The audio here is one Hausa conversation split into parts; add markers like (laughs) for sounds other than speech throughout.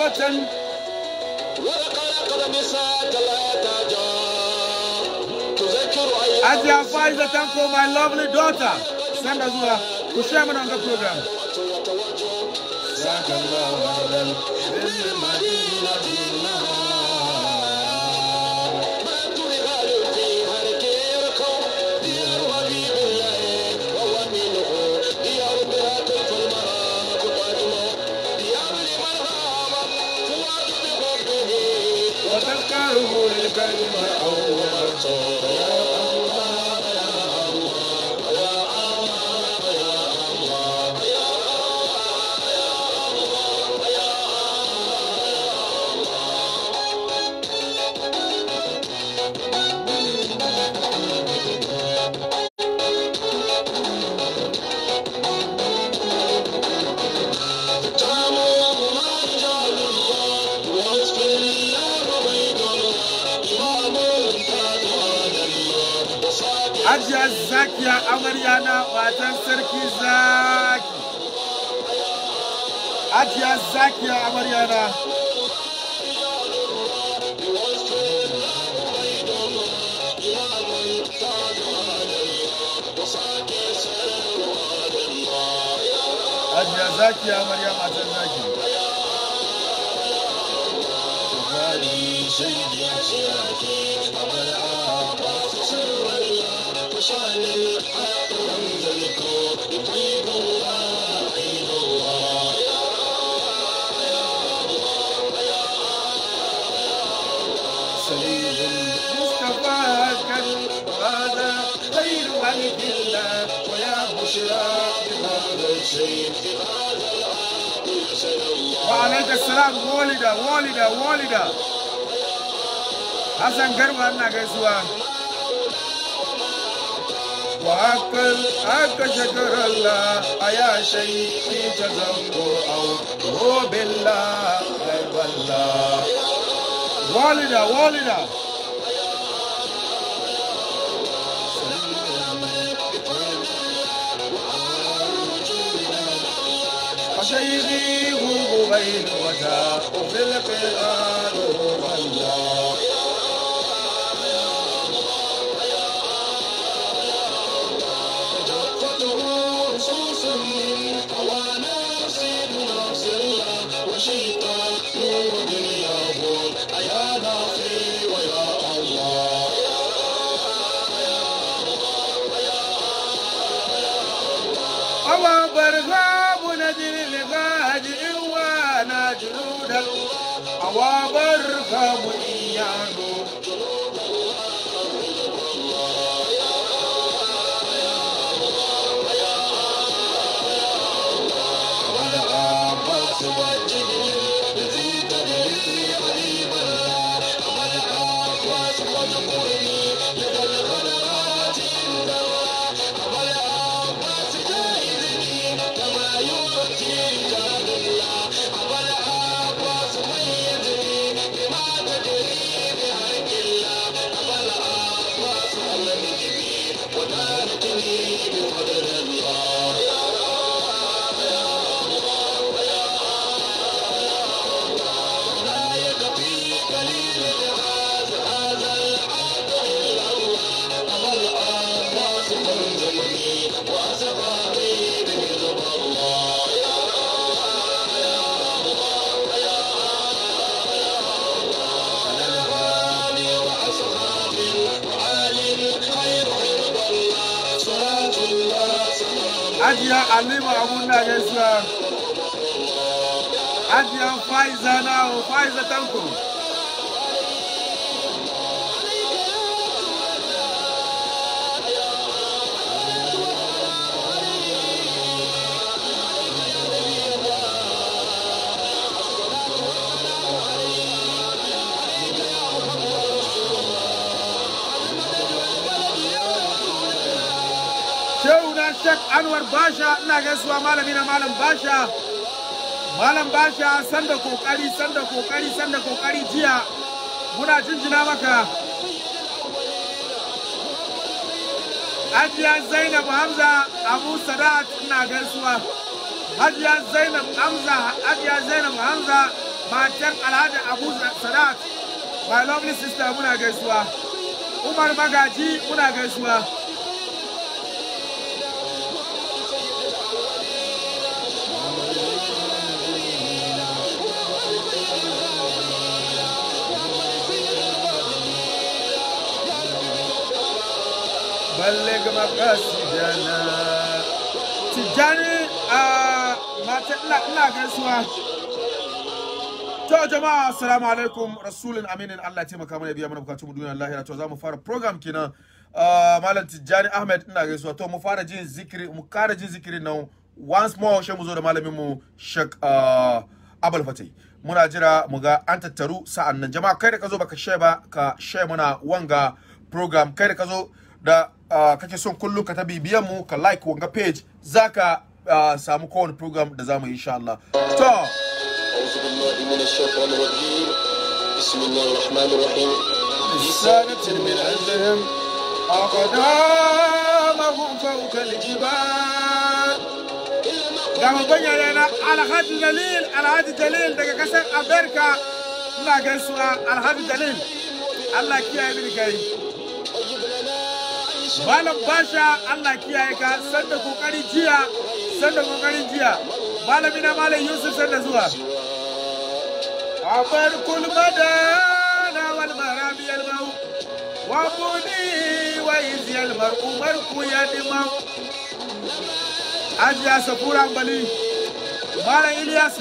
رغبة Adia Faiza, thank for my lovely daughter. Send us to to Shaman on the program. свидания. Maryana matan sarki zaki Ajiya zakiya amaryana Ajiya zakiya amarya matan zaki Sayyidina Sayyidina وعليك السلام والدة والدة والدة حسن قربة أنا قيسوان وعقل أك شكر الله أيا شيء تزمو أو هو بالله غير الله والدة والدة شيخي غرب بين وجاه وفي القرآن والله a wa barka hajiya halima abun na gaisuwa hajiya faiza na faiza tanko shek anwar basha ina gaisuwa malami na malam basha malam basha sanda kokari sanda kokari sanda kokari jiya muna jinjina maka hajiya zainab hamza abu sadat ina gaisuwa hajiya zainab hamza hajiya zainab hamza matar alhaji abu sadat my lovely sister muna gaisuwa umar magaji muna gaisuwa daga makasidana tijjani a ah, mata ina gaisuwa to jama'a assalamu alaikum rasulun aminin Allah taimaka mana biya mana bukatun mu lahira to zamu fara program kenan ah, malam ahmed ina gaisuwa to mu fara jin zikiri mu kara jin zikiri nan once more shi mu zo da malamin mu shak ah, abul fatai muna jira mu ga an tattaru sa'an nan jama'a kai da ka zo baka share ba ka share mana wanga program kai da ka zo da Ah, kake son kullum ka bibiyan mu ka like wanga page zaka uh, ah, samu kowane program da zamu yi insha Allah to na daga kasar amerika ina gaisuwa alhaji dalil allah kiyaye mini kai malam basha allah kiyaye ka sanda kokarin jiya sanda kokarin jiya malami na malam yusuf sanda zuwa abar kulmada na wal marami al mau wa buni wa izi al mar'u marku ya dimau ajiya safura bali malam Ilyas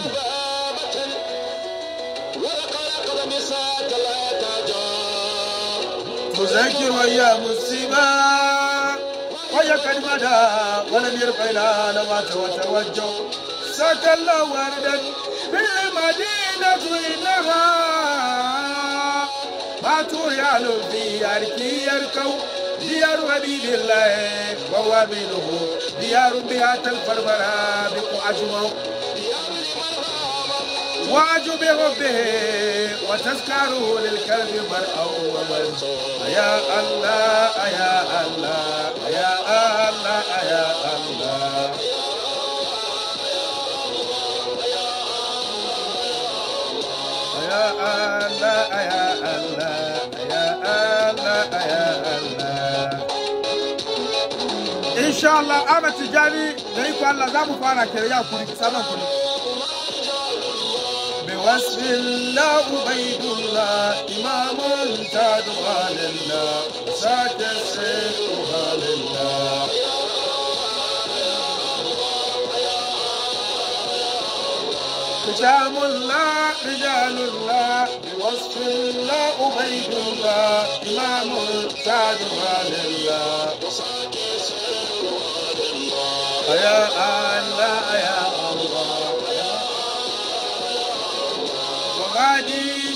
Uzakirwa ya musiba Waya Wala mirfaila Na wata wata wajo Saka la wardan Bili madina zuinaha Batu ya lufi Yariki yarkaw Diyaru habibillahi Wawaminuhu Diyaru biyata al-farbara Biku واجب ربه وتذكاره للكلب والأول يا الله يا الله يا الله يا الله إن شاء الله أنا تجاري ليكو الله زابو فانا كريا كوري كسانا كوري بسم الله عبيد الله إمام زاد قال الله وساد السيف الله رجال الله رجال الله بوصف الله عبيد الله إمام زاد قال الله يا الله يا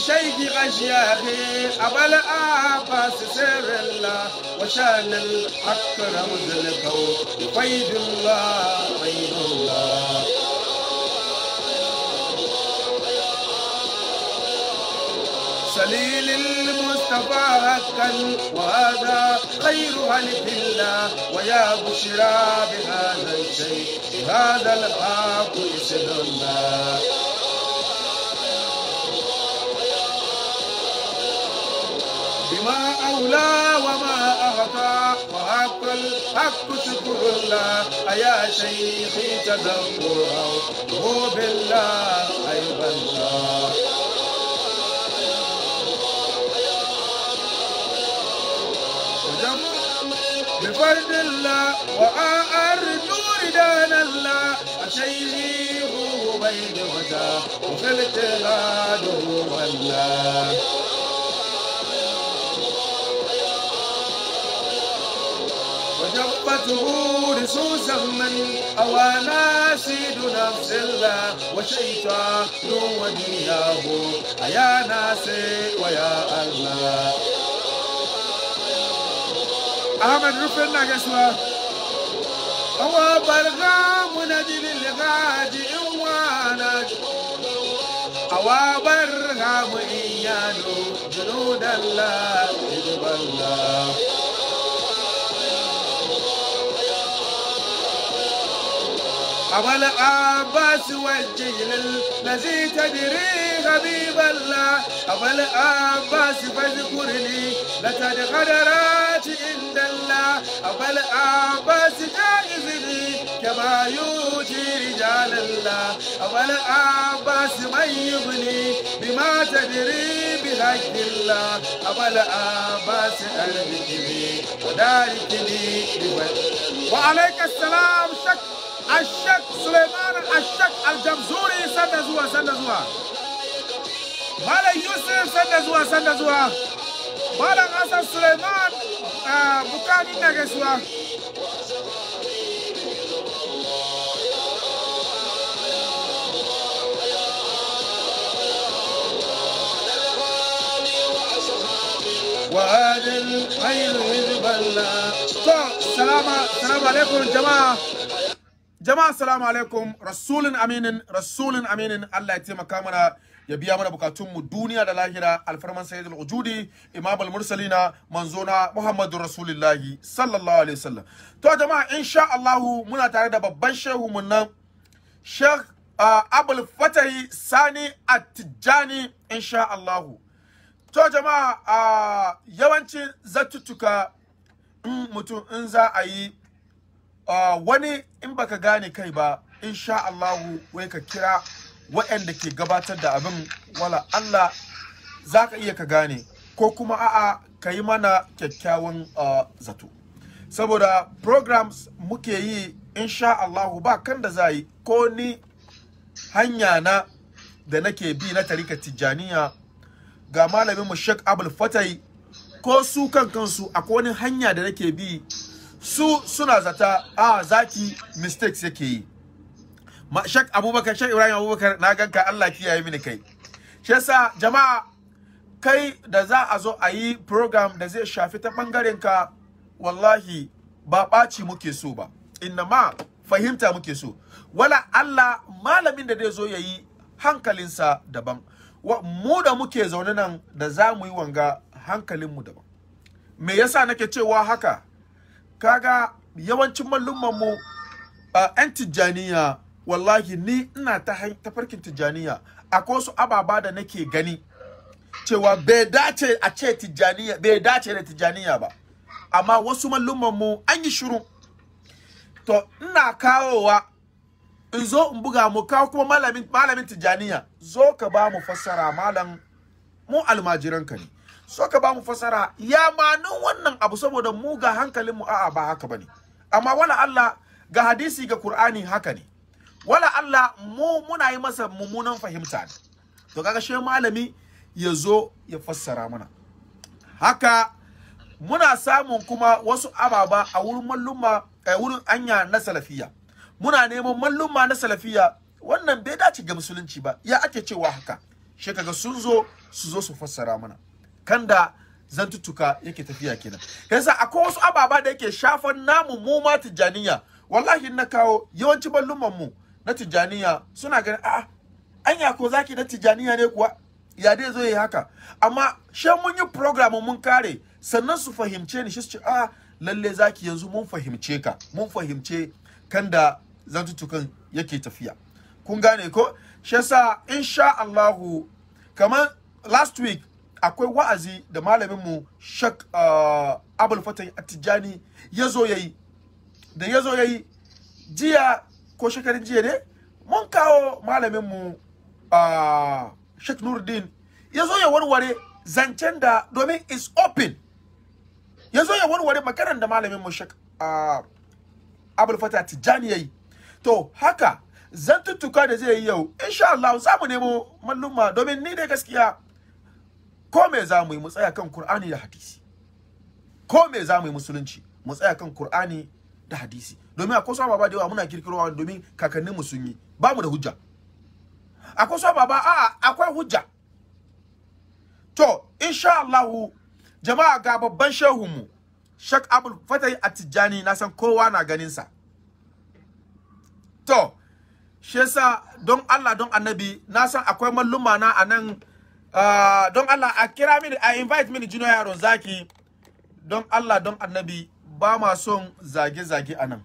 شيخ غشياخي أبل الآباس سر الله وشان الحق رمز الكون وفيد الله فيد الله سليل المصطفى حقا وهذا خير هلف الله ويا بشرى بهذا الشيء بهذا الحق اسم الله ما أولى وما أعطى وحق الحق شكر الله أيا شيخي تذكر هو بالله أيضا بفرد الله وأرجو ردان الله أشيخه بيد وجاه وفي هو الله وشبته رسوسا من أوى ناسيد نفس الله وشيطان ودنياه أيا ناسي ويا الله أحمد رفل ناقشوا أوى برغام نجل الغاد إوانا أوى برغام إيانو جنود الله إذ الله أبس والجيل الذي تدري حبيب الله أبس فاذكر لي لقد غدرت عند الله أبس جائز لي كما يوجي رجال الله أبس من يبني بما تدري بحق الله أبس أربك لي وذلك لي وعليك السلام شكرا ashak suleiman ashak aljamzuri sanda zuwa sanda zuwa malam yusuf sanda zuwa sanda zuwa malam hassan suleiman bukani na gaisuwa وهذا الخير من بلى السلام عليكم جماعه jama'a assalamu alaikum rasulun aminin rasulun aminin Allah ya taimaka mana ya biya mana bukatunmu duniya da lahira alfarman sayyidul ujudi imam al-mursalina manzona muhammadu rasulillahi sallallahu alaihi wasallam to jama'a insha Allah muna tare da babban shehu mun nan sheikh abul fatahi sani at insha Allah to jama'a yawancin zattutuka mutum in za a yi Ah, wani in baka gane kai ba insha Allahu wai ka kira waɗanda ke gabatar da abin wala Allah za ka iya ka gane ko kuma a'a ka yi mana kyakkyawan ah, zato saboda programs muke yi insha Allahu ba kan da za yi ko ni hanya na da nake bi na tarika tijjaniya ga malamin mu Sheikh Abdul Fatai ko su kan kansu akwai wani hanya da nake bi su suna zata a zaki mistakes yake yi ma shak abubakar shak ibrahim abubakar na ganka Allah kiyaye mini kai shi yasa jama'a kai da za a zo a yi program da zai shafi ta bangaren ka wallahi ba ɓaci muke so ba inna ma fahimta muke so wala Allah malamin da zai zo ya yi hankalinsa daban mu da muke zaune nan da za mu yi wanga hankalinmu daban me yasa nake cewa haka kaga yawancin mallumman mu a yan tijjaniya wallahi ni ina ta tafarkin tijjaniya akwai su ababa da nake gani cewa bai dace a ce tijjaniya bai dace da tijjaniya ba amma wasu mallumman mu an yi shiru to ina kawowa in zo in buga mu kawo kuma malamin malamin tijjaniya zo ka ba mu fassara malam mu almajiranka ne so ka ba mu fasara ya manin wannan abu saboda mu ga hankalin mu a'a ba haka bane amma wala Allah ga hadisi ga Qur'ani haka ne wala Allah mu muna yi masa mummunan fahimta ne to kaga shi malami ya zo ya fassara mana haka muna samun kuma wasu ababa a wurin malluma a wurin anya na salafiya muna neman malluma na salafiya wannan bai dace ga musulunci ba ya ake cewa haka shi kaga sun zo su zo su fassara mana Kanda da zantuttuka yake tafiya kenan yasa akwai wasu ababa da yake shafan namu mu ma tijaniya wallahi na kawo yawanci balluman mu na tijaniya suna ganin a'a anya ko zaki na tijaniya ne kuwa ya dai zo yi haka amma she mun yi program mun kare sannan su fahimce ni shi su ce a lalle zaki yanzu mun fahimce ka mun fahimce kanda da zantuttukan yake tafiya kun gane ko shi yasa insha Allahu kamar last week akwai wa'azi da malaminmu shak uh, abul fatah attijani ya zo ya yi da ya zo ya yi jiya ko shekarun jiya ne mun kawo malaminmu uh, shak nuruddin ya zo ya warware zancen da domin is open ya zo ya warware makaran da malaminmu shak uh, abul fatah attijani ya yi to haka zan tutuka da zai yi yau insha Allah za mu nemo malluma domin ni dai gaskiya ko me za mu yi mu tsaya kan Qur'ani da hadisi ko me za mu yi musulunci mu tsaya kan Qur'ani da hadisi domin akwai sa baba da yawa muna kirkirowa domin kakannin mu sun yi ba mu da hujja akwai sa baba a akwai hujja to insha Allah jama'a ga babban shehu mu Sheikh Abdul Fatai Atijani na san kowa na ganin sa to shi yasa don Allah don Annabi na san akwai malluma na anan Ah, don Allah a kira mini a invite mini jino yaron zaki don Allah don annabi ba ma son zage-zage anan.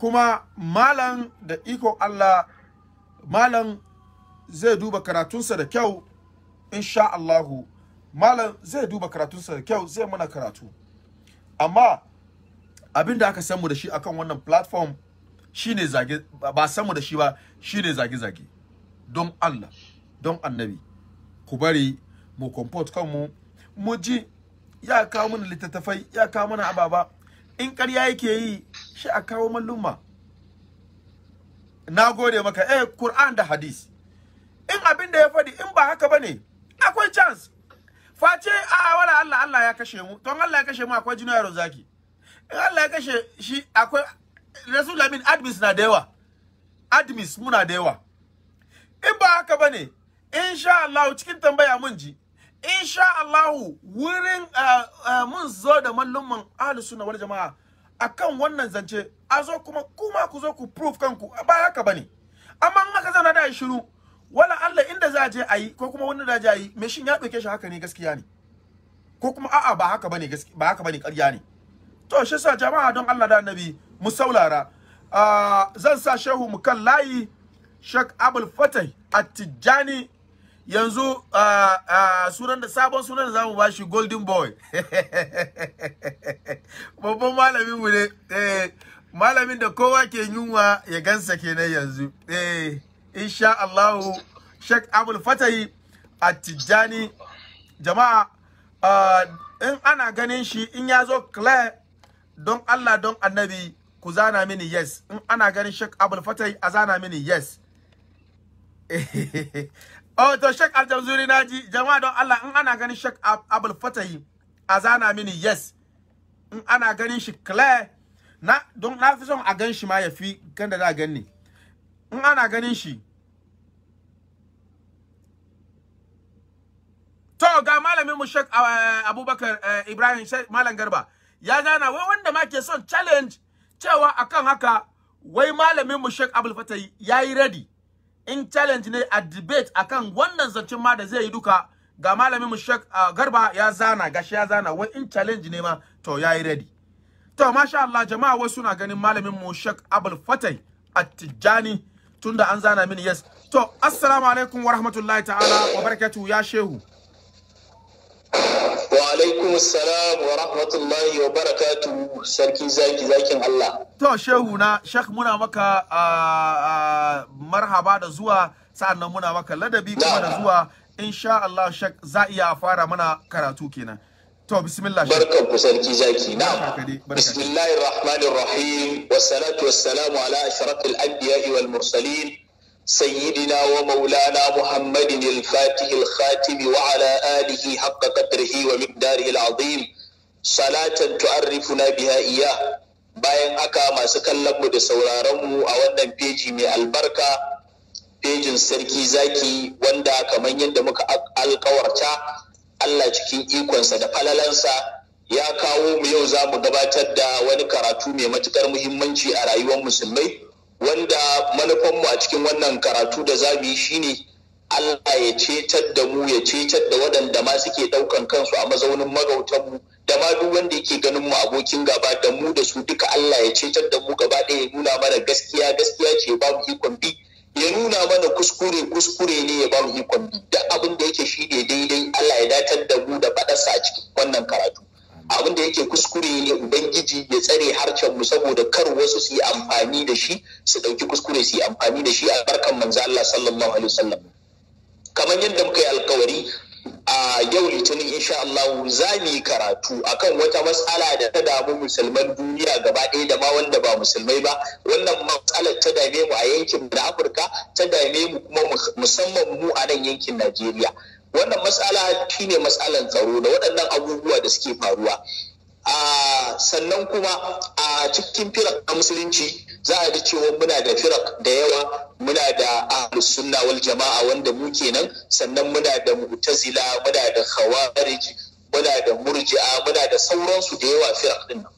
kuma malam da iko Allah malam zai duba karatunsa da kyau insha Allah malam zai duba karatunsa da kyau zai mana karatu amma abin da aka san mu da shi akan wannan platform shine zage ba san mu da shi ba shine zage-zage don Allah don annabi ku bari mu comport kanmu mu ji ya kawo mana littattafai ya kawo mana ababa in ƙarya yake yi shi a kawo malluma na gode maka eh Qur'an da hadis in abin da ya faɗi in ba haka bane akwai chance face a wala Allah Allah ya kashe mu to Allah ya kashe mu akwai jino yaron zaki in Allah ya kashe shi akwai Rasul Amin admins na da yawa admins muna da yawa in ba haka bane insha Allah cikin tambaya mun ji insha Allah wurin mun zo da mallumman ahli sunna wal jama'a akan wannan zance a zo kuma kuma ku zo ku proof kanku ba haka bane amma in aka zauna da shiru wala Allah inda za a je ayi ko kuma wanda da je ayi me shin ya dauke shi haka ne gaskiya ne ko kuma a'a ba haka bane gaskiya ba haka bane ƙarya ne to shi sa jama'a don Allah da annabi mu saulara zan sa shehu mu kan layi Sheikh Abul Fatah At-Tijani yanzu sunan da sabon sunan da zamu shi, golden boy (laughs) babban malamin mu ne eh malamin da kowa ke yunwa ya gansa kenan yanzu eh insha Allah Sheikh Abdul Fatahi At-Tijani jama'a in ana ganin shi in ya zo clear don Allah don Annabi ku zana mini yes in ana ganin Sheikh Abdul Fatahi a zana mini yes (laughs) Oh, to Sheikh Aljamzuri na ji, jama'a don Allah in ana ganin Sheikh Abul Fatahi a zana mini yes. In ana ganin shi clear na don na fi son a gan shi ma ya fi kan da za gani. In ana ganin shi To ga malamin mu Sheikh eh, Abubakar eh, Ibrahim Sheikh Malam Garba ya gana wai wanda ma ke son challenge cewa akan haka wai malamin mu Sheikh Abul Fatahi yayi ready. in challenge ne a debate akan wannan zancen ma da zai yi duka ga malamin mu uh, Garba ya zana gashi ya zana wai in challenge ne ma to ya yi ready to masha Allah jama'a wai suna ganin malamin mu shek Abul Fatai tunda an zana mini yes to assalamu alaikum wa rahmatullahi ta'ala wa barakatuhu ya shehu wa alaikum salam wa rahmatullahi wa barakatu sarki zaki zakin Allah to shehu na shek muna maka marhaba da zuwa sa'annan muna maka ladabi kuma da zuwa insha Allah shek za iya fara mana karatu kenan To bismillah. Barkan ku sarki zaki. na? Bismillahir Rahmanir Rahim. Wassalatu wassalamu ala ashrafil anbiya'i wal mursalin. سيدنا ومولانا محمد الفاتح الخاتم وعلى آله حق قدره ومقداره العظيم صلاة تعرفنا بها إياه bayan haka masu kallon mu da sauraron mu a wannan feji mai albarka fejin sarki zaki wanda kamar yadda muka alkawarta Allah cikin ikonsa da falalansa ya kawo mu yau za mu gabatar da wani karatu mai matukar muhimmanci a rayuwar musulmai wanda manufanmu a cikin wannan karatu da za mu yi shine Allah ya cetar da mu ya cetar da waɗanda ma suke ɗaukan kansu a mazaunin magautanmu da ma duk wanda yake ganin mu abokin gaba da mu da su duka Allah ya cetar da mu gaba ɗaya ya nuna mana gaskiya gaskiya ce ba mu ikon bi ya nuna mana kuskure kuskure ne ya ba mu ikon bi duk abin da yake shi ne daidai Allah ya datar da mu da faɗarsa a cikin wannan karatu abin da yake kuskure ne ubangiji ya tsare harshen mu saboda kar wasu su yi amfani da shi su ɗauki kuskure su yi amfani da shi a barkan manzo Allah sallallahu alaihi wasallam kamar yadda muka yi alkawari a yau litinin insha Allah za mu yi karatu akan wata matsala da ta damu musulman duniya gaba ɗaya da ma wanda ba musulmai ba wannan matsalar ta dame mu a yankin da Afirka ta dame mu kuma musamman mu a nan yankin Najeriya wannan matsala ne matsalan tsaro da waɗannan abubuwa da suke faruwa sannan kuma a cikin firak na musulunci za a ji cewa muna da firak da yawa muna da ahlus sunna wal jama'a wanda mu kenan sannan muna da mu'tazila muna da khawarij muna da murji'a muna da sauransu da yawa firak din nan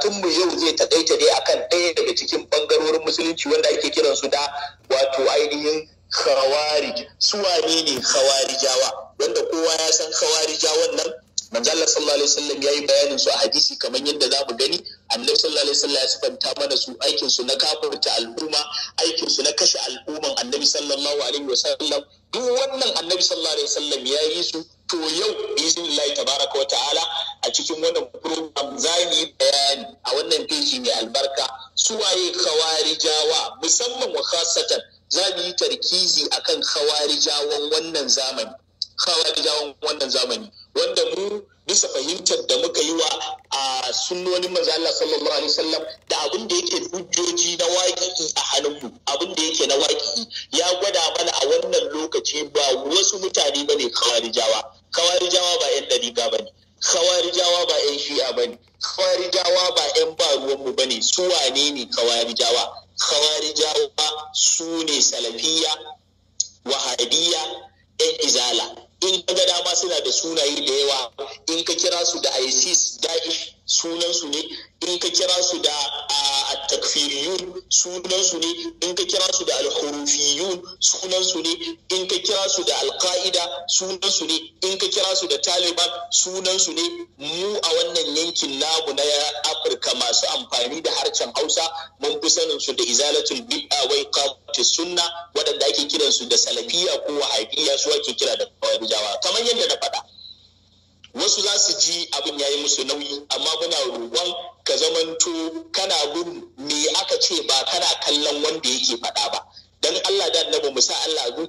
to mu yau zai taƙaita dai akan ɗaya daga cikin ɓangarorin musulunci wanda ake kiransu da wato ainihin khawari su wane ne khawarijawa wanda kowa ya san khawarijawan nan manzo Allah sallallahu alaihi wasallam yayi bayanin su a hadisi kamar yadda zamu gani annabi sallallahu alaihi wasallam ya sifanta mana su aikin su na kafirta al'umma aikin su na kashe al'umman annabi sallallahu alaihi wasallam duk wannan annabi sallallahu alaihi wasallam ya yi su to yau bismillahi tabaraka wataala a cikin wannan program zamu yi bayani a wannan peji mai albarka su waye khawarijawa musamman wa khasatan za mu yi tarkizi akan hawarijawan wannan zamani hawarijawan wannan zamani wanda mu bisa fahimtar da muka yi wa a sunnonin manzo Allah sallallahu alaihi wasallam da abin da yake hujjoji na waƙi a hannunmu abin da yake na waƙi ya gwada mana a wannan lokaci ba wasu mutane bane khawarijawa khawarijawa ba yan ne. bane khawarijawa ba yan shi'a bane khawarijawa ba yan ba ruwanmu bane su wane ne khawarijawa khawarijawa su ne salafiya wahabiya yan izala in ka ga dama suna da sunaye da yawa in ka kira su da isis da'ish sunansu ne in ka kira su da takfiriyun sunansu ne in ka kira su da alhurufiyun sunansu ne in ka kira su da alka'ida sunansu ne in ka kira su da taliban sunansu ne mu a wannan yankin namu na afirka masu amfani da harshen hausa mun fi sanin su da izalatul bid'a wai qamati sunna wadanda ake kiransu da salafiya ko wahabiyya su ake kira da kawarijawa kamar yadda na faɗa wasu za su ji abin ya yi musu nauyi amma muna roƙon ka zamanto kana gun me aka ce ba kana kallon wanda yake faɗa ba dan Allah da annabi mu sa Allah a mu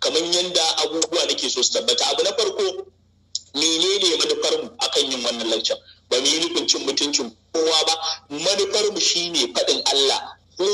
kamar yadda abubuwa nake so su tabbata abu na farko menene manufar mu akan yin wannan lancar ba mu yi nufin cin mutuncin kowa ba manufar mu shine faɗin Allah ku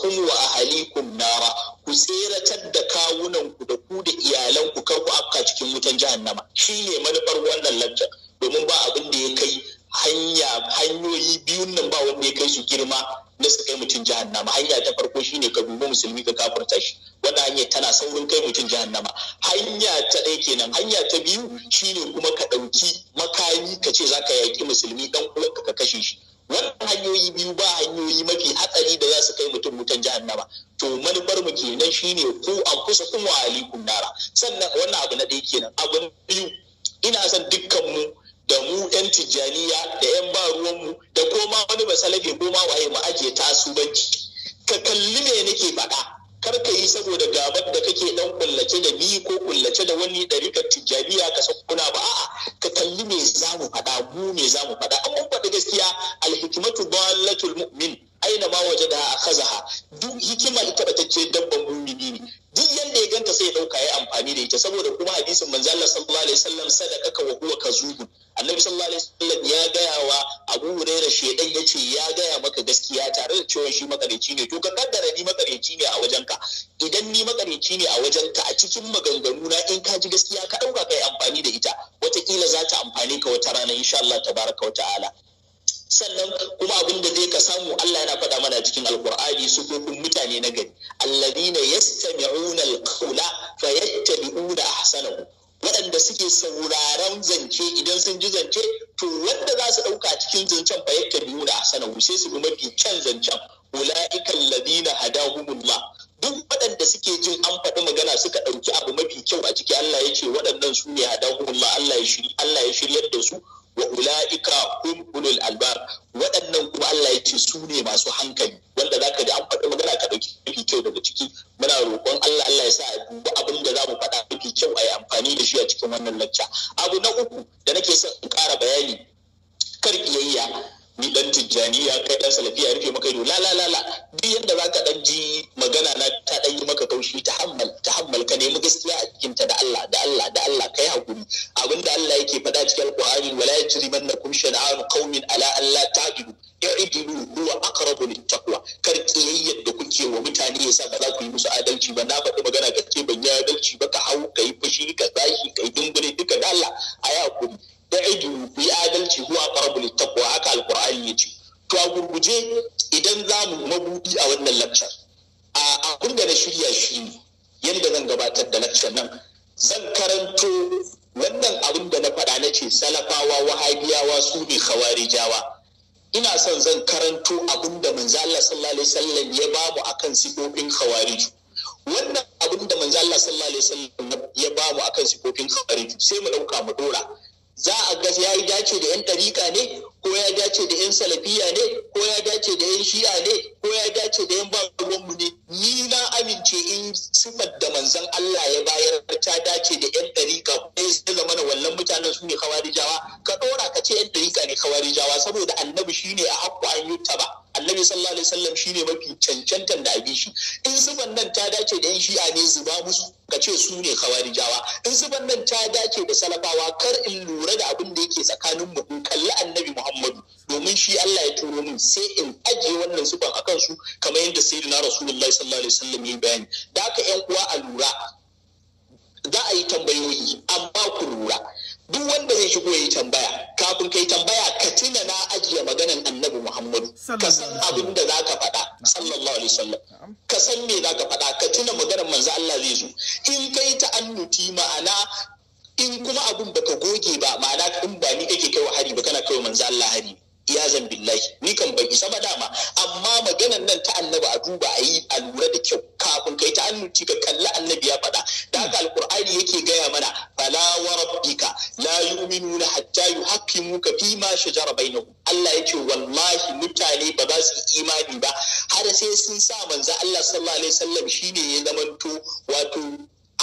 kunuwa a ahalikum nara ku tseratar da kawunanku da ku da iyalanku ku kan ku afka cikin wutan jahannama ne manufar wannan lantar domin ba abin da ya kai hanya hanyoyi biyun nan ba wanda ya kai su girma na su kai mutum jahannama hanya ta farko shine ka dubi musulmi ka kafurta shi wannan hanyar tana saurin kai mutum jahannama hanya ta ɗaya kenan hanya ta biyu shine kuma ka ɗauki makami ka ce zaka yaƙi musulmi dan uwanka ka kashe shi wannan hanyoyi biyu ba hanyoyi mafi hatsari da za su kai mutum wutan jahannama to manufar mu kenan shine ku an kusa kuma alikum nara sannan wannan abu na ɗaya kenan abu na biyu ina son dukkan mu da mu yan tijjaniya da yan ba ruwan mu da koma wani basalafe ko ma waye mu ajiye tasubanci ka kalli me nake faɗa kar ka yi saboda gabar da kake dan kullace da ni ko kullace da wani ɗarikar tijjaniya ka san ba a'a ka kalli me za mu faɗa mu me zamu mu faɗa an mun faɗi gaskiya alhikmatu ballatul mu'min aina ma waje da a kazaha duk hikimar ce dabban mumini ne duk yadda ya ganta sai ya dauka ya amfani da ita saboda kuma hadisin manzo Allah sallallahu alaihi wasallam sadaqaka wa huwa kazubu annabi sallallahu alaihi wasallam ya gaya wa Abu Huraira shedan yace ya gaya maka gaskiya tare da cewa shi makareci ne to ka kaddara ni makareci ne a wajenka idan ni makareci ne a wajen ka a cikin maganganu na in ka ji gaskiya ka dauka kai amfani da ita wataƙila za ta amfani ka wata rana insha Allah tabaraka wa ta'ala sannan kuma abin da zai ka samu Allah yana faɗa mana cikin alkur'ani kun mutane na gari alladina yastami'una alqawla fayattabi'una ahsanahu waɗanda suke sauraron zance idan sun ji zance to wanda za su ɗauka cikin zancen fayattabi'una ahsanahu sai su bi mafi kyan zancen ula'ika alladina hadahumullah duk waɗanda suke jin an faɗi magana suka ɗauki abu mafi kyau a ciki Allah ya ce waɗannan su ne hadahumullah Allah ya shiryar da su wa ula'ika hum ulul waɗannan kuma Allah yake su ne masu hankali wanda zaka ji an faɗi magana ka ɗauki mafi kyau daga ciki muna roƙon Allah Allah ya sa a duba abin da za mu faɗa mafi kyau a yi amfani da shi a cikin wannan lacca abu na uku da nake son in ƙara bayani kar ƙiyayya ni dan ya kai dan ya rufe maka ido la la la la duk yanda zaka dan ji magana na ta dan yi maka kaushi ta hammal ta hammal ka nemi gaskiya a cikin ta da Allah da Allah da Allah kai hakuri abinda Allah yake faɗa cikin alqur'ani wala yajrimannakum shan'anu qaumin ala an la ta'dilu i'dilu huwa aqrabu littaqwa kar kiyayyar da kuke wa mutane yasa ba za ku yi musu adalci ba na faɗi magana gaske ban yi adalci ba ka hau kai fushi ka tashi kai dingure duka da Allah a hakuri da idilu ku yi adalci huwa aqrabu littaqwa haka alqur'ani yace to a gurguje idan za mu mabudi a wannan lecture a abin da na shirya shi ne yadda zan gabatar da lecture nan zan karanto wannan abin da na faɗa na ce salafawa wahabiyawa su ne khawarijawa ina son zan karanto abin da manzo Allah sallallahu alaihi wasallam ya bamu akan sifofin khawarij wannan abin da manzo Allah sallallahu alaihi wasallam ya bamu akan sifofin khawarij sai mu dauka mu dora za a ga ya yi dace da 'yan tarika ne ko ya dace da 'yan salafiya ne ko ya dace da 'yan shi'a ne ko ya dace da 'yan babu ne ni na amince in sifar da manzon Allah ya bayar ta dace da 'yan tarika ko ya zama na wallan mutanen su ne kawarijawa ka ɗora ka ce 'yan tarika ne kawarijawa saboda annabi shine a hakku an yi ba annabi sallallahu alaihi wasallam shine mafi cancantan da abin shi in sifan nan ta dace da yan shi'a ne zuba musu ka ce su ne khawarijawa in sifan nan ta dace da salafawa kar in lura da abin da yake tsakanin mu in kalli annabi muhammadu domin shi Allah ya turo min sai in ajiye wannan sifan akan su kamar yadda sayyidina rasulullahi sallallahu alaihi wasallam ya bayani da ka yan uwa a lura za a yi tambayoyi amma ku lura duk wanda zai shigo yayi tambaya kafin kai tambaya ka tuna na ajiye maganan annabi Muhammadu ka san abin da zaka faɗa sallallahu alaihi wasallam ka san me zaka faɗa ka tuna maganar manzo Allah zai zo in kai ta'annuti ma'ana in kuma abin baka goge ba ma'ana in ba ni kake kai wa hari ba kana kai manzo Allah hari Ya iyazan billahi ni kan bai isa ba dama amma maganan nan ta annabi a duba a yi a lura da kyau kafin kai ta annuci ka kalli annabi ya faɗa da haka alkur'ani yake gaya mana fala wa rabbika la yu'minuna hatta yuhaqqimuka fi ma shajara bainahum Allah yake wallahi mutane ba za su imani ba har sai sun sa manzo Allah sallallahu alaihi wasallam shine ya zamanto wato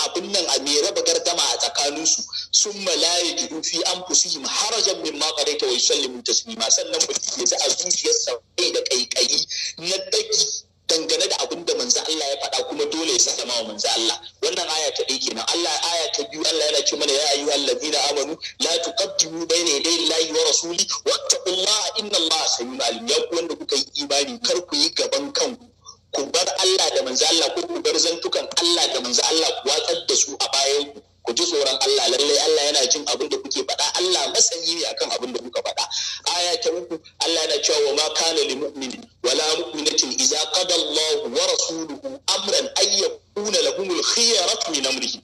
abin nan a me raba gardama a tsakaninsu summa la yajidu fi anfusihim harajan mimma sallin wa yusallimu taslima sannan mutum ya ji a zuciyarsa bai da kaikayi na daki dangane da abin da manzo Allah ya faɗa kuma dole ya sa wa manzo Allah wannan aya ta ɗaya kenan Allah aya ta biyu Allah yana ce mana ya ayu na amanu la tuqaddimu bayna yaday Allahi wa rasuli wattaqullaha inna a samiu alim ya ku wanda kuka yi imani kar ku yi gaban kanku ku bar Allah da manzo Allah ko ku bar zantukan Allah da manzo Allah ku watsar da su a bayan ku ku ji tsoron Allah lallai Allah yana jin abin da kuke faɗa Allah masani ne akan abin da kuka faɗa aya ta uku Allah yana cewa wa ma kana lil mu'mini wala mu'minatin idza qada Allah wa rasuluhu amran ay yakuna al khiyaratu min amrihi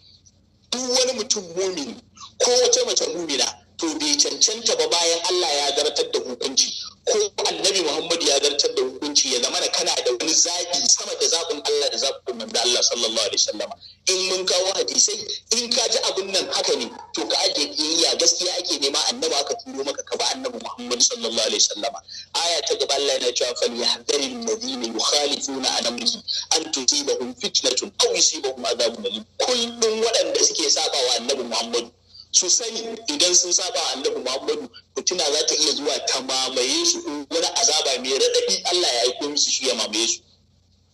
duk wani mutum mumini ko wace mace mumina to bai cancanta ba bayan Allah ya gartar da hukunci ko annabi Muhammad ya zartar da hukunci musulunci ya zama da kana da wani zaɓi sama da zaɓin Allah da zaɓin manzo Allah sallallahu alaihi wasallam in mun kawo hadisai in ka ji abun nan haka ne to ka aje kiyayya gaskiya ake nema annabi aka turo maka ka ba annabi Muhammad sallallahu alaihi wasallam aya ta gaba Allah yana cewa fal yahdari alladhina yukhalifuna an amrihi an tusibahum fitnatun aw yusibahum adhabun alim waɗanda suke sabawa annabi Muhammad su idan sun saba annabi Muhammadu fitina za ta iya zuwa ta mamaye su wani azaba mai raɗaɗi Allah ya aiko musu shi ya mamaye su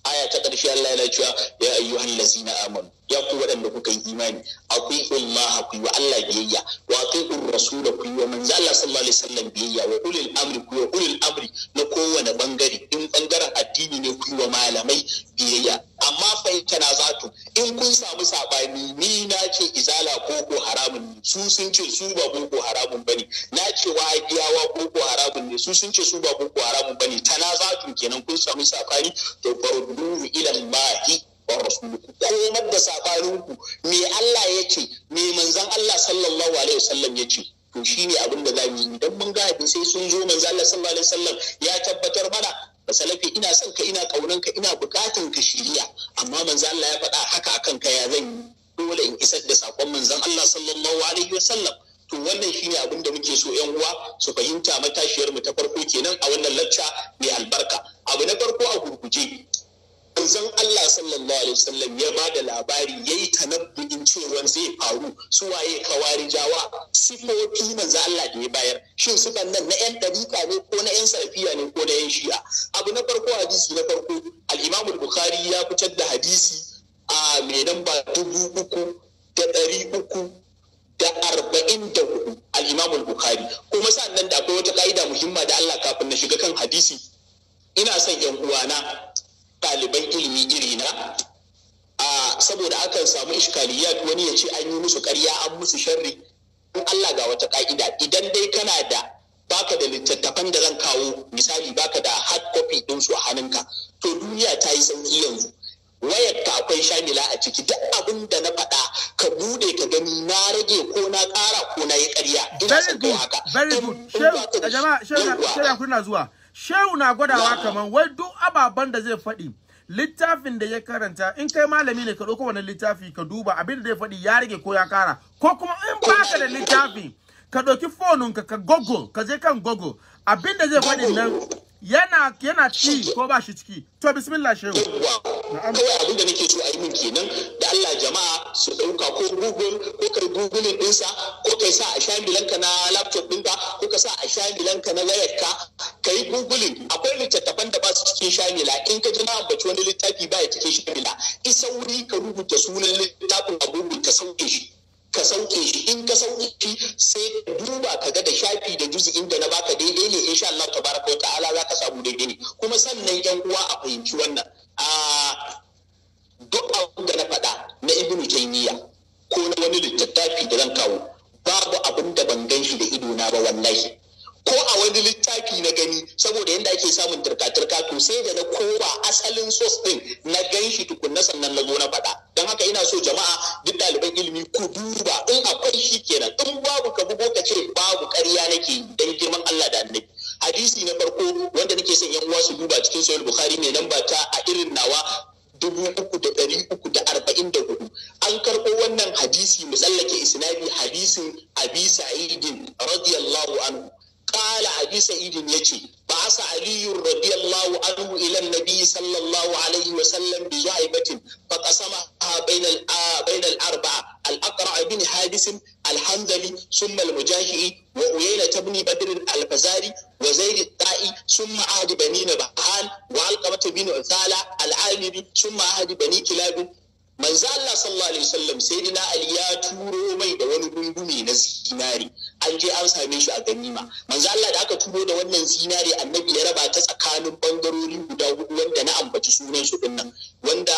aya ta ƙarshe Allah yana cewa ya ayyuhan lazina amanu ya ku waɗanda kuka yi imani akwai ilmaha ku wa Allah biyayya wa akwai in rasula ku yi wa manzo Allah sallallahu alaihi wasallam biyayya wa ulil amri ku yi wa ulil amri na kowane bangare in bangaren addini ne ku wa malamai biyayya amma fa kana zato in kun samu sabani ni na ce izala ko haramun ne su sun ce su ba boko haramun bane na ce wahabiyawa haramun ne su sun ce su ba boko haramun bane zato kenan kun samu sabani to farduhu ila mahi wa da sabaninku me Allah ya ce, me manzan Allah sallallahu alaihi wasallam ce, to shine abin da zamu yi idan mun ga sai sun zo manzan Allah sallallahu alaihi wasallam ya tabbatar mana salafi ina son ka ina kaunan ka ina bukatan ka shiriya amma manzan Allah ya faɗa haka akan ka ya zan dole in isar da sakon manzon Allah sallallahu alaihi wasallam to wannan shine abin da muke so yan uwa su fahimta matashiyar mu ta farko kenan a wannan lacca mai albarka abu na farko a gurguje manzon Allah sallallahu alaihi wasallam ya ba da labari yayi tanabbuin cewa zai faru su waye kawarijawa sifofi manzon Allah da ya bayar shin sifan nan na yan dabiqa ne ko na yan salafiya ne ko na yan shi'a abu na farko hadisi na farko al-Imam bukhari ya fitar da hadisi a mai namba dubu uku da ɗari uku da arba'in da hudu al-Imam al-Bukhari kuma sannan da akwai wata ka'ida muhimma da Allah kafin na shiga kan hadisi ina son yan uwana ɗaliban ilimi iri na a saboda akan samu iskaliyyat, wani ya ce an yi musu karya an musu sharri in Allah ga wata ka'ida idan dai kana da baka da littattafan da zan kawo misali baka da hard copy din su a hannunka to duniya ta yi sauki yanzu wayar ka akwai shamila a ciki duk abin da na faɗa ka bude ka gani na rage ko na ƙara ko na yi ƙarya ina son kai haka very good shehu jama'a shehu kuna zuwa shehu na gwadawa kaman wai duk ababen da zai faɗi littafin da ya karanta in kai malami ne ka ɗauko wani littafi ka duba abin da zai faɗi ya rage ko ya kara ko kuma in baka da littafi ka ɗauki foninka ka google ka je kan google abin da zai faɗi nan yana yana ci ko ba shi ciki to bismillah shehu na'am abin da nake so a yi min kenan da Allah jama'a su dauka ko google ko kai din sa ko kai sa a shamilan ka na laptop ka, ko ka sa a shamilan ka na wayar ka kai google akwai littattafan da ba su cikin shamila in ka ji na ambaci wani littafi ba ya cikin shamila isa wuri ka rubuta sunan littafin a google ka sauke shi ka sauke shi in ka sauke shi sai ka duba ka ga da shafi da juzi inda na baka daidai ne insha Allah tabaraka ta'ala za ka samu daidai ne kuma sannan yan uwa a fahimci wannan a duk abin da na faɗa na ibnu taymiya ko na wani littattafi da zan kawo babu abin da ban gan shi da na ba wallahi ko a wani littafi na gani saboda yadda ake samun turka-turka to sai da na koba asalin sos din na gan shi tukunna sannan na zo na faɗa don haka ina so jama'a duk ɗaliban ilimi ku duba in akwai shi kenan in babu ka bugo ka ce babu ƙarya nake dan girman Allah da annabi hadisi na farko wanda nake son yan uwa su duba cikin sahih bukhari mai lamba ta a irin nawa dubu uku da ɗari uku da arba'in da hudu an karɓo wannan hadisi mu tsallake isnadi hadisin abi sa'idin radiyallahu anhu kala abi sa'idin yace ba'asa aliyu radiyallahu ilan ila nabi sallallahu alaihi wa sallam bi ja'ibatin fa qasamaha bainal bainal arba'a al-aqra bin hadis al-hanzali thumma al-mujahi'i wa uyayna ibn alfazari al-fazari wa zaid al-ta'i thumma ahad bani nabhan wa alqamah bin uthala al-amiri thumma ahad bani kilab manzo Allah sallallahu alaihi wasallam sayyidina ali ya turo mai da wani gungumi na zinari an je an same shi a ganima manzo Allah da aka turo da wannan zinare annabi ya raba ta tsakanin bangarori guda hudu wanda na ambaci sunan su dinnan wanda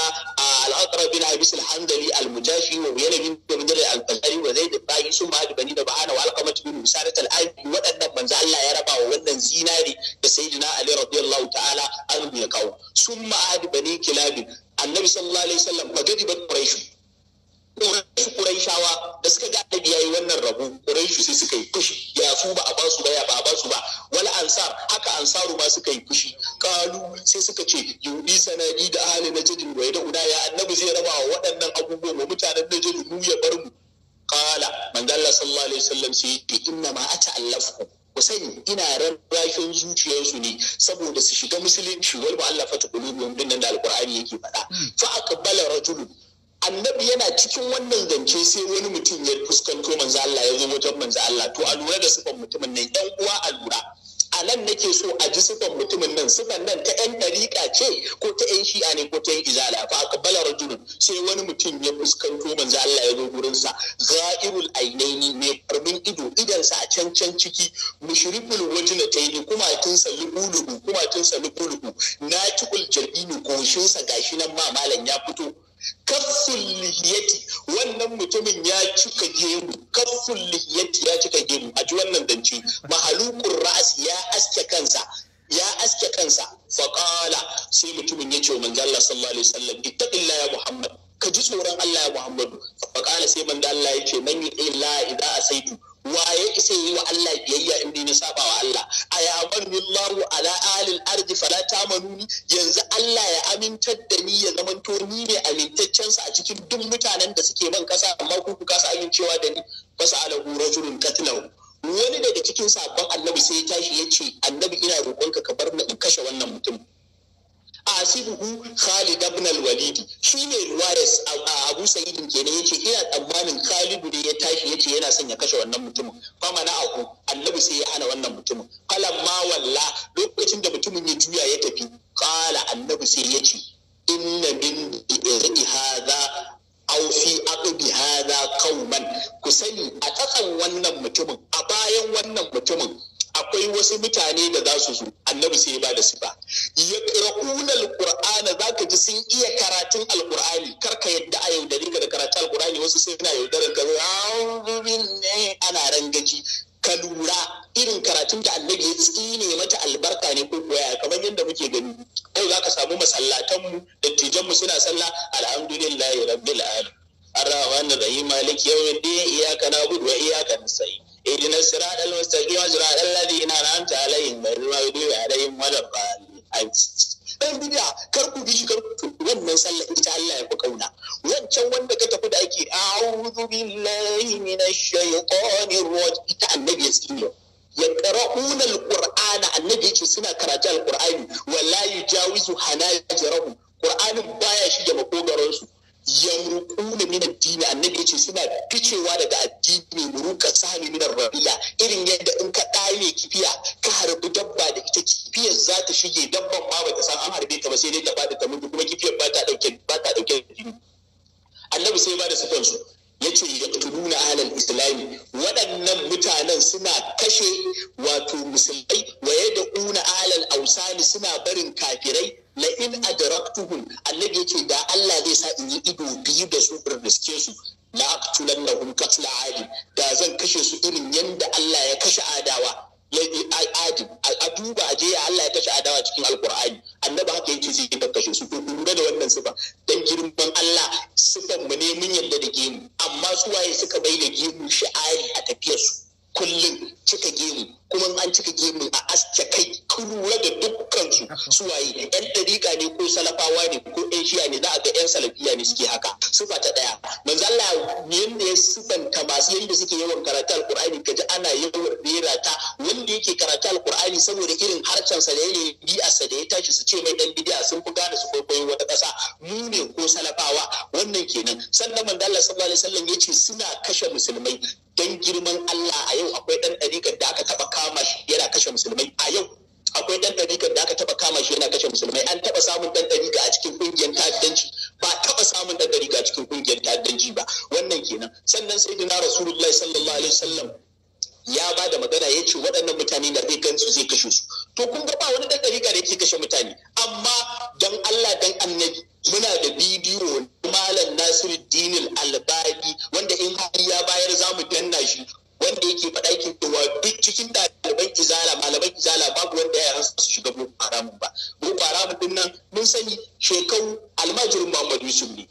al-aqra bin abis al-handali al-mujafi wa yana bin bin al-fazari wa zaid al-bayi sun ma'ad bani da ba'ana wa al-qamat bin musarat al-abi wadannan manzo Allah ya raba wa wannan zinare da sayyidina ali radiyallahu ta'ala an ya kawo sun ma'ad bani kilabin annabi sallallahu alaihi wasallam fagadi ban quraish quraishawa su sai suka yi fushi ya su ba a basu ba ya ba a basu ba wal ansar haka ansaru ma suka yi fushi kalu sai suka ce yudi sanadi da hali na jirgin wa ya da'una ya annabi zai raba wa waɗannan abubuwan wa mutanen jirgin mu ya bar mu kala manzo sallallahu alaihi wasallam sai yake inna ma ata'allafu ku sani ina rarrafin zuciyarsu ne saboda su shiga musulunci wal mu'allafatu qulubuhum cikin wannan zance sai wani mutum ya fuskanto manzo Allah ya zo wajen manzo Allah to a lura da sifan mutumin nan yan uwa a lura a nan nake so a ji sifan mutumin nan sifan nan ta yan dariƙa ce ko ta yan shi'a ne ko ta yan izala fa aqbala rajulun sai wani mutum ya fuskanto manzo Allah ya zo gurin sa ghairul ainaini mai farmin ido idan sa a can can ciki mushriful wajna tayni kuma tun salulu kuma tun salulu naqiul jarbinu goshin sa gashi nan ma malam ya fito kafin lihiyati wannan mutumin ya cika gemu kafin lihiyati ya cika gemu a ji wannan danci mahalukun ra'as ya aske kansa ya aske kansa faƙala sai mutumin ya ce wa manzo Allah sallallahu alaihi wasallam ittaqillah ya Muhammad ka ji tsoron Allah ya Muhammadu faƙala sai manzo Allah ya ce man yi illa idza asaitu waye isa yi wa Allah biyayya in na saba wa Allah Ayaban ya ala alil ardi fala tamanuni yanzu Allah ya amintar da ni ya zamanto ni ne amintaccen sa a cikin duk mutanen da suke ban kasa amma ku ku kasa amincewa da ni fasa alahu rajulun qatlahu wani daga cikin sabon annabi sai ya tashi ya ce annabi ina roƙonka ka bar na in kashe wannan mutum asibuhu Khalid ibn al-Walid shine a Abu Sa'id kenan yace ina tsammanin Khalidu ne ya tashi yace yana son ya kashe wannan mutumin fama na aku annabi sai ya hana wannan mutumin qalam ma walla lokacin da mutumin ya juya ya tafi qala annabi sai yace inna min ihi hadha aw fi aqbi hadha qauman ku sani a tsakan wannan mutumin a bayan wannan mutumin akwai wasu mutane da za su zo annabi sai ba da sifa ya qira'una alqur'ana zaka ji sun iya karatun alqur'ani kar ka yadda a da ka da karatun alqur'ani wasu sai suna yaudarar ka ana rangaji ka lura irin karatun da annabi ya tsine mata albarka ne ko koya kamar yadda muke gani yau za ka samu masallatanmu mu suna sallah alhamdulillahi rabbil alamin arrahmanir rahim maliki yawmiddin iyyaka na'budu wa iyyaka nasta'in اهدنا الصراط المستقيم صراط الذين انعمت عليهم غير المغضوب عليهم ولا الضالين dan bid'a kar ku bi shi kar ku wannan sallah ita Allah ya ku kauna wancan wanda ka tafi da ake a'udhu billahi minash shaitanir rajim ita annabi ya tsiyo ya qara'una alqur'ana annabi yace suna karatu alqur'ani wala yujawizu hanajirahu qur'anin baya shige makogaron su yamruquna min addini annabi yace suna ficewa daga addini muruka sahmi min rabiya irin yadda in ka ne kifiya ka harbi dabba da ita kifiyar za ta shige dabban ba bata san an harbe ta ba sai dai ta bada ta mutu kuma kifiyar ba ta dauke ba ta dauke annabi sai ba da sufan su yace yaqtuluna ahlal islam waɗannan mutanen suna kashe wato musulmai wa una ahlal ausani suna barin kafirai na in adraktuhum annabi yace da Allah zai sa in yi ido biyu da su in su la hun katla adi da zan kashe su irin yanda Allah ya kashe adawa ya adi a duba a ya Allah ya kashe adawa cikin alkur'ani annabi haka yake zai da kashe su to lura da wannan sifa dan girman Allah sifan mu ne mun yadda da gemu amma su waye suka bai da gemu shi'ari a tafiyarsu su kullum cika gemu kuma an cika gemu a aske kai kun da dukkan su suwaye yan dariƙa ne ko salafawa ne ko ɗan shiya ne za a ga yan salafiya ne suke haka Sufa ta daya manzo Allah yanda ya sifanta masu yanda suke yawan karatu alqur'ani kaji ana yawan rera ta wanda yake karatu alqur'ani saboda irin harshen sa da yake sa da ya tashi su ce mai dan bid'a sun fi gane su kwaikwayo wata ƙasa mu ne ko salafawa wannan kenan sannan manzo Allah sallallahu alaihi wasallam yace suna kashe musulmai dan girman Allah a yau akwai ɗan dariƙar da aka taba kama shi yana kashe musulmai a yau akwai dan dariƙar da aka taba kama shi yana kashe musulmai an taba samun dan a cikin kungiyar ta'addanci ba taba samun dan a cikin kungiyar ta'addanci ba wannan kenan sannan sai na rasulullahi sallallahu alaihi wasallam ya ba da magana ya ce waɗannan mutane da zai gansu zai kashe su to kun ga ba wani dan ɗarika da yake kashe mutane amma dan Allah dan annabi muna da bidiyo malam Nasiruddin Albani wanda in ya bayar za mu danna shi wanda yake faɗa yake cewa duk cikin ɗaliban izala malaman izala babu wanda ya su shiga boko haramun ba boko haramun din nan mun sani shekau almajirin muhammadu yusuf ne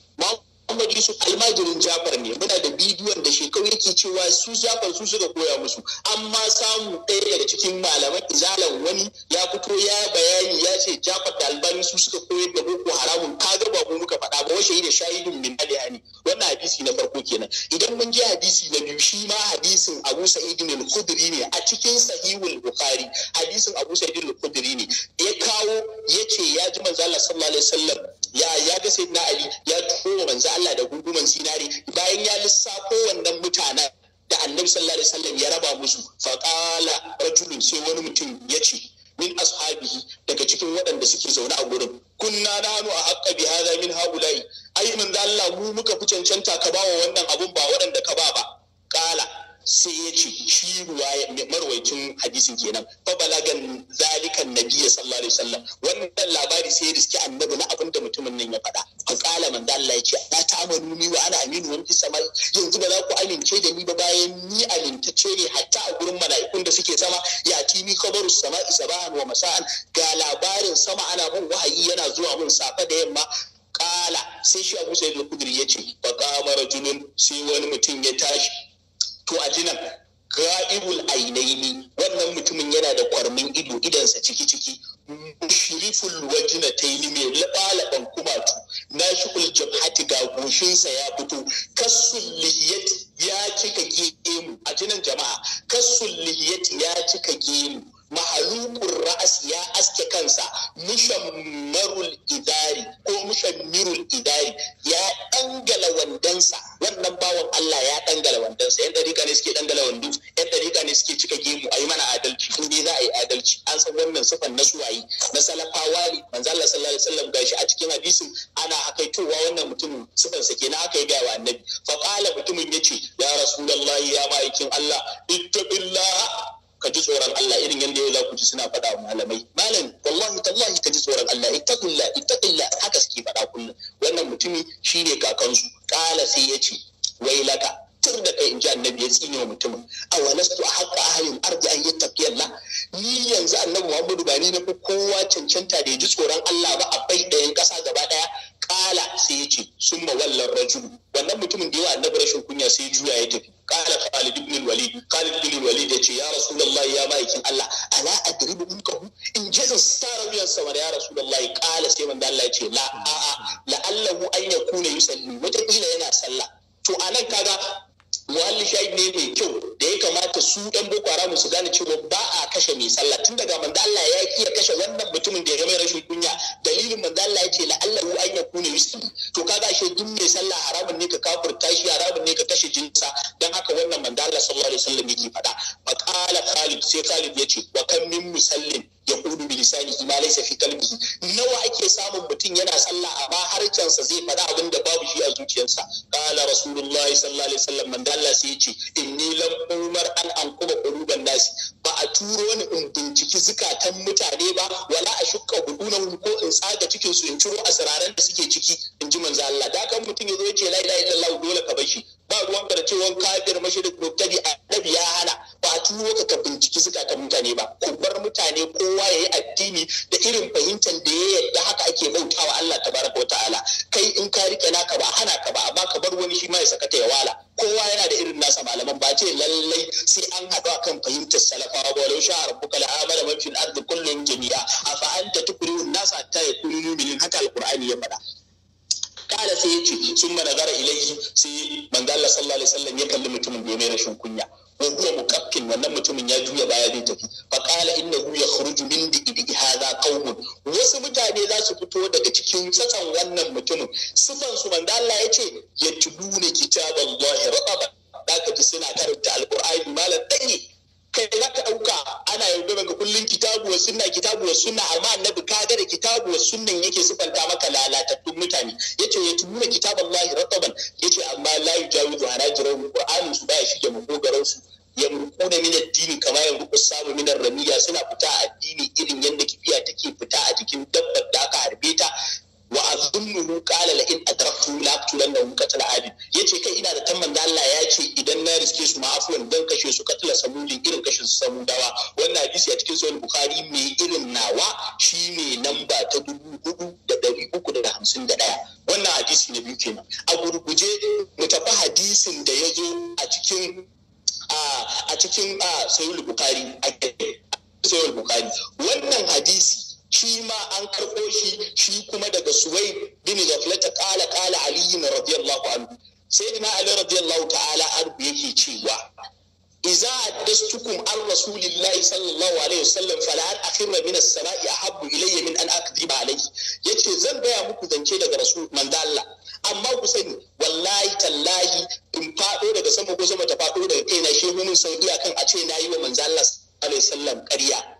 Muhammad Yusuf almajirin Jafar ne muna da bidiyon da shekaru yake cewa su Jafar su suka koya musu amma samu ɗaya daga cikin malaman izalan wani ya fito ya bayani ya ce Jafar da Albani su suka koyar da Boko Haramun kaga ba mu muka faɗa ba wa da shahidin min alihani wannan hadisi na farko kenan idan mun je hadisi na biyu shi ma hadisin Abu Sa'id bin Khudri ne a cikin Sahihul Bukhari hadisin Abu Sa'id bin Khudri ne ya kawo yace ya ji manzo Allah sallallahu alaihi wasallam ya ya ga sayyidina ali ya tuho manzo Allah da gunguman zinari bayan ya lissafo wannan mutanen da annabi sallallahu alaihi wasallam ya raba musu qala rajul sai wani mutum ya ce min ashabihi daga cikin waɗanda suke zaune a gurin kunna nanu a haƙƙa bi hadha min haula'i ai mun Allah mu muka fi cancanta ka bawa wannan abun ba waɗanda ka ba ba qala sai ya ce shi marwaicin hadisin kenan fa balagan zalikan nabiyyi sallallahu alaihi wasallam wannan labari sai ya riski annabi na abin da mutumin nan ya faɗa A qala man Allah ya ce la ta'amanu ni wa ana aminu wa fi samai yanzu ba za ku amince da ni ba bayan ni ce ne hatta a gurin mala'ikun da suke sama ya ti ni kabaru sama'i sabahan wa masa'an ga labarin sama ana bin wahayi yana zuwa mun safa da yamma kala sai shi abu sai da kudiri ya ce fa qama rajulun sai wani mutum ya tashi to a jinan nan ga'ibul ainaini wannan mutumin yana da kwarmin ido idansa ciki ciki mushriful wajina taini mai labalaban kumatu nashikul jabhati ga goshinsa ya fito kasul lihiyat ya cika gemu a jinan jama'a kasul lihiyat ya cika gemu mahalukun ra'as ya aske kansa mushammarul idari ko mushammirul idari ya dangala wandansa wannan bawan Allah ya dangala wandansa yan dariƙa ne suke dangala wando yan dariƙa ne suke cika gemu a yi mana adalci in dai za a yi adalci an san wannan sufan na suwayi na salafawa manzo Allah sallallahu alaihi wasallam gashi a cikin hadisin ana akaitowa wannan mutumin sufan sa kenan aka yi ga wa annabi fa qala mutumin yace ya rasulullahi ya ma'aikin Allah ittaqillaha ka ji tsoron Allah irin yadda yau lakuti suna faɗa wa malamai malam wallahi tallahi ka ji tsoron Allah ittaqilla ittaqilla haka suke faɗa kullum wannan mutumi shine kakansu kala sai ya ce wai wailaka tur da kai inji annabi ya tsine wa mutumin awalastu a haƙa ahalin an yi tafiyalla ni yanzu annabi muhammadu ba ni na fi kowa cancanta da ya ji tsoron Allah ba a bai ɗayan ƙasa gaba ɗaya Ƙala sai ya ce sun wallar rajulu wannan mutumin da yawa annabi rashin kunya sai juya ya tafi qala khalid ibn al-walid khalid ibn al-walid ya rasulullah ya ma'aikin Allah ala adribu minkum in je in sara biyan sama ya rasulullah qala sai manzo Allah yace la a'a la'allahu an yakuna yusalli wata kila yana sallah to anan kaga muhalli shahid ne mai kyau da ya kamata su ɗan boko haram su gane cewa ba a kashe mai sallah tun daga manzo ya iya kashe wannan mutumin da ya mai rashin kunya dalilin manzo Allah yake la Allah hu ku ne yusli to kaga shi duk mai sallah haramun ne ka kafirta shi haramun ne ka kashe jinsa dan haka wannan manzo Allah sallallahu alaihi wasallam yake faɗa qala Khalid sai Khalid yace wa kan min musallin yaqulu bi lisanihi ma laysa fi qalbihi nawa ake samun mutum yana sallah amma sa zai faɗa abinda babu shi a zuciyarsa qala rasulullahi sallallahu alaihi wasallam manzo Allah sai ce inni lam umar an anquba quluban nas ba a turo ni in binciki zukatan mutane ba wala a shukka mu ko in tsaga cikin su in ciro a asraran da suke ciki in ji manzo Allah da kan mutum ya zo ya ce la ilaha illallah dole ka bashi ba ruwan ka da cewa kafir mashirik a annabi ya hana ba a turo ka ka binciki zukatan mutane ba ku bar mutane kowa ya yi addini da irin fahimtar da ya yarda haka ake bautawa Allah tabaraka wa ta'ala kai in ka rike naka ba hana ka ba amma ka bar wani shi ma ya sakata ya wala kowa yana da irin nasa malaman ba ce lallai sai an haɗu akan fahimtar salafawa ba walau sha'ar buka la'amala mafin arzi kullum jami'a a fa'anta tukurihun nasa ta ya kuri muminin haka alƙur'ani ya faɗa Kada sai ya ce sun ma nazara ilaihi sai manzo Allah sallallahu alaihi wasallam ya kalli mutumin da ya mai rashin kunya huwa muqaffin wannan mutumin ya juya baya zai tafi ba fa qala innahu yakhruju min di'idihi hadha qaumun wasu mutane za su fito daga cikin tsatsan wannan mutumin sifan su manzo Allah yace yatluna kitaballahi rabba zaka ji suna karanta alqur'ani malam danyi kai za ka ɗauka ana yarda daga kullum kitabu wa sunna kitabu sunna amma annabi ka da kitabu wa sunnan yake sifanta maka lalatattun mutane yace ya tumuna kitabar Allah rataban yace amma la yujawizu harajiran qur'anin su baya shige makogaran su yamruquna min ad kamar kama yamruqu samu minar ramiya suna fita addini irin yadda kifiya take fita a jikin dabbar da aka harbe ta wa azunnu qala la in adraktu la muka lahu qatl abi yace kai ina da tamman da Allah ya ce idan na riske su ma'afuwan dan kashe su katla samuli irin kashe su samu dawa wannan hadisi a cikin sahih bukhari mai irin nawa shine namba ta dubu hudu da dari uku da hamsin da wannan hadisi na biyu kenan a gurguje mu tafi hadisin da ya zo a cikin a cikin sahih bukhari a sahih bukhari wannan hadisi shi ma an karɓo shi shi kuma daga suwai bin zaflata kala kala aliyu na radiyallahu anhu sayyidina ali radiyallahu ta'ala anhu yake cewa "Iza addastukum an rasulillahi sallallahu alaihi wasallam fala an akhirra min as-sama'i ahabbu ilayya min an akdhiba alayhi yace zan gaya muku zance daga rasul manzo Allah amma ku sani wallahi tallahi in fado daga sama ko sama ta fado daga kaina shehu mun sauki akan a ce nayi wa manzo Allah sallallahu alaihi wasallam ƙarya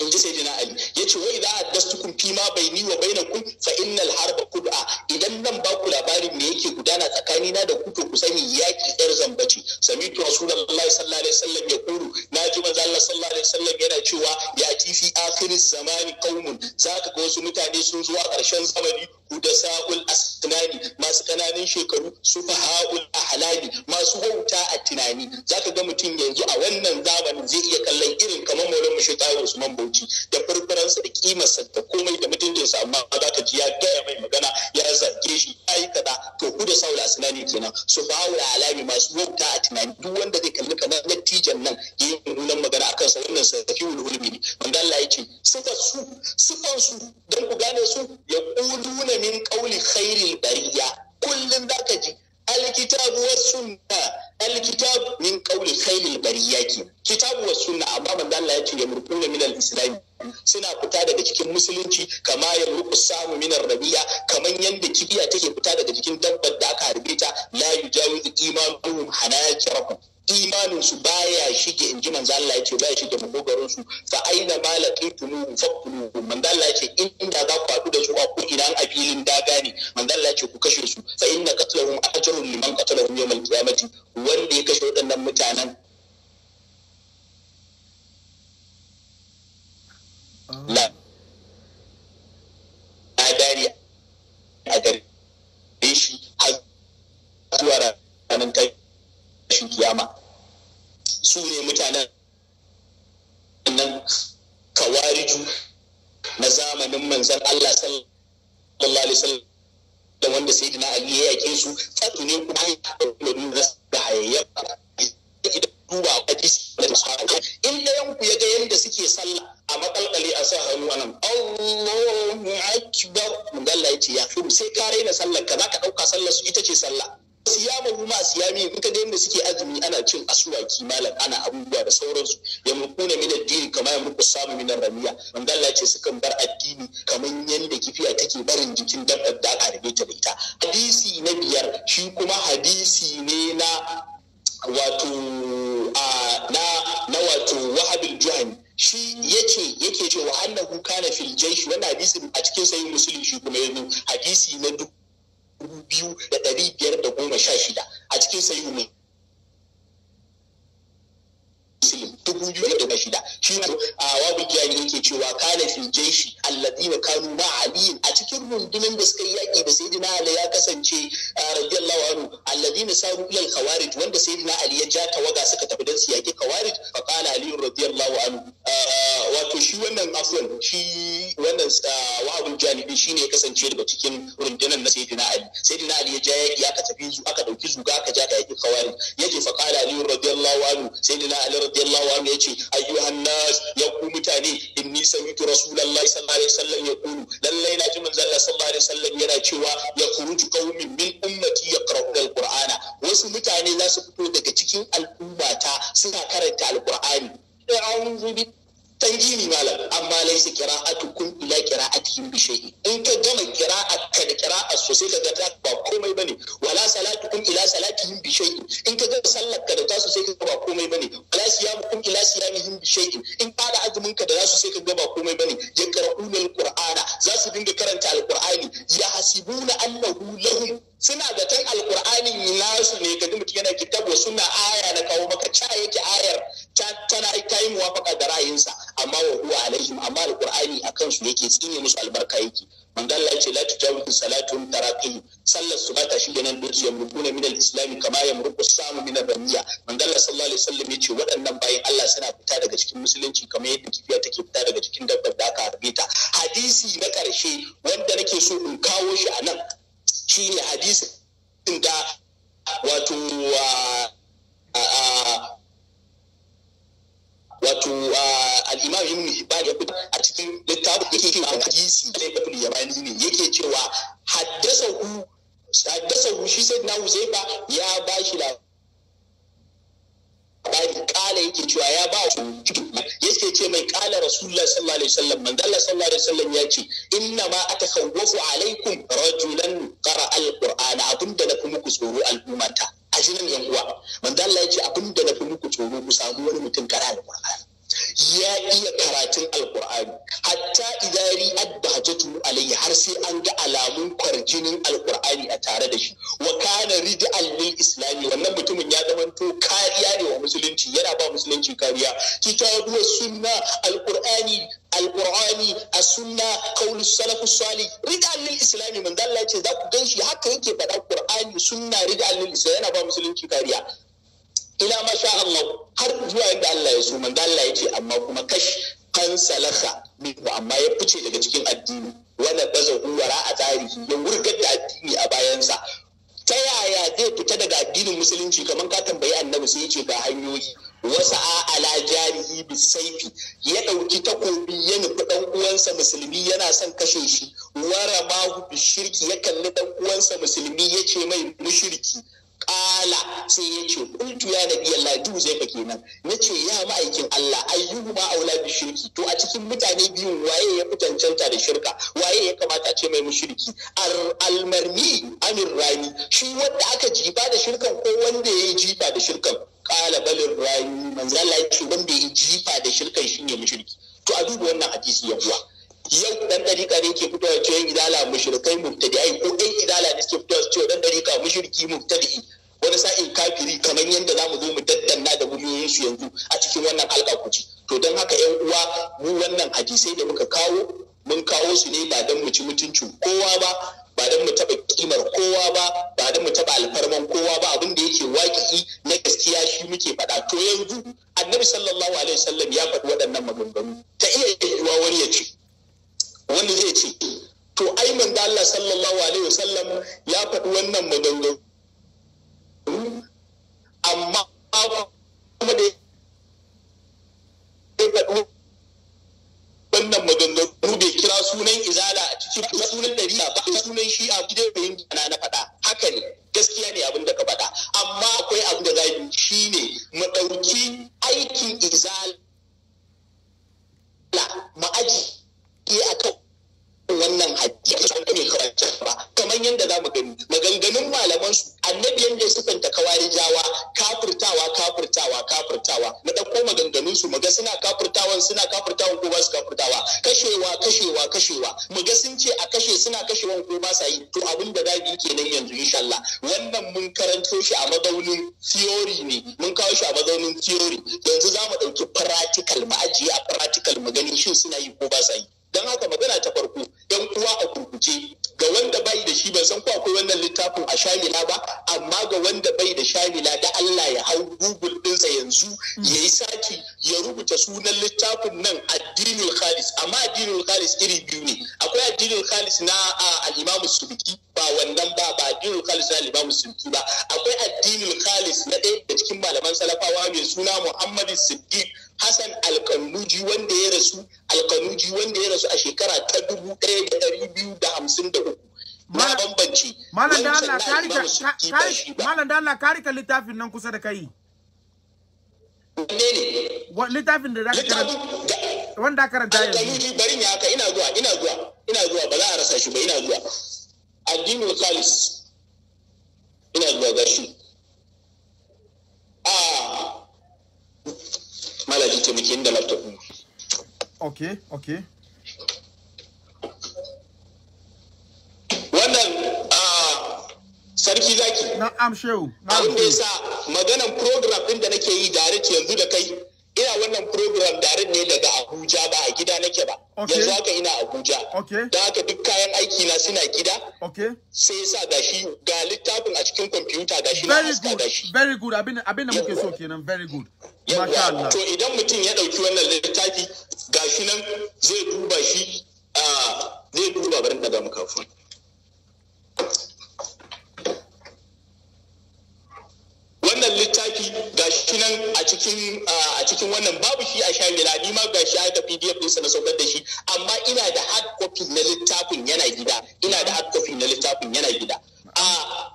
in ji sai dina ali ya ce wai za a dastukun fi ma bai ni wa bai na kun fa innal harba kud'a idan nan ba ku labarin me yake gudana tsakani na da kuke ku sani yaki yar zambaci sunan rasulullahi sallallahu alaihi Sallam ya kuru na ji manzo Allah sallallahu alaihi sallam yana cewa ya ci fi akhir zamani qaumun zaka ga wasu mutane sun zuwa a ƙarshen zamani hudasa'ul asnani masu kananan shekaru su fa ha'ul halami masu wauta a tunani zaka ga mutum yanzu a wannan zamanin zai iya kallon irin kamar Maulana Shehu Usman Bauchi da farfaransa da ƙimarsa da komai da sa amma zaka ji ya gaya mai magana ya zage shi ya yi kaza to sa'ul asnani kenan su fa ha'ul halami masu wauta a tunani duk wanda zai kalli na dattijan nan yayin nunan magana akan sa wannan sarfiul hulmi ne manzo Allah ya ce sifar su sifan su dan ku gane su ya quluna min ƙauli khairil bariya kullum za ka ji alkitabu wa sunna alkitabu min ƙauli khairil bariya ke kitabu wa sunna amma manzo Allah ya ce ya murkuna min al-islam suna fita daga cikin musulunci kama ya murku samu min rabiya kaman yanda kibiya take fita daga cikin dabbar da aka harbe ta la yujawizu imanuhum hanajirahum imanin su baya shige in ji manzo Allah yace baya shige madogaron su fa aina malaqitumuhu fakulu manzo Allah yace inda za ku haɗu da su a ko idan a filin daga ne manzo Allah yace ku kashe su fa inna qatlahum ajrun liman qatalahum yawmal qiyamati wanda ya kashe waɗannan mutanen la ah. adari a shi har zuwa ranar kai rashin kiyama su ne mutanen nan kawariju na zamanin manzan Allah sallallahu alaihi wasallam da wanda sai dina Ali ya yake su tsatu ne kuma da da hayayyafa duba a da sahaba in da yanku ya ga yadda suke sallah a makalkale a sa hannu anan Allahu akbar mu yace ya fi sai ka raina sallar ka zaka ɗauka sallar su ita ce sallah siyama huma siyami in ka ga yadda suke azumi ana cin asuwaki malam ana abubuwa da sauransu ya mukuna min addini kamar ya muku samu min ramiya mangalla ce sukan bar addini kamar yadda kifiya take barin jikin dabbar da aka rabe ta ita hadisi na biyar shi kuma hadisi ne na wato na na wato wahabil juhani shi yake yake cewa annahu kana fil jaysh wannan hadisin a cikin sahih muslim shi kuma yanzu hadisi na duk biyu da ɗari biyar da goma sha shida a cikin sayi ne. dubu biyu da shida shi ne a wabin jari yake cewa kana fil jeshi alladina kanu ma aliyin a cikin rundunar da suka yi yaƙi da sayyidina ali ya kasance radiyallahu anhu alladina saru ilal khawarij wanda sayyidina ali ya ja tawaga suka tafi dan su yaƙi khawarij fa qala ali radiyallahu anhu wato shi wannan afwan shi wannan wabin jari shi ne ya kasance daga cikin rundunar na sayyidina ali sayyidina ali ya ja yaƙi aka tafi aka ɗauki zuga aka ja ka yaƙi khawarij yaje fa qala ali radiyallahu anhu sayyidina ali radiyallahu anhu ya ce ayyuhan nas ya ku mutane inni sami'tu rasulullahi sallallahu alaihi wasallam ya kulu lallai na ji manzon Allah sallallahu alaihi wasallam yana cewa ya kurutu qaumin min ummati yaqra'una alqur'ana wasu mutane za su fito daga cikin al'ummata suna karanta alqur'ani a'udhu billahi gini malam amma laisa kun ila qira'atihim bi shay'in in ka gama qira'a ka da qira'a a sosai ka ga ta ba komai bane wala salatu kun ila salatihim bi shay'in in ka gama sallar ka da ta sosai ka ga ba komai bane wala kun ila siyamihim bi shay'in in ka da azumin ka da za su sai ka ga ba komai bane ya qara'una alqur'ana za su dinga karanta alqur'ani ya hasibuna annahu lahum suna da tan alqur'ani nasu ne ka ga mutum yana kitabu suna aya na kawo maka cha yake ayar ta yi muwafaka da ra'ayinsa amma wa huwa alaihim amma alqur'ani akan su yake tsine musu albarka yake manzo Allah yace la tujawizu salatun taraqih sallar su ba shi shige nan dutse yamrukuna min alislam islam kama yamruku samu min albaniya baniya manzo Allah sallallahu alaihi wasallam yace waɗannan bayin Allah suna fita daga cikin musulunci kamar yadda kifiya take fita daga cikin dabbar da aka harbe ta hadisi na ƙarshe wanda nake so in kawo shi a nan shine hadisi da wato wato al'imam ibn hibban ya fita a cikin littafin yake cewa hadisi da ibn yamani ne yake cewa haddasa hu haddasa shi sai na huzaifa ya bashi labari kala yake cewa ya ba su yake ce mai kala rasulullah sallallahu alaihi wasallam manzo Allah sallallahu alaihi wasallam ya ce inna ma atakhawwafu alaikum rajulan qara al-qur'ana abinda na fi muku tsoro al'ummata a yan uwa manzo Allah ya ce abin da na fi muku tsoro ku samu wani mutum kara da Qur'ani ya iya karatun alkur'ani hatta idari adda hajjatu alayhi har sai an ga alamun kwarjinin alkur'ani a tare da shi wa kana ridi alil islami wannan mutumin ya zamanto kariya ne wa musulunci yana ba musulunci kariya duwa sunna alkur'ani alkur'ani a sunna kaulu salafu salih ridi alil islami man dalla ce za ku gan haka yake faɗa ƙur'ani sunna ridi alil islami yana ba musulunci kariya ila ma sha Allah har zuwa yadda Allah ya so da Allah ya ce amma kuma kash kan salaka minhu amma ya fice daga cikin addini wanda baza wara a tarihi ya wurgar da addini a bayansa ta yaya zai fita daga addinin musulunci kamar ka tambayi annabi sai ya ce ga hanyoyi wasa a ala jarihi saifi ya ɗauki takobi ya nufi dan uwansa musulmi yana son kashe shi wara bi shirki ya kalli ɗan uwansa musulmi yace mai mushriki Ƙala sai ya ce kultu ya nabi Allah du zai fa kenan ya ce ya ma'aikin Allah ayyuhu ma aula bi shirki to a cikin mutane biyun waye ya fi cancanta da shirka waye ya kamata ce mai mushriki almarmi anir rani shi wanda aka jiba da shirkan ko wanda ya yi jifa da shirkan kala balin rani manzo Allah ya ce wanda ya yi jifa da shirkan shine mushriki to a duba wannan hadisi ya yau dan dariƙa ne ke fitowa cewa idala mushrikai mubtadi'ai ko yan idala ne suke fitowa cewa dan dariƙa mushriki mubtadi'i wani sa'in kafiri kamar yadda za mu zo mu daddanna da muryoyinsu yanzu a cikin wannan alƙakuci to don haka yan uwa mu wannan hadisai da muka kawo mun kawo su ne ba don mu ci mutuncin kowa ba ba don mu taɓa kimar kowa ba ba don mu taɓa alfarman kowa ba abin da yake waƙi na gaskiya shi muke faɗa to yanzu annabi sallallahu alaihi wasallam ya faɗi waɗannan maganganu ta iya yiwuwa wani ya ce wani zai ce to ai manzo Allah sallallahu alaihi wasallam ya faɗi wannan maganganu amma kuma da ya faɗi wannan maganganu bai kira sunan izala a cikin kuma sunan ɗariya ba sunan shi a gidan bayin gana na faɗa haka ne gaskiya ne abin da ka faɗa amma akwai abin da za yi shi ne mu ɗauki aikin izala ma'aji ke akan wannan hajji ne kawai ba kamar yadda za mu gani maganganun malaman su annabi yadda sufanta kawari jawa kafurtawa kafurtawa kafurtawa mu ɗauko maganganun su muga suna kafurtawan suna kafurtawan ko ba su kafurtawa kashewa kashewa kashewa muga sun ce a kashe suna kashewan ko ba sa yi to abin da za yi kenan yanzu insha Allah wannan mun karanto shi a madaunin theory ne mun kawo shi a madaunin theory yanzu za mu ɗauki practical mu ajiye a practical mu gani shin suna yi ko ba sa yi don haka magana ta farko yan uwa a kurkuce ga wanda bai da shi ban san ko akwai wannan littafin a shamila ba amma ga wanda bai da shamila da Allah ya hau google dinsa yanzu ya yi saki ya rubuta sunan littafin nan addinin khalis amma addinin khalis iri biyu ne akwai addinin khalis na al'imamu subiki ba wannan ba ba addinul khalis na al'imamu subiki ba akwai addinin khalis na ɗaya da cikin malaman salafawa mai suna Muhammadu Siddiq Hassan Alkanuji wanda ya rasu Alkanuji wanda ya rasu a shekara ta dubu ɗaya da ɗari biyu da hamsin da uku. Na bambanci. Malam da Allah karika littafin nan kusa da kai. Wanne ne? Littafin da za ka wanda karanta yanzu. Alkanuji bari ne haka ina zuwa ina zuwa ina zuwa ba za a rasa shi ba ina zuwa. Addinul Khalis ina zuwa gashi. Ah Allah zai taimake da laptop ɗin. ok ok wannan sarki zaki na am shehu abin da ya sa maganan program ɗin da nake yi direct yanzu da kai ina wannan program darin ne daga Abuja ba a gida nake ba. Yanzu haka ina Abuja. Da haka duk kayan aiki na suna gida. Sai yasa ga shi ga littafin a cikin kwamfuta ga shi na haska da shi. Very good. Abin abin da muke so kenan very good. Masha Allah. To idan mutum ya dauki wannan littafi ga shi nan zai duba shi ah, zai duba barin daga muka wannan littafi ga shi nan a cikin wannan babu shi a shamila ni ma gashi aka pdf ɗinsa na saukar da shi amma ina da hard copy na littafin yana gida ina da hard copy na littafin yana gida a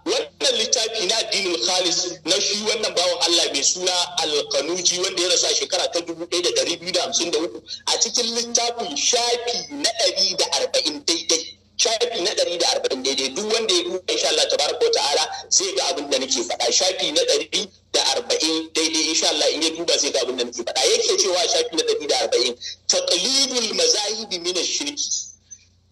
wannan littafi na addinin khalis na shi wannan bawan Allah mai suna alkanuji wanda ya rasa shekara ta 1253 a cikin littafin shafi na ɗari da arba'in daidai shafi na ɗari da arba'in daidai duk wanda ya duba insha Allah tabaraka wa ta'ala zai ga abin da nake faɗa shafi na ɗari da arba'in daidai insha Allah in ya duba zai ga abin da nake faɗa yake cewa shafi na ɗari da arba'in taqlidul mazahibi min shirki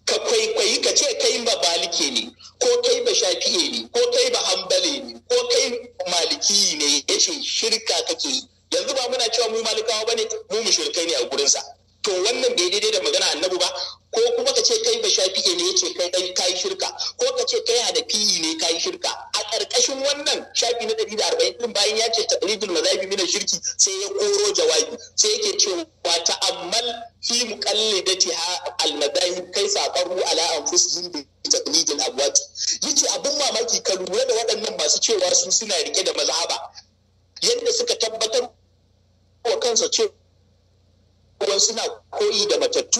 ka kwaikwayi ka ce kai ba balike ne ko kai ba shafi'e ne ko kai ba hambale ne ko kai maliki ne yace shirka kake yanzu ba muna cewa mu malikawa bane mu mushrikai ne a gurin sa to wannan bai daidai da magana annabu ba ko kuma ka ce kai shafi ne yace kai dan kai shirka ko ka ce kai hanafi ne kai shirka a ƙarƙashin wannan shafi na ɗari 140 din bayan ya ce taqlidul mazahibi mina shirki sai ya koro jawabi sai yake cewa ta'ammal fi muqallidatiha ha almadahi kai mu ala anfusihim bi taqlidil abwat yace abin mamaki ka lura da waɗannan masu cewa su suna rike da mazhaba yadda suka tabbatar wa kansa cewa suna koyi da matattu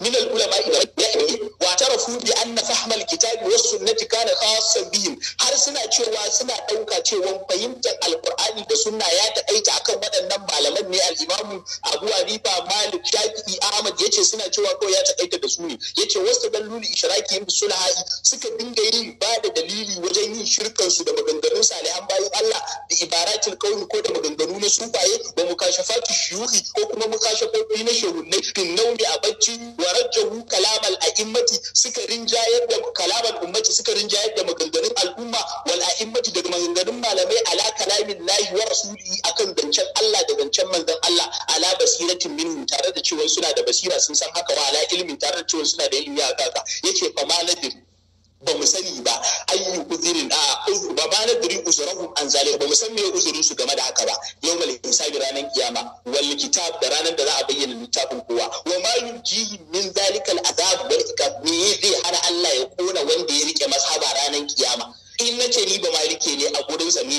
من العلماء والتابعين واعترفوا بأن فهم الكتاب والسنة كان خاصا بهم har suna cewa suna ɗauka cewa fahimtar alkur'ani da sunna ya taƙaita akan waɗannan malaman ne al'imamu abu hanifa malik Shafi, ahmad yace suna cewa kawai ya taƙaita da su ne yace wasu dalluli ishraki suna sulha'i suka dinga yin ba da dalili wajen yin shirkan su da maganganun salihan bayan Allah da ibaratul qawli ko da maganganu na sufaye ba mukashafatu shuyuhi ko kuma mukashafatu na shehunnai bin nauni a barci. wa warajjahu kalamal a'immati suka rinja yadda kalamal ummati suka rinjayar da maganganun al'umma wal a'immati daga maganganun malamai ala kalamin lahi wa rasuli akan zancen Allah da zancen manzon Allah ala basiratin minhum tare da cewa suna da basira sun san haka wa ala ilmin tare da cewa suna da ilimi a kaka yace fa malakin ba mu sani ba ayyu uzirin a ba ba na duri an zalim ba mu san me uzurin su game da haka ba yau yawmal hisabi ranar kiyama wal kitab da ranar da za a bayyana littafin kowa wa ma yuji min zalikal azab wal ikab me zai hana Allah ya kona wanda ya rike masaba ranar kiyama in na ce ni ba malike ne a gurin sa ni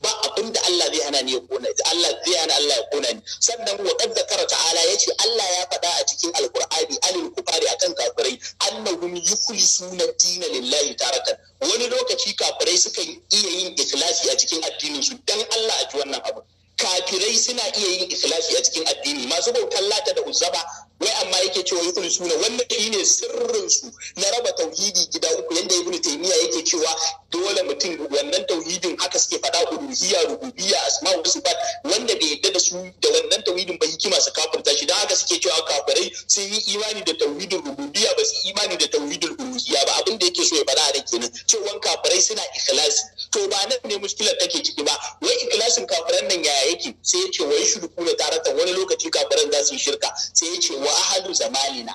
ba abin da Allah zai hana ni ya kona Allah zai hana Allah ya kona ni sannan wa qad zakara ta'ala yace Allah ya faɗa a cikin alqur'ani alil kufari akan kafirai annahum yukhlisuna dina lillahi tarakan wani lokaci kafirai sukan iya yin ikhlasi a cikin addinin su dan Allah a ji wannan abu kafirai suna iya yin ikhlasi a cikin addini masu bautar lata da uzaba wai amma yake cewa yi suna wannan ne sirrin su na raba tauhidi gida uku yadda ibn taimiya yake cewa dole mutum wannan tauhidin haka suke faɗa uluhiyya rububiyya asma'u sifat wanda bai yadda da su da wannan tauhidin ba hikima su kafirta shi dan haka suke cewa kafirai sun yi imani da tauhidin rububiyya ba su imani da tauhidin uluhiyya ba abin da yake so ya fada da kenan cewa kafirai suna ikhlasi to ba nan ne mushkilar take ciki ba wai ikhlasin kafiran nan yaya yake sai ya ce wai shirku na tarata wani lokaci kafiran za su yi shirka sai ya ce wa ahadu zamanina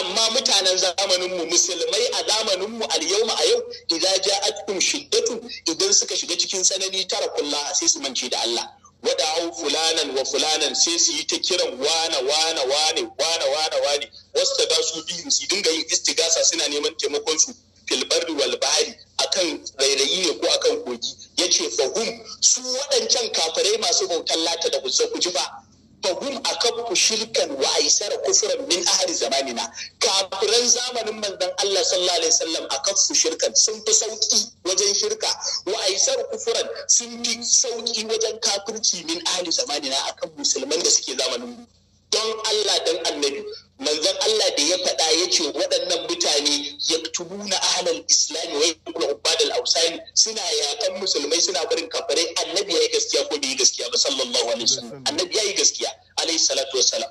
amma mutanen zamaninmu musulmai a zamaninmu al a yau idan ja'atkum shiddatu idan suka shiga cikin tsanani tara kulla sai su mance da Allah wada'u fulanan wa fulanan sai su yi ta kiran wana wana wane wana wana wane wasu ta su biyu su dinga yin istigasa suna neman taimakon su filbarri wal bahari akan rairayi ne ko akan kogi yace fahum su waɗancan kafirai masu bautar lata da kusa ku ji ba fahum akabku shirkan wa'aisar kufuran kufran min ahli zamanina kafiran zamanin manzon Allah sallallahu alaihi wasallam akabku shirkan sun fi sauki wajen shirka Wa'aisar kufuran sun fi sauki wajen kafirci min ahli zamanina akan musulman da suke zamanin don Allah dan annabi manzon Allah da ya faɗa ya ce waɗannan mutane ya tubu na ahalar wa wai kuma al awsan suna yakan musulmai suna barin kafirai annabi ya yi gaskiya ko bai yi gaskiya ba sallallahu alaihi wasallam annabi ya yi gaskiya alaihi salatu wasallam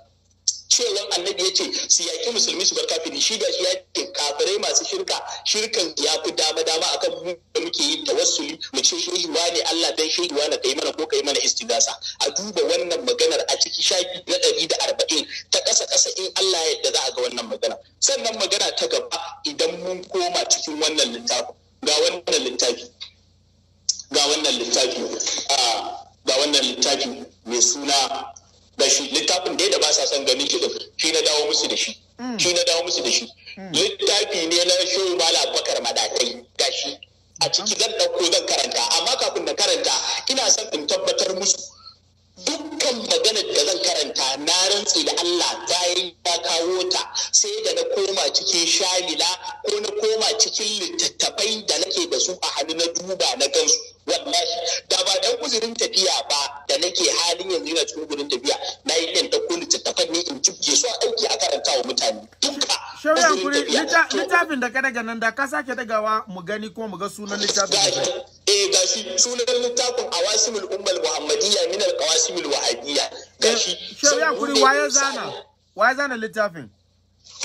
cewan annabi ya ce su yaƙi musulmi su bar kafiri shi da shi ya ce kafirai masu shirka shirkan ya fi dama dama akan mu da muke yi da wasu mu ce shehi ne Allah dan wa na kai mana ko kai mana istigasa a duba wannan maganar a ciki shafi na ɗari da arba'in ta ƙasa ƙasa in Allah ya yarda za a ga wannan magana sannan magana ta gaba idan mun koma cikin wannan littafi ga wannan littafi ga wannan littafi ah, ga wannan littafi mai suna da shi littafin da da ba sa son ganin shi shi na dawo musu da shi mm. shi na dawo musu da shi mm. littafi ne na shehu mala bakar madatai ga shi a mm-hmm. ciki zan dauko zan karanta amma kafin na karanta ina son in tabbatar musu dukkan maganar da zan karanta na rantse da Allah bayan ya kawo ta sai da na koma cikin shamila ko na koma cikin littattafai da nake da su a hannu na duba na gansu wallahi da ba dan kuzurin tafiya ba da nake halin yanzu ina cikin uzurin tafiya na yi yin ta kullu tattafan ne in cike su aiki a karanta wa mutane duka shauran kuri littafin da ka daga nan da ka sake dagawa mu gani ko mu ga sunan littafin eh gashi sunan littafin awasimul ummal muhammadiyya min al qawasimul wahabiyya eh, shi shauran kuri waye zana waye zana littafin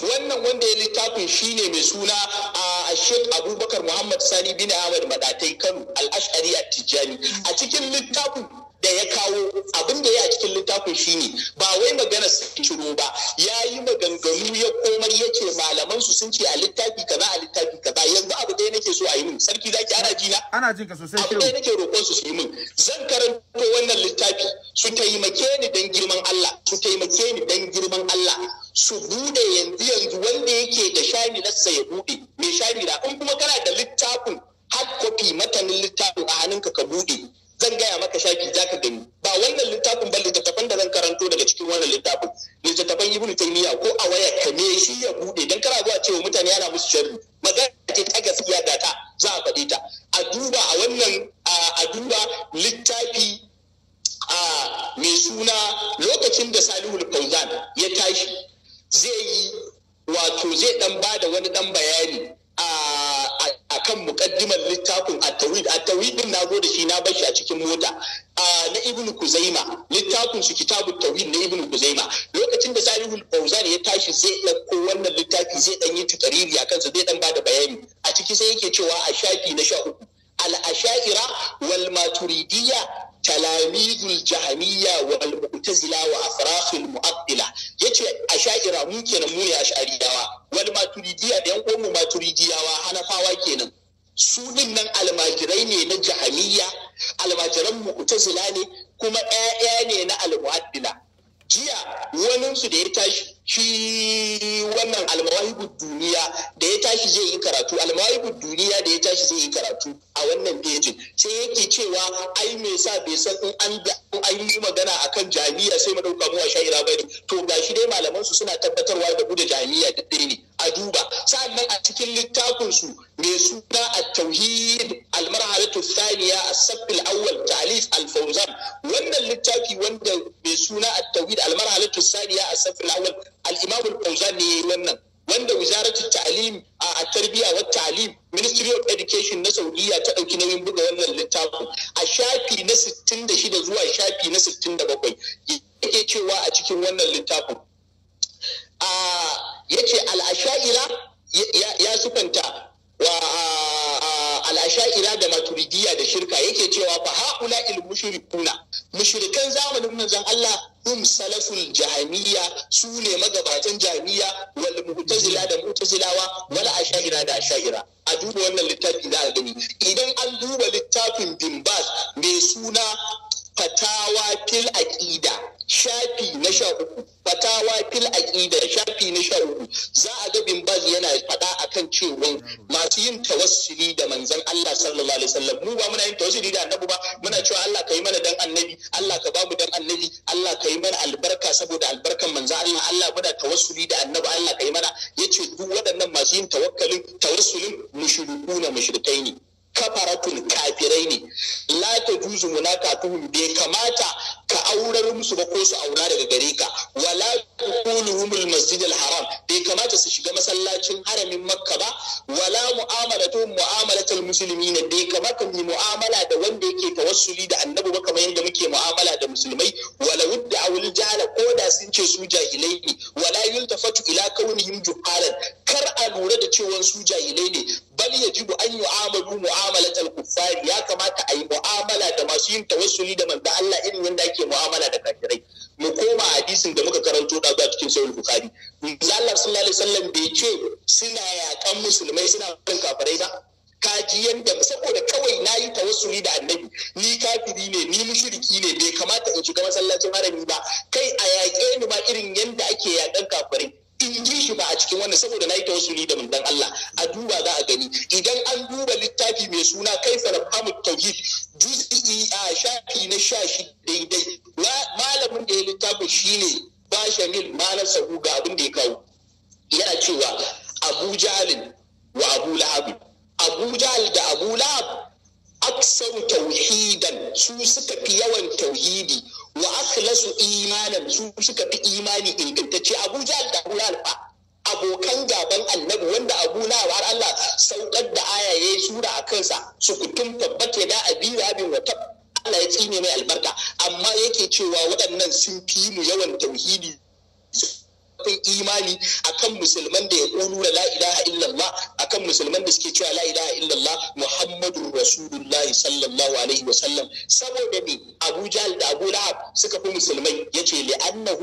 wannan wanda ya littafin shine mai suna a Sheikh Abubakar Muhammad Sani bin Ahmad Madatai Kano Al-Ash'ari At-Tijani a cikin littafin da ya kawo abin da ya a cikin littafin shine ba wai magana ciro ba ya yi maganganu ya komar ya ce malaman su sun ce a littafi kaza a littafi kaza yanzu abu ɗaya nake so a yi min sarki zaki ana jina. ana jin ka sosai abu ɗaya nake roƙon su su yi min zan karanto wannan littafi su taimake ni dan girman Allah su taimake ni dan girman Allah su bude yanzu yanzu wanda yake da shari na sa ya bude mai shari da in kuma kana da littafin hard copy matanin littafin a hannunka ka bude zan gaya maka shafi za ka gani ba wannan littafin ba littattafan da zan karanto daga cikin wannan littafin littattafan ibnu taymiya ko a waya ka me shi ya bude dan kana zuwa cewa mutane yana musu sharri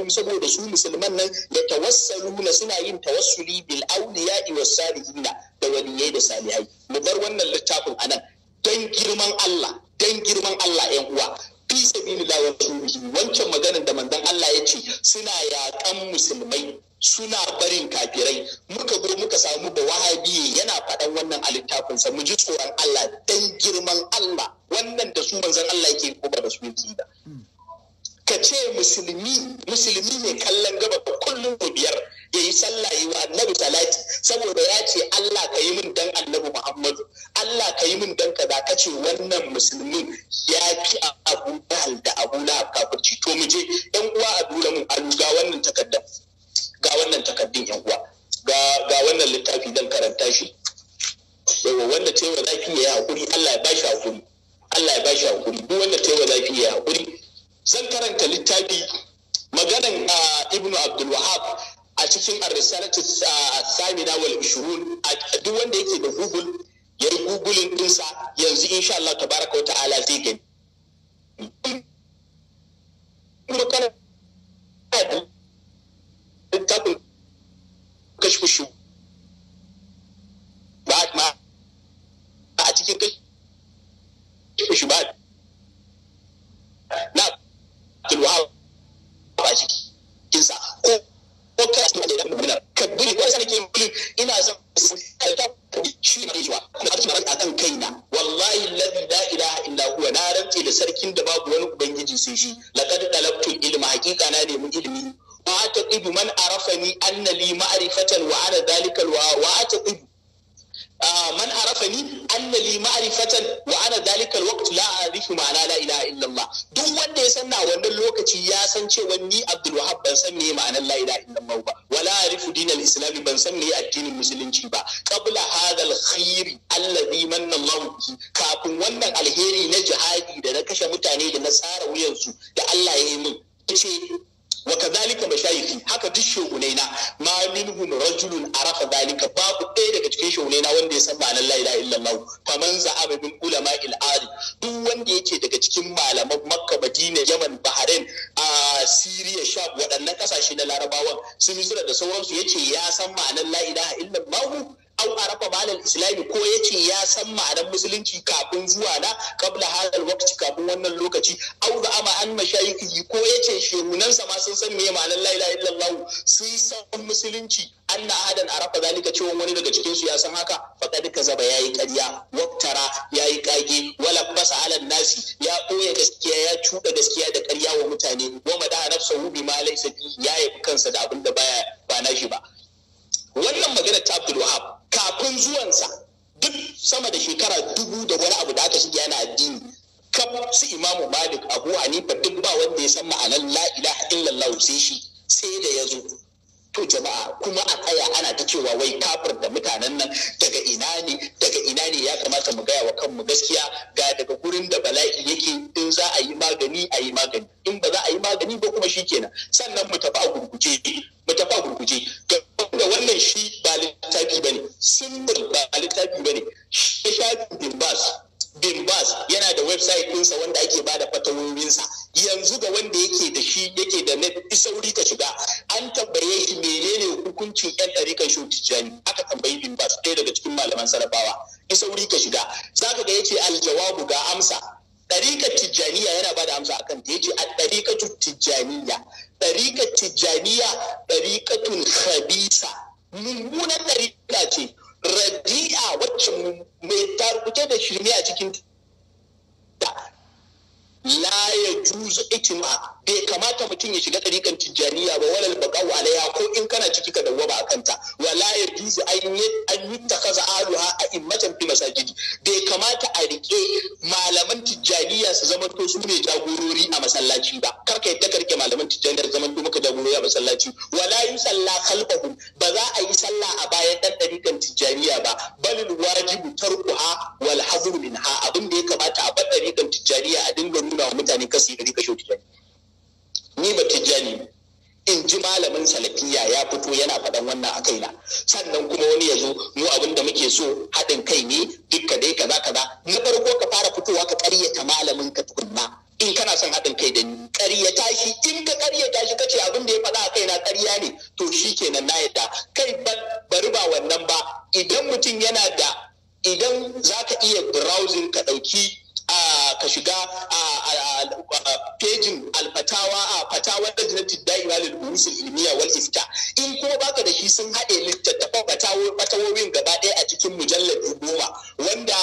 saboda su musulman nan ya tawassaluna suna yin tawassuli bil ne addinin musulunci ba qabla hadal khairi allazi manna Allah kafin wannan alheri na jihadi da na kashe mutane da na tsara wuyansu da Allah ya yi min kace wa kadhalika haka duk shugunai na ma minhum rajulun arafa dalika babu ɗaya daga cikin shugunai wanda ya san ma'anar la ilaha illallah faman za'aba min ulama il ari duk wanda yake daga cikin malaman makka madina yaman bahrain a siriya sham waɗannan ƙasashe na larabawan sun misira da sauransu yace ya san ma'anar la ilaha illallah au arafa ma'anar islami ko ya ce ya san ma'anar musulunci kafin zuwa na kabla halal wakti kafin wannan lokaci au da ama an mashayikhi ko ya ce shehunansa ma sun san meye ma'anar la ilaha illallah sun san musulunci anna hadan arafa zalika cewa wani daga cikin su ya san haka zaba ya yi ƙarya waktara ya yi kage wala basa ala nasi ya ɓoye gaskiya ya cuɗa gaskiya da ƙarya wa mutane wa mada nafsahu ma laysa ya yi kansa da abin da baya ba shi ba wannan maganar ta Abdul Wahab kafin zuwansa duk sama da shekara dubu da wani abu da aka shiga yana addini kaf su imamu malik abu hanifa duk ba wanda ya san ma'anar la ilaha illallah sai shi sai da ya zo to jama'a kuma a tsaya ana ta cewa wai kafir da mutanen nan daga ina ne daga ina ne ya kamata mu gaya wa kanmu gaskiya ga daga gurin da bala'i yake in za a yi magani a yi magani in ba za a yi magani ba kuma shi kenan sannan mu tafi a gurguje mu tafi a gurguje da wannan shi ba littafi bane simple ba littafi bane shi shafi bin bas bin yana da website ɗinsa wanda ake bada fatawoyinsa yanzu ga wanda yake da shi yake da net sauri ka shiga an tambaye shi menene hukuncin yan ɗarikan shi tijjani aka tambayi bin ɗaya daga cikin malaman sarrafawa. isauri ka shiga zaka ga yace aljawabu ga amsa ɗarika tijjaniya yana bada amsa akan ta yace a ɗarika tijjaniya ɗarika tijjaniya ɗarikatun khabisa mummunan ɗarika ce radi'a wacce mai tarukuce da shirme a cikin ta la ya juzu itima bai kamata mutum ya shiga ɗariƙan tijjaniya ba walal wa alaya ko in kana ciki ka dawwaba a kanta wala ya juzu an yi an yi takaza aluha a immatan fi masajidi bai kamata a riƙe malaman tijjaniya su zama to su ne jagorori a masallaci ba kar ka yadda karke malaman tijjaniya su zama to muka jagorori a masallaci wala yi sallah khalfahum ba za a yi sallah a bayan ɗan ɗariƙan tijjaniya ba balil wajibu tarkuha wal hazru minha abin da ya kamata a bar ɗariƙan tijjaniya a dinga nuna wa mutane kasu ɗariƙa shoti tijjaniya ni ba tijjani in ji malamin salafiya ya fito yana faɗan wannan a kaina sannan kuma wani ya zo mu abin da muke so haɗin kai ne dukka dai kaza kaza na farko ka fara fitowa ka ƙaryata malamin ka tukunna in kana son haɗin kai da ni ƙaryata shi in ka ƙaryata shi kace abin da ya faɗa a kaina ƙarya ne to shi kenan na yadda kai bari ba wannan ba idan mutum yana da idan za ka iya browsing ka ɗauki ka shiga a pejin alfatawa a fatawar da jinar da'ira lil urusul ilmiya wal ifta in kuma baka da shi sun haɗe littattafan fatawowin gaba ɗaya a cikin mujallar goma wanda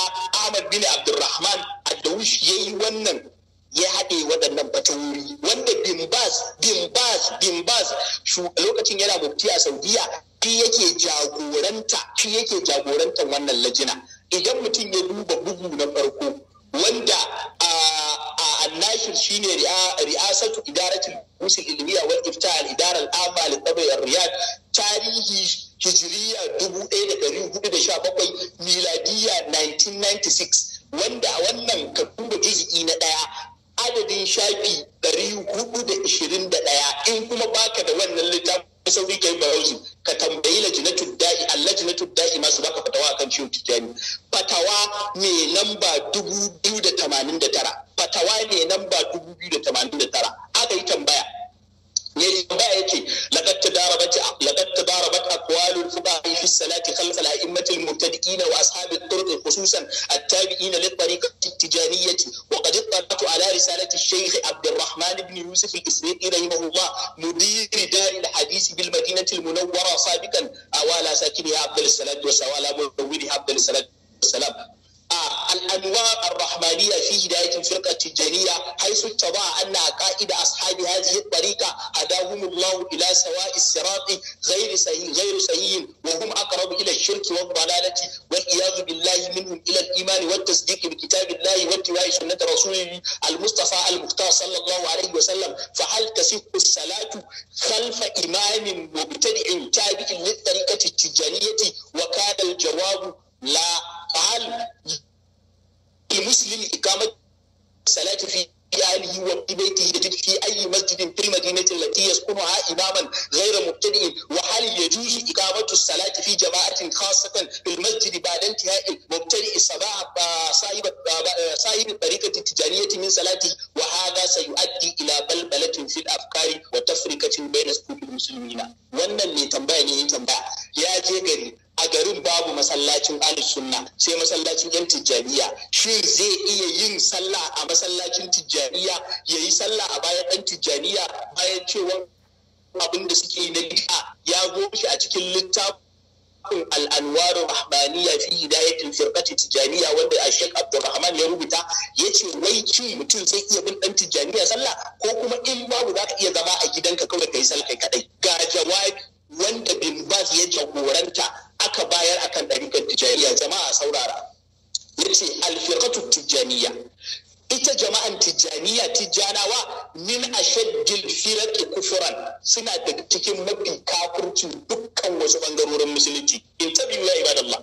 Ahmad bin Abdulrahman Adawush yi wannan ya haɗe waɗannan fatawori wanda Bimbas Bimbas Bimbas lokacin yana mufti a Saudiya shi yake jagoranta shi yake jagorantar wannan lajina idan mutum ya duba bugu na farko wanda a annashir shine ri'asatu idaratul musul ilmiya wal ifta al idara al amma li tabayar riyad tarihi hijiriya 1417 miladiya 1996 wanda a wannan da juzi'i na ɗaya adadin shafi 421 in kuma baka da wannan littafin sauri yi browsing ka tambayi lajinatul da'i allajinatul da'i masu baka fatawa akan ciwon tijani fatawa ne namba dubu fatawa ne namba dubu aka yi tambaya يعني لقد تداربت لقد تضاربت اقوال الفقهاء في الصلاه خلف الائمه المبتدئين واصحاب الطرق خصوصا التابعين للطريقه التجاريه وقد اطلعت على رساله الشيخ عبد الرحمن بن يوسف الافريقي رحمه الله مدير دار الحديث بالمدينه المنوره سابقا اوالى ساكنها عبد الصلاه والسلام مدونها عبد الصلاه والسلام الأنواع الرحمانية في هداية الفرقة التجارية حيث اتبع أن عقائد أصحاب هذه الطريقة هداهم الله إلى سواء الصراط غير سهيل غير سهيل وهم أقرب إلى الشرك والضلالة والعياذ بالله منهم إلى الإيمان والتصديق بكتاب الله واتباع سنة رسوله المصطفى المختار صلى الله عليه وسلم فهل تسيق الصلاة خلف إمام مبتدع تابع للطريقة التجارية وكان الجواب لا فهل لمسلم إقامة صلاة في آله وفي بيته يجد في أي مسجد في المدينة التي يسكنها إماما غير مبتدئ وهل يجوز إقامة الصلاة في جماعة خاصة في المسجد بعد انتهاء المبتدئ صباح صاحب صاحب الطريقة التجارية من صلاته وهذا سيؤدي إلى بلبلة في الأفكار وتفرقة بين سكوت المسلمين. wannan mai tambaya ne ya tambaya ya je gari a garin babu masallacin Ali sunna sai masallacin yan tijjaniya shin zai iya yin sallah a masallacin tijjaniya ya yi sallah a bayan yan tijjaniya bayan cewa abin da suke yi na gida ya goshi a cikin littafin al'anwarin rahmaniya fi hidayatin firqati tijjaniya wanda a shek abdulrahman ya rubuta ya ce wai cin mutum zai iya bin dan tijjaniya sallah ko kuma in babu za ka iya zama a gidanka kawai ka yi sallah kai kadai ga jawabi wanda bin ya jagoranta aka bayar akan ɗariƙar tijaniya jama'a saurara ya ce alfirkatu tijaniya ita jama'an Tijjaniya, Tijjanawa, min shaddil firaki kufuran suna daga cikin mafi kafurci dukkan wasu ɓangarorin musulunci in biyu ya ibadallah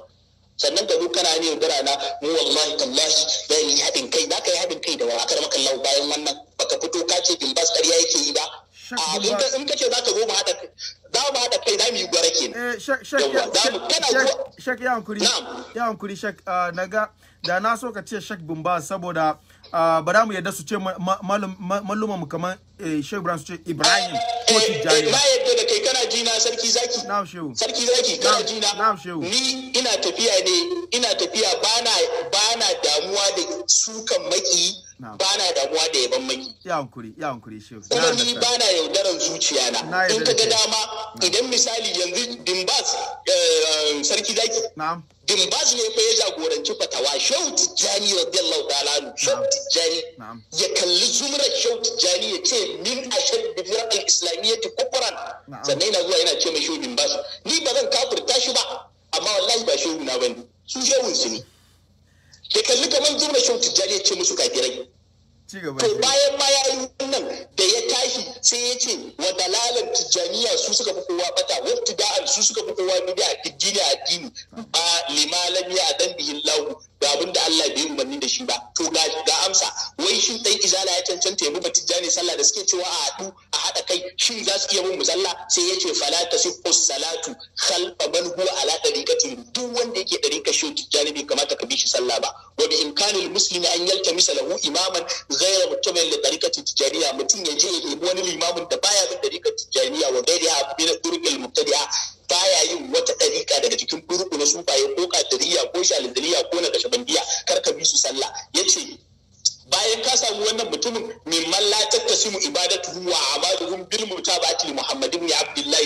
sannan ka zo kana ne yaudara na mu wallahi tallahi bayan yi haɗin kai za ka yi haɗin kai da wa aka maka lau bayan wannan baka fito ka ce bas ƙarya yake yi ba a in ka za ka zo mu haɗa za mu haɗa kai za mu yi gwara eh, Shek, shek, shek, shek, shek, shek, shek, hankuri, shek, shek, shek, shek, shek da na so ka ce Sheikh Bumba saboda ah, ba za mu yadda su ce malluman mu kamar eh, shek Ibrahim su ce Ibrahim ko Tijjani. Na eh, yadda da kai kana ji na sarki zaki. na shehu. Sarki zaki kana ji na. Na'am shehu. Ni ina tafiya ne ina tafiya bana na damuwa da sukan maki ba na damuwa da yaban maki. Ya hankuri, ya hankuri shehu. Kuma ni ba na yaudaran zuciya na. In ka ga dama idan misali yanzu Dimbas eh, sarki zaki. Na'am. bin baz ne fa ya jagoranci fatawa shehu tijjani radiyallahu ta'ala nu shehu tijjani ya kalli zumrar shehu tijjani ya ce min ashad bi al islamiyyati kufran sannan yana zuwa yana ce mai shehu bin baz ni ba zan kafirta shi ba amma wallahi ba shehu na ne, su shehun su ne ya kalli kamar zumrar shehu tijjani ya ce musu kafirai to bayan ma ya yi wannan da ya tashi sai ya ce wa dalalar tijjaniya su suka fi kowa bata wata da'al su suka fi kowa bida a addini ba limalam ya adan bihin lahu ga abin da Allah bai umarni da shi ba to ga ga amsa wai shin dan izala ya cancanta ya bi batijani sallah da suke cewa a haɗu a haɗa kai shin za su iya bin musalla sai ya ce fala tasihhu salatu khalfa man huwa ala dariqati duk wanda yake dariqa shi tijani bai kamata ka bi shi sallah ba wa bi imkanil muslimi an yaltamisa lahu imaman ghayra muttabi'in li dariqati tijaniya mutum ya je ya nemi wani limamin da baya bin dariqati tijaniya wa ghayriha min turuqil mubtadi'a baya yin wata ɗariƙa daga cikin burku na sufaye ko kadiriya ko shalindiriya ko na kashe bandiya kar ka bi su sallah ya ce. bayan ka samu wannan mutumin min man la tattasimu ibadatuhu wa amaluhum bil mutaba'ati li Muhammad ibn Abdullah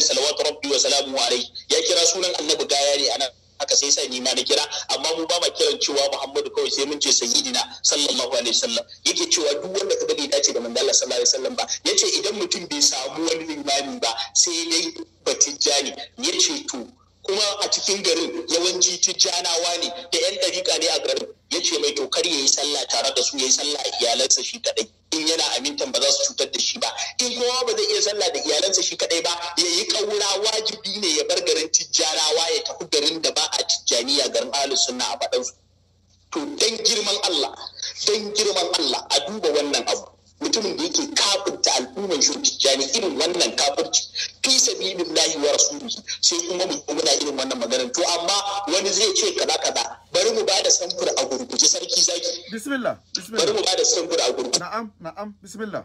rabbi wa salamuhu alayhi ya kira sunan Annabi gaya ne anan haka sai sa ni ma na kira amma mu ba ma kiran cewa Muhammadu kawai sai mun ce sayyidina sallallahu alaihi wasallam yake cewa duk wanda ka bai dace da manzo Allah sallallahu alaihi wasallam ba yace idan mutum bai samu wani limami ba sai dai batijani yace to kuma a cikin garin yawanci tijjanawa ne da yan ɗariƙa ne a garin ya ce mai to kar ya yi sallah tare da su ya yi sallah a iyalansa shi kaɗai in yana amintan ba za su cutar da shi ba in kowa ba zai iya sallah da iyalansa shi kaɗai ba ya yi ƙaura wajibi ne ya bar garin tijjanawa ya tafi garin da ba a tijjaniya garin ahlus sunna a faɗansu to dan girman Allah dan girman Allah a duba wannan abu mutumin da yake kafinta al'umman ne irin wannan kafirci fi sabilin lahi wa rasulihi sai kuma mu muna irin wannan magana to amma wani zai ce kaza kaza bari mu bada samfur a gurguje sarki zaki bismillah bismillah bari mu bada samfur a gurguje na'am na'am bismillah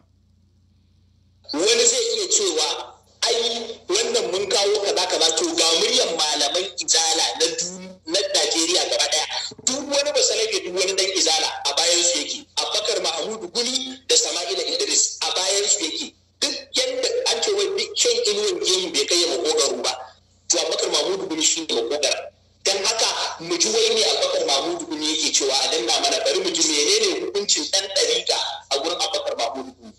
wani zai iya cewa ai wannan mun kawo kaza kaza to ga muryan malaman ijala na duniya na Najeriya gaba ɗaya, duk wani basalabe duk wani dan izala a bayan su yake Abubakar Mahmudu Guli da Sama'ila Idris a bayan su yake duk yadda an ce wai duk kyan inuwan gemu bai kai ya makogaru ba to Abubakar Mahmudu Guli shi ne makogara dan haka mu ji wai ne Abubakar Mahmudu Guli yake cewa a danna mana bari mu ji menene hukuncin dan dariƙa a gurin Abubakar Mahmudu Guli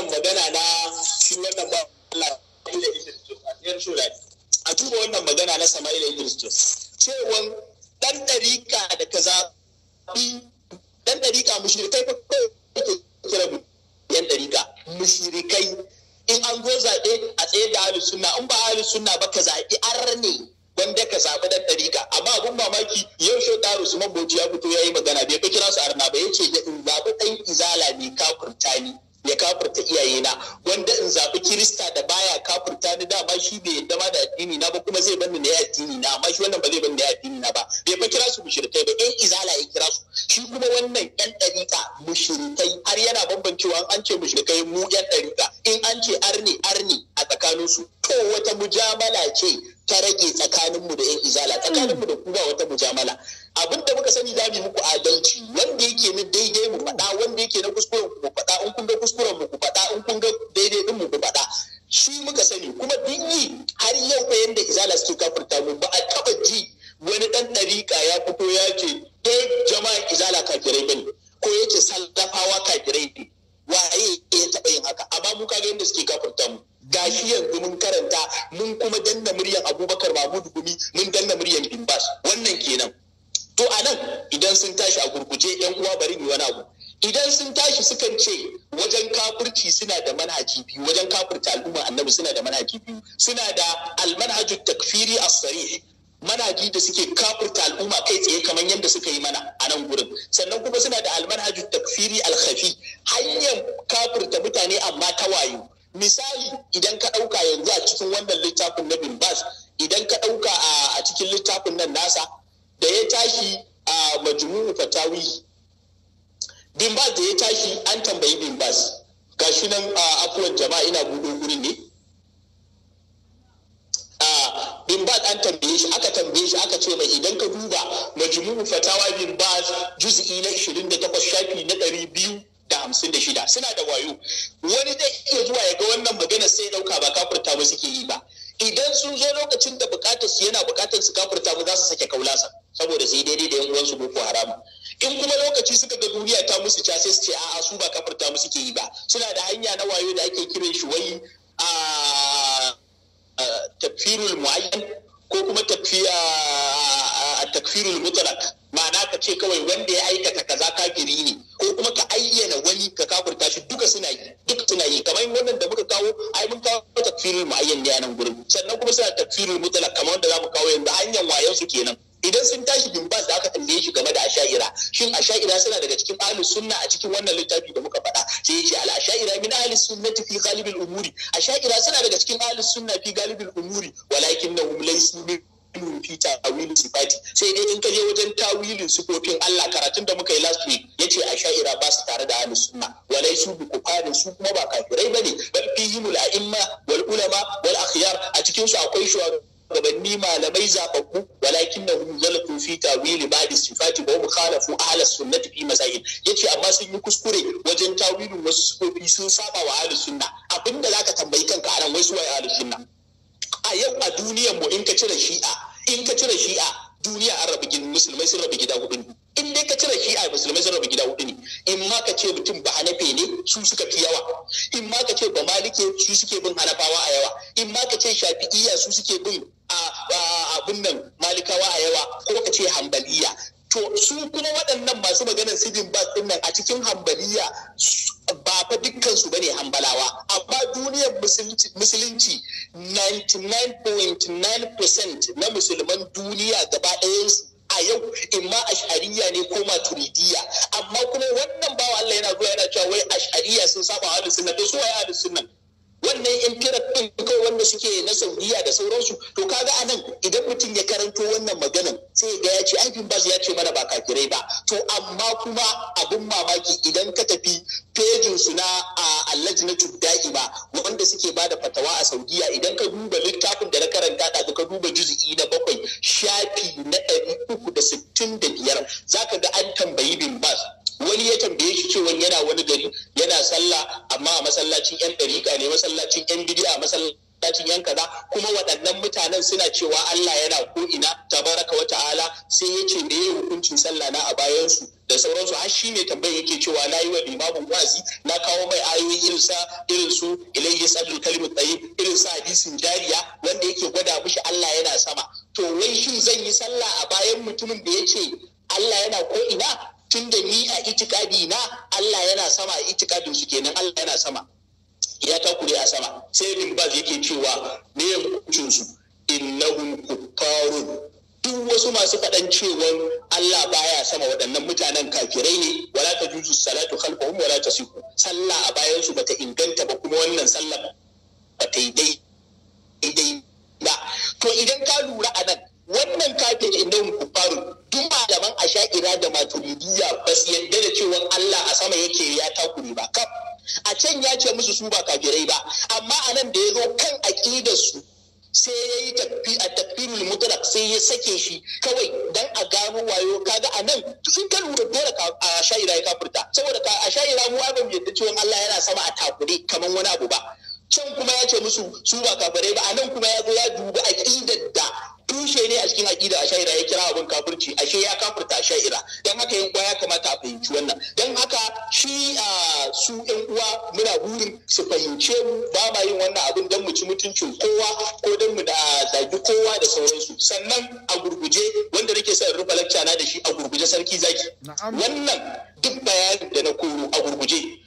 wannan magana na shi wannan ba Allah Sama'ila a tsayar duba wannan magana na Sama'ila Idris Jos cewan dan ɗarika da ka zaɓi dan ɗarika mushrikai fa ke kira mu yan ɗarika mushrikai in an zo zaɓe a tsaye da ahlus sunna in ba ahlus sunna ba ka zaɓi arne wanda ka zaɓi dan ɗarika amma abun mamaki yau shi da su maboci ya fito ya yi magana bai kira su arna ba ya ce zaɓi ɗan izala ne kafurta ni. ya iyaye na wanda in zaɓi kirista da baya kafurta ni dama shi bai yadda ma da addini na ba kuma zai bani na addini na amma shi wannan ba zai bani na addini na ba bai fa kira su mushrikai ba ɗan izala ya kira su shi kuma wannan ƴan ɗariƙa mushrikai har yana bambancewa an ce mushrikai mu ƴan ɗariƙa in an ce arni arni a tsakaninsu to wata mujamala ce ta rage tsakanin mu da 'yan izala tsakanin mu da kuma wata mujamala abin da muka sani zamu muku adalci wanda yake na daidai mu faɗa wanda yake na kuskuren ku faɗa in kun ga kuskuren mu ku faɗa in kun ga daidai din mu ku faɗa shi muka sani kuma yi har yau fa yanda izala suke kafurta mu ba a taba ji wani dan ɗariƙa ya fito ya ce eh jama'a izala kafirai bane ko yake sallafawa kafirai ne waye ya taɓa yin haka amma mu kaga yanda suke kafurta mu gashi yanzu mun karanta mun kuma danna muryan abubakar mahmud gumi mun danna muryan bimbas wannan kenan to a nan idan sun tashi a gurguje yan uwa bari mu wani abu idan sun tashi sukan ce wajen kafurci suna da manhaji biyu wajen kafirta al'umma annabi suna da manhaji biyu suna da almanhaju takfiri as-sarih manhaji da suke kafurta al'umma kai tsaye kamar yadda suka yi mana a nan gurin sannan kuma suna da almanhaju takfiri al-khafi hanyar kafirta mutane amma ta wayo misali idan ka ɗauka yanzu a cikin wannan littafin na bin idan ka ɗauka a cikin littafin nan nasa da ya tashi a majmu'u fatawi bin da ya tashi an tambayi bin Ga gashi nan a afuwan jama'a ina buɗe gurin ne a an tambaye shi aka tambaye shi aka ce mai idan ka duba majmu'u fatawa bin bas juz'i na 28 shafi na 200 da hamsin da shida suna da wayo wani zai iya zuwa ya ga wannan magana sai dauka ba kafurta ba suke yi ba idan sun zo lokacin da bukatar su yana bukatar su kafurta ba za su sake kaulasa saboda su yi daidai da yan uwansu boko haram in kuma lokaci suka ga duniya ta musu ca sai su ce a'a su ba ta musu ke yi ba suna da hanya na wayo da ake kiran shi wai a tafirul muayyan ko kuma tafiya a takfirul mutlaq ma'ana ka ce kawai wanda ya aikata kaza kafiri ne ko kuma ka ayyana wani ka kafirta shi duka suna yi duka suna yi kamar wannan da muka kawo ai mun kawo takfirul muayyan ne a nan gurin sannan kuma suna takfirul mutlaq kamar wanda mu kawo yanzu hanyar wayen su kenan idan sun tashi bin da aka tambaye shi game da asha'ira shin asha'ira suna daga cikin ahlus sunna a cikin wannan littafi da muka faɗa sai yace al asha'ira min ahlus sunnati fi ghalibul umuri asha'ira suna daga cikin ahlus sunna fi ghalibul umuri walakin nahum laysu ilmin fi tawilin sifati sai dai in ka je wajen tawilin sifofin Allah karatun da muka yi last week yace asha'ira ba su tare da ahlus sunna walai su bi kufarin su kuma ba kafirai bane bal fihimul a'imma wal ulama wal akhyar a cikin su akwai shuwa gabanni malamai zababbu walakin na hum zalatu fi tawili ba'd sifati wa hum khalafu ahli sunnati fi masail yace amma sun yi kuskure wajen tawilin wasu sifofi sun saba wa ahli sunna abinda zaka tambayi kanka anan wai su wai ahli sunna a yau a duniyar mu in ka cire shi'a in ka cire shi'a duniya an rabu musulmai sun rabu gida hudu in dai ka cire shi a musulmai sun rabu gida hudu ne in ma ka ce mutum ba hanafe ne su suka fi yawa in ma ka ce ba malike su suke bin hanafawa a yawa in ma ka ce shafi'iyya su suke bin abin nan malikawa a yawa ko ka ce hambaliya to su kuma waɗannan masu maganar sijin bas din nan a cikin hambaliya ba fa dukkan su bane hambalawa amma duniyar musulunci 99.9% na musulman duniya gaba ɗayan su. a yau in ma ashariya ne ko maturidiya amma kuma wannan bawa Allah yana zuwa yana cewa wai ashariya sun saba wa sunan sunna to su waye ahlus sunna wannan empirat ɗin kawai wanda suke na saudiya da sauransu to kaga anan idan mutum ya karanto wannan maganan sai ga ya ce aikin bas ya ce mana ba kakirai ba to amma kuma abin mamaki idan ka tafi pejin su na tudda'i ba wanda suke ba da fatawa a saudiya idan ka duba littafin da na karanta da ka duba juzu'i na bakwai shafi na ɗari uku da sittin da biyar za ka ga an tambayi bin bas wani ya tambaye shi cewa yana wani gari yana sallah amma a masallacin yan dariƙa ne masallacin yan bidi'a masallacin yan kaza kuma waɗannan mutanen suna cewa Allah yana ko ina tabaraka wa ta'ala sai ya ce me hukuncin sallah na a bayansu da sauransu har shi ne tambayar yake cewa na yi wa limamin wazi na kawo mai ayoyi irin sa irin su ilayhi sallu kalimu tsayi irin sa hadisin jariya wanda yake gwada mishi Allah yana sama to wai shin zan yi sallah a bayan mutumin da ya ce Allah yana ko ina tun da ni a itikadi na Allah yana sama a itikadin su kenan Allah yana sama ya takure a sama sai bin ba yake cewa ne ya hukuncin su innahum kuffarun duk wasu masu faɗan cewa Allah baya sama waɗannan mutanen kafirai ne wala ta juzu salatu khalfahum wala ta siku sallah a bayan su bata inganta ba kuma wannan sallah ta yi dai ba to idan ka lura a nan wannan ina mu kufaru duk malaman asha'ira da maturidiyya ba su yadda da cewa Allah a sama yake ya takure ba kaf a can ya ce musu su ba kafirai ba amma a nan da ya zo kan aƙidar su sai ya yi tafi a tafirul mutlaq sai ya sake shi kawai dan a gano wayo kaga a nan sun kan lura dole a sha'ira ya kafirta saboda a sha'ira mu abin yadda cewa Allah yana sama a takure kamar wani abu ba can kuma ya ce musu su ba kafirai ba a nan kuma ya zo ya dubi aƙidar da tushe ne a cikin aƙida a sha'ira ya kira abin kafirci ashe ya kafirta a sha'ira don haka yan uwa ya kamata a fahimci wannan don haka shi a su yan uwa muna burin su fahimce mu ba ma yin wannan abin don mu ci mutuncin kowa ko don mu da zagi kowa da sauransu sannan a gurguje wanda nake son rufe lacca na da shi a gurguje sarki zaki wannan duk bayanin da na koro a gurguje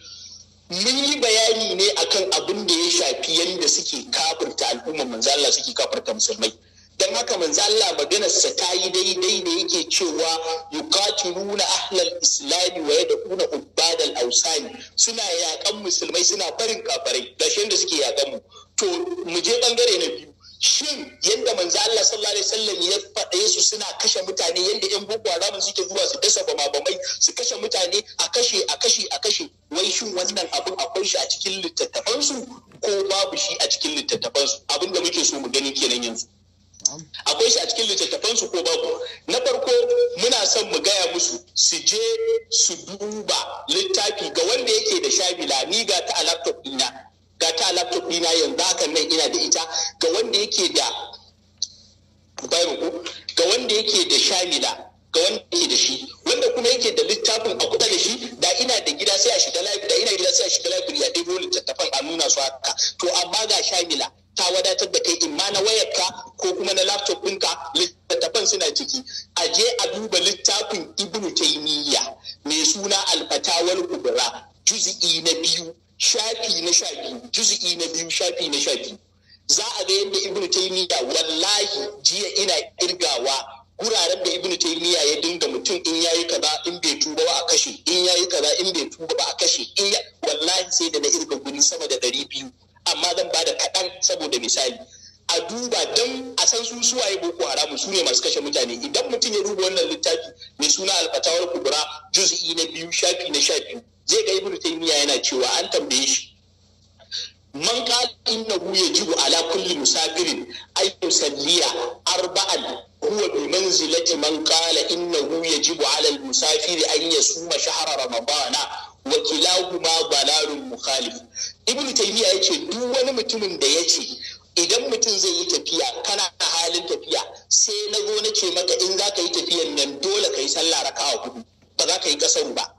mun yi bayani ne akan abin da ya shafi yadda suke kafirta al'ummar Manzala suke kafirta musulmai don haka manzo Allah sa ta yi daidai da yake cewa yuqatiluna ahlal islami wa yad'una ubadal awsani suna yaƙan musulmai suna barin kafirai gashin da suke yakan mu to mu je bangare na biyu shin yadda manzo Allah sallallahu alaihi wasallam ya faɗa su suna kashe mutane yadda yan boko haram suke zuwa su dasa bama bamai su kashe mutane a kashe a kashe a kashe wai shin wannan abin akwai shi a cikin littattafansu ko babu shi a cikin littattafansu abin da muke so mu gani kenan yanzu akwai shi a cikin littattafan su ko babu na farko muna son mu gaya musu su je su duba littafi ga wanda yake da shabila ni ga ta a laptop dina ga ta a laptop dina yanzu hakan nan ina da ita ga wanda yake da bayruku ga wanda yake da shamila ga wanda yake da shi wanda kuma yake da littafin a kusa da shi da ina da gida sai a shiga library da ina gida sai a shiga library ya debo littattafan a nuna su haka to amma ga shamila ta wadatar da kai imma na wayarka ko kuma na laptop ɗinka littattafan suna ciki a je a duba littafin ibnu taimiyya mai suna alfatawar kubra juzi'i na biyu shafi na sha biyu juzi'i na biyu shafi na sha za a ga yadda ibnu taimiyya wallahi jiya ina irgawa guraren da ibnu taimiyya ya dinga mutum in yayi kaza in bai tuba ba a kashe in yayi kaza in bai tuba ba a kashe in wallahi sai da na irga guri sama da ɗari biyu amma zan ba da kaɗan saboda misali a duba don a san su suwaye boko haramun su ne masu kashe mutane idan mutum ya duba wannan littafi mai suna alfatawar kubura juz'i na biyu shafi na sha zai ga ibnu taymiya yana cewa an tambaye shi man qala innahu yajibu ala kulli musafirin ay yusalliya arba'an huwa bi manzilati man qala innahu yajibu ala al-musafiri an yasuma shahra ramadana ma balarun mukhalif ibn taymiya yace duk wani mutumin da yace idan mutum zai yi tafiya kana halin tafiya sai na zo na ce maka in za ka yi tafiyan nan dole ka yi sallah raka'a hudu ba za ka yi kasaru ba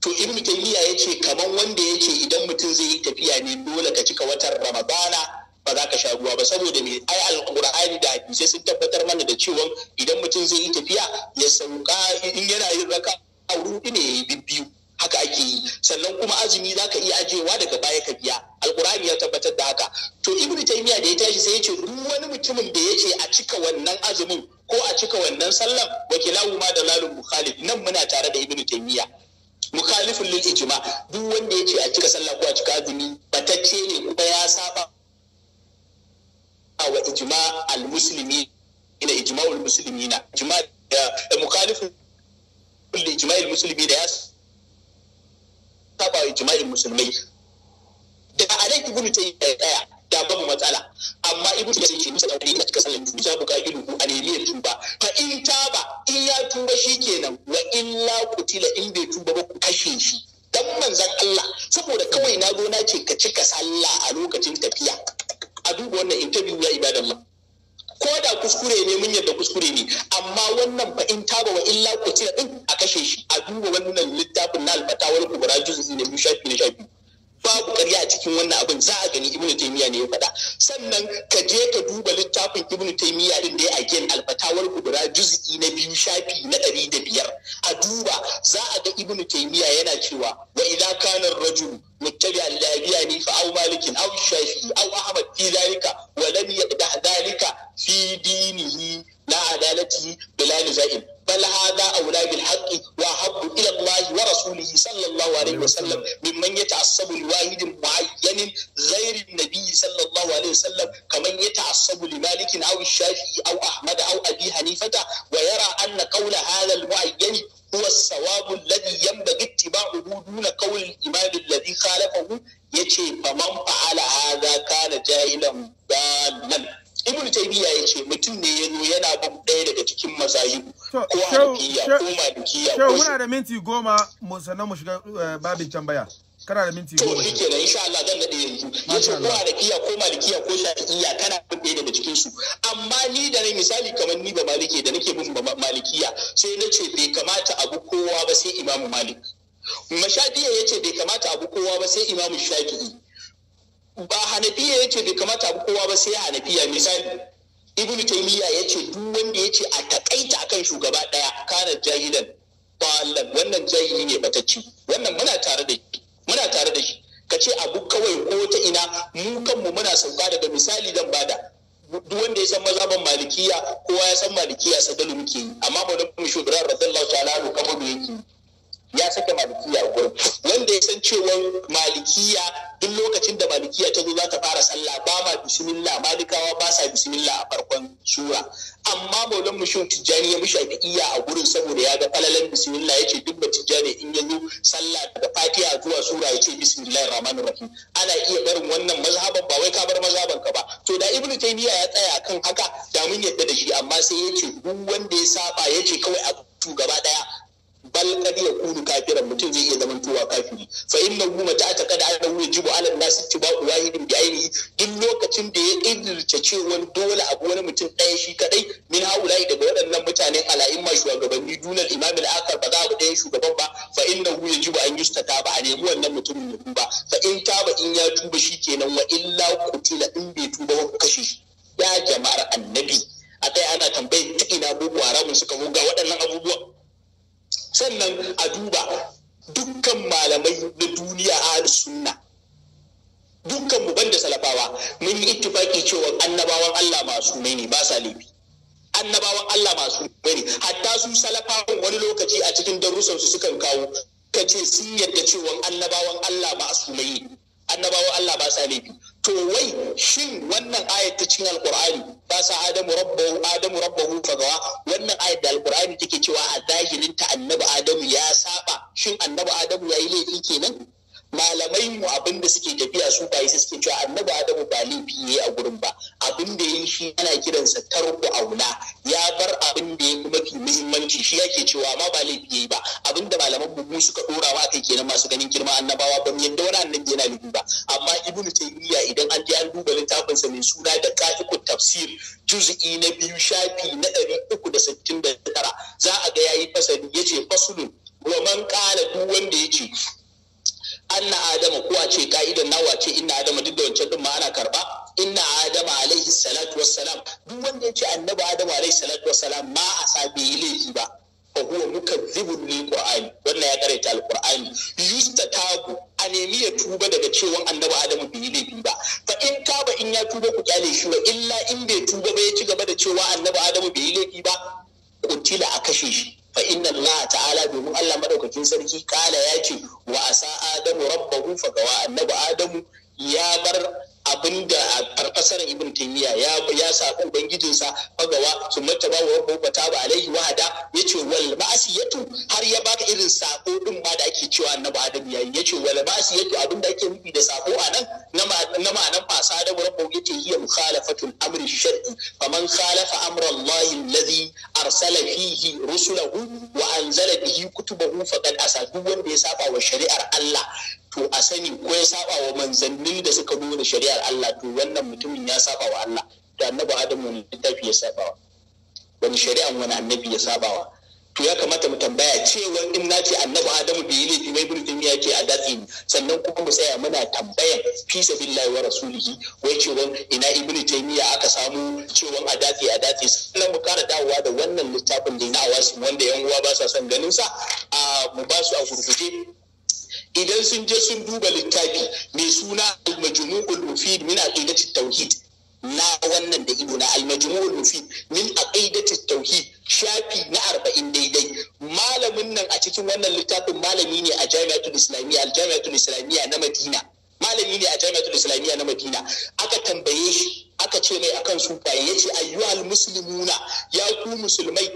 to ibn taymiya yace kaman wanda yace idan mutum zai yi tafiya ne dole ka cika watan ramadana ba za ka sha ruwa ba saboda me ai alqur'ani da hadisi sun tabbatar mana da cewa idan mutum zai yi tafiya ya sauka in yana yin raka'a hudu ne ya yi biyu haka ake yi sannan kuma azumi za ka iya ajiyewa daga baya ka biya alkurani ya tabbatar da haka to ibn taymiya da ya tashi sai ya ce duk wani mutumin da ya ce a cika wannan azumin ko a cika wannan sallan wakilahu ma da lalun mukhalif nan muna tare da ibn taymiya mukhalifun lil ijma duk wanda ya ce a cika sallah ko a cika azumi batacce ne kuma ya saba wa ijma al muslimi ila ijma al muslimina ijma mukhalifun lil ijma al da ya saba wa musulmai da a ta ibnu taymiya daya da babu matsala amma ibnu taymiya musu musa dawari ina cika sallan dubu ja buka ilu ku anemiya tuba fa in taba in ya tuba shikenan wa illa kutila in bai tuba ba ku kashe shi dan manzon Allah saboda kawai na zo na ce ka cika sallah a lokacin tafiya a duba wannan interview ya ibadan Allah ko da kuskure ne mun yadda kuskure ne amma wannan ba in taba wa illa kutina ɗin a kashe shi a duba wannan littafin na wani kubra juzu ne mu shafi na shafi babu ƙarya a cikin wannan abin za a gani ibnu taymiya ne ya faɗa sannan ka je ka duba littafin ibnu taymiya din da ya again alfatawar kubra juz'i na biyu shafi na ɗari da biyar a duba za a ga ibnu taymiya yana cewa wa idza kana ar-rajulu muttabi'an la fa aw malikin au shafi au ahmad fi zalika wa lam yaqda dhalika fi dinihi لا عدالته بلا نزاع بل هذا أولى بالحق وأحب إلى الله ورسوله صلى الله عليه وسلم ممن يتعصب لواحد معين غير النبي صلى الله عليه وسلم كمن يتعصب لمالك أو الشافعي أو أحمد أو أبي حنيفة ويرى أن قول هذا المعين هو الصواب الذي ينبغي اتباعه دون قول الإمام الذي خالفه يتي فمن فعل هذا كان جاهلا ضالا ibn taymiya ya ce mutum ne ya zo yana bin ɗaya daga cikin mazahibu ko hanafiya ko malikiya ko muna da minti goma mu sannan mu shiga eh, babin tambaya kana da minti goma to shi kenan insha Allah zan nade yanzu ce ko hanafiya ko malikiya ko shafi'iyya kana bin ɗaya daga cikin su amma ni da na misali kamar ni ba maliki da nake bin malikiya sai na ce bai kamata abu kowa ba sai imamu malik mashadiya ya ce bai kamata abu kowa ba sai imamu shafi'i ba hanafiya ya ce bai kamata ba kowa ba sai hanafiya misali ibn taymiya ya ce duk wanda ya ce a takaita akan shugaba daya kana jahilan ballan wannan jahili ne batacci wannan muna tare da muna tare da shi ka ce abu kawai ko ta ina mu kanmu muna sauka daga misali dan bada duk wanda ya san mazhaban malikiya kowa ya san malikiya sadalu muke yi amma ba da mu shugaban radiyallahu ta'ala kamar yake ya saka malikiya a gurin wanda ya san cewa malikiya duk lokacin da malikiya ta zo za ta fara sallah ba ma bismillah malikawa ba sa bismillah a farkon sura amma maulan mushin tijjani ya mushi iya a gurin saboda ya ga falalan bismillah ya ce duk ba tijjani in ya zo sallah daga fatiha zuwa sura ya ce bismillahir rahmanir rahim ana iya barin wannan mazhaban ba wai ka bar mazhaban ka ba to da ibnu taymiya ya tsaya kan haka da mun yadda da shi amma sai yace, ce duk wanda ya saba yace kawai a gaba daya bal kad yakunu kafiran mutum zai iya zaman tuwa kafiri fa inna hu mata ta kada an hu jibu ala nas tibau wahidin bi ainihi duk lokacin da ya idirce cewa dole abu wani mutum ɗaya shi kadai min haulai daga waɗannan mutanen ala'imma shugabanni dunan imam al-akar ba za mu ɗaya shugaban ba fa inna hu yajibu an yustata ba a nemi wannan mutumin ya tuba fa in taba in ya tuba shi kenan wa illa kutila in bai tuba ba kashe shi ya jama'ar annabi akai ana tambayar ta ina boko haramun suka buga waɗannan abubuwan sannan a duba dukkan malamai na duniya a sunna dukkan mu banda salafawa mun yi ittifaki cewa annabawan Allah masu ne ba sa laifi annabawan Allah masu ne hatta su salafawan wani lokaci a cikin darussan su sukan kawo kace sun yadda cewa annabawan Allah masu ne annabawan Allah ba sa laifi to wai shin wannan ayat ta cikin alkur'ani ta sa adamu rabbahu adamu rabbahu fagawa wannan ayat da alkur'ani take cewa a zahirin ta annabi adamu ya saba shin annabi adamu yayi laifi kenan malamai mu abin da suke tafiya su ba suke cewa annabi adamu ba laifi yayi a gurin ba abin da yi shi ana kiransa taro. saba wa manzannin da suka nuna shari'ar Allah to wannan mutumin ya saba wa Allah da annabi Adamu ne littafi ya saba wa wani shari'an wani annabi ya saba wa to ya kamata mu tambaya cewa in na ce annabi Adamu bai yi laifi bai bin tumi ya ce a datsi ne sannan kuma mu tsaya muna tambayan fi sabilillahi wa rasulihi wai cewa ina ibn taymiya aka samu cewa a datsi a datsi sannan mu kara dawowa da wannan littafin da na wasu wanda yan uwa ba sa son ganin sa a mu ba su a gurguje idan sun je sun duba littafi mai suna al-majmu'ul mufid min aqidati tauhid na wannan da ido na al-majmu'ul mufid min aqidati tauhid shafi na arba'in daidai malamin nan a cikin wannan littafin malami ne a jami'atul islamiyya al-jami'atul islamiyya na madina malami ne a jami'atul islamiyya na madina aka tambaye shi aka ce mai akan su ya ce ayyuhal muslimuna ya ku musulmai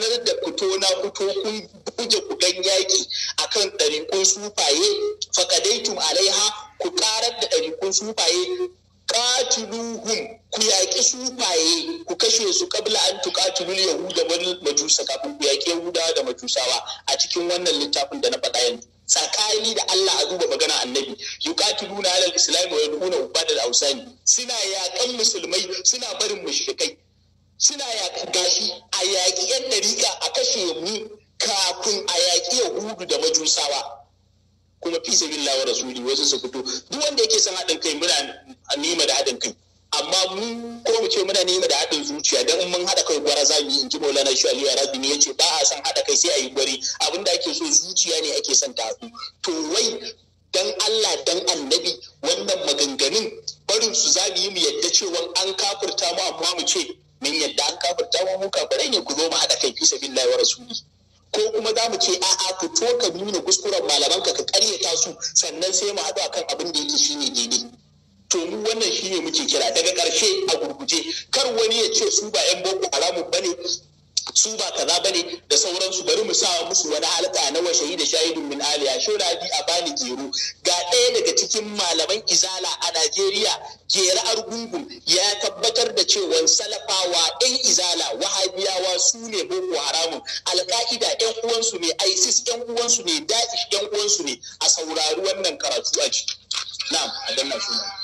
sanar da fito na fito kun ku dan yaki akan ɗarikun sufaye fakadaitum alaiha ku karar da ɗarikun sufaye katuluhum ku yaƙi sufaye ku kashe su ƙabla an tuqatilul yahuda wal majusa kafin ku yaƙi yahuda da majusawa a cikin wannan littafin da na faɗa yanzu tsakani da Allah a duba magana annabi yuqatiluna alal islam wa yad'una da Hausani suna yaƙan musulmai suna barin mushrikai suna yaƙa gashi a yaƙi yan dariƙa a kashe mu kafin a yaƙi yahudu da majusawa kuma fi Lawar wa rasuli wasu su fito duk wanda yake son haɗin kai muna nima da haɗin kai amma mu ko mu ce muna nema da haɗin zuciya dan mun haɗa kai gwara za mu yi in ji Maulana Shu Aliyu Arabi ya ce ba a son haɗa kai sai a yi gwari abinda ake so zuciya ne ake son ta to wai dan Allah dan annabi wannan maganganun barin su za mu yi mu yadda cewa an kafurta mu amma mu ce mun yadda an ta mu mu bare ne ku zo mu haɗa kai fi sabilillahi wa rasuli ko kuma za mu ce a'a fito ka nuna kuskuren malaman ka ka karyata su sannan sai mu haɗu kan abin da yake shine daidai to mu wannan shine muke kira daga ƙarshe a gurguje kar wani ya ce su ba yan boko haramun bane su ba kaza ne da sauransu bari mu sa musu wani halka na wa shahida shahidun min aliya shura bi a bani gero ga ɗaya daga cikin malaman izala a Najeriya gera argungun ya tabbatar da cewa salafawa ɗan izala wahabiyawa su ne boko haramun alka'ida ɗan uwansu ne isis ɗan uwansu ne da'ish ɗan uwansu ne a saurari wannan karatu a ciki na'am a danna sunan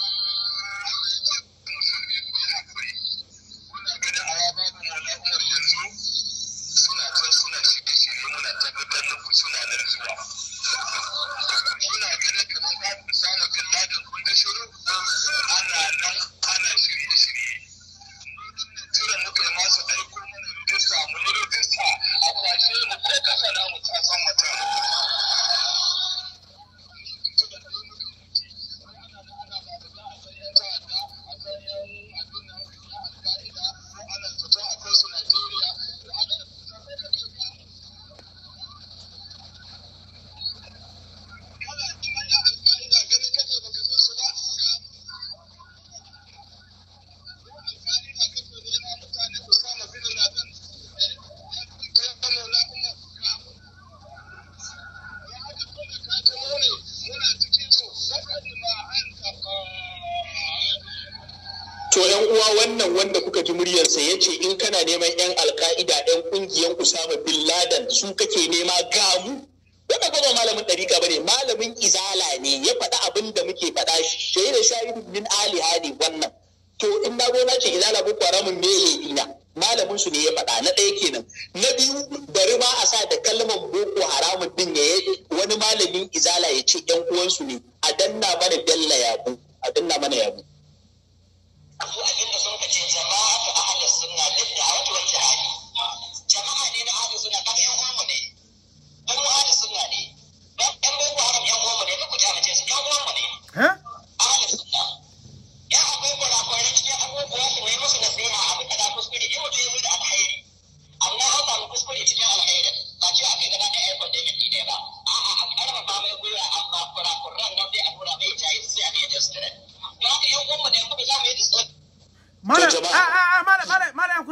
su ne ya faɗa na ɗaya kenan na biyu bari ma a sa da kalmar boko haramun din ya yi wani malamin izala ya ce yan uwansu ne a danna mana bella yabo a danna mana yabo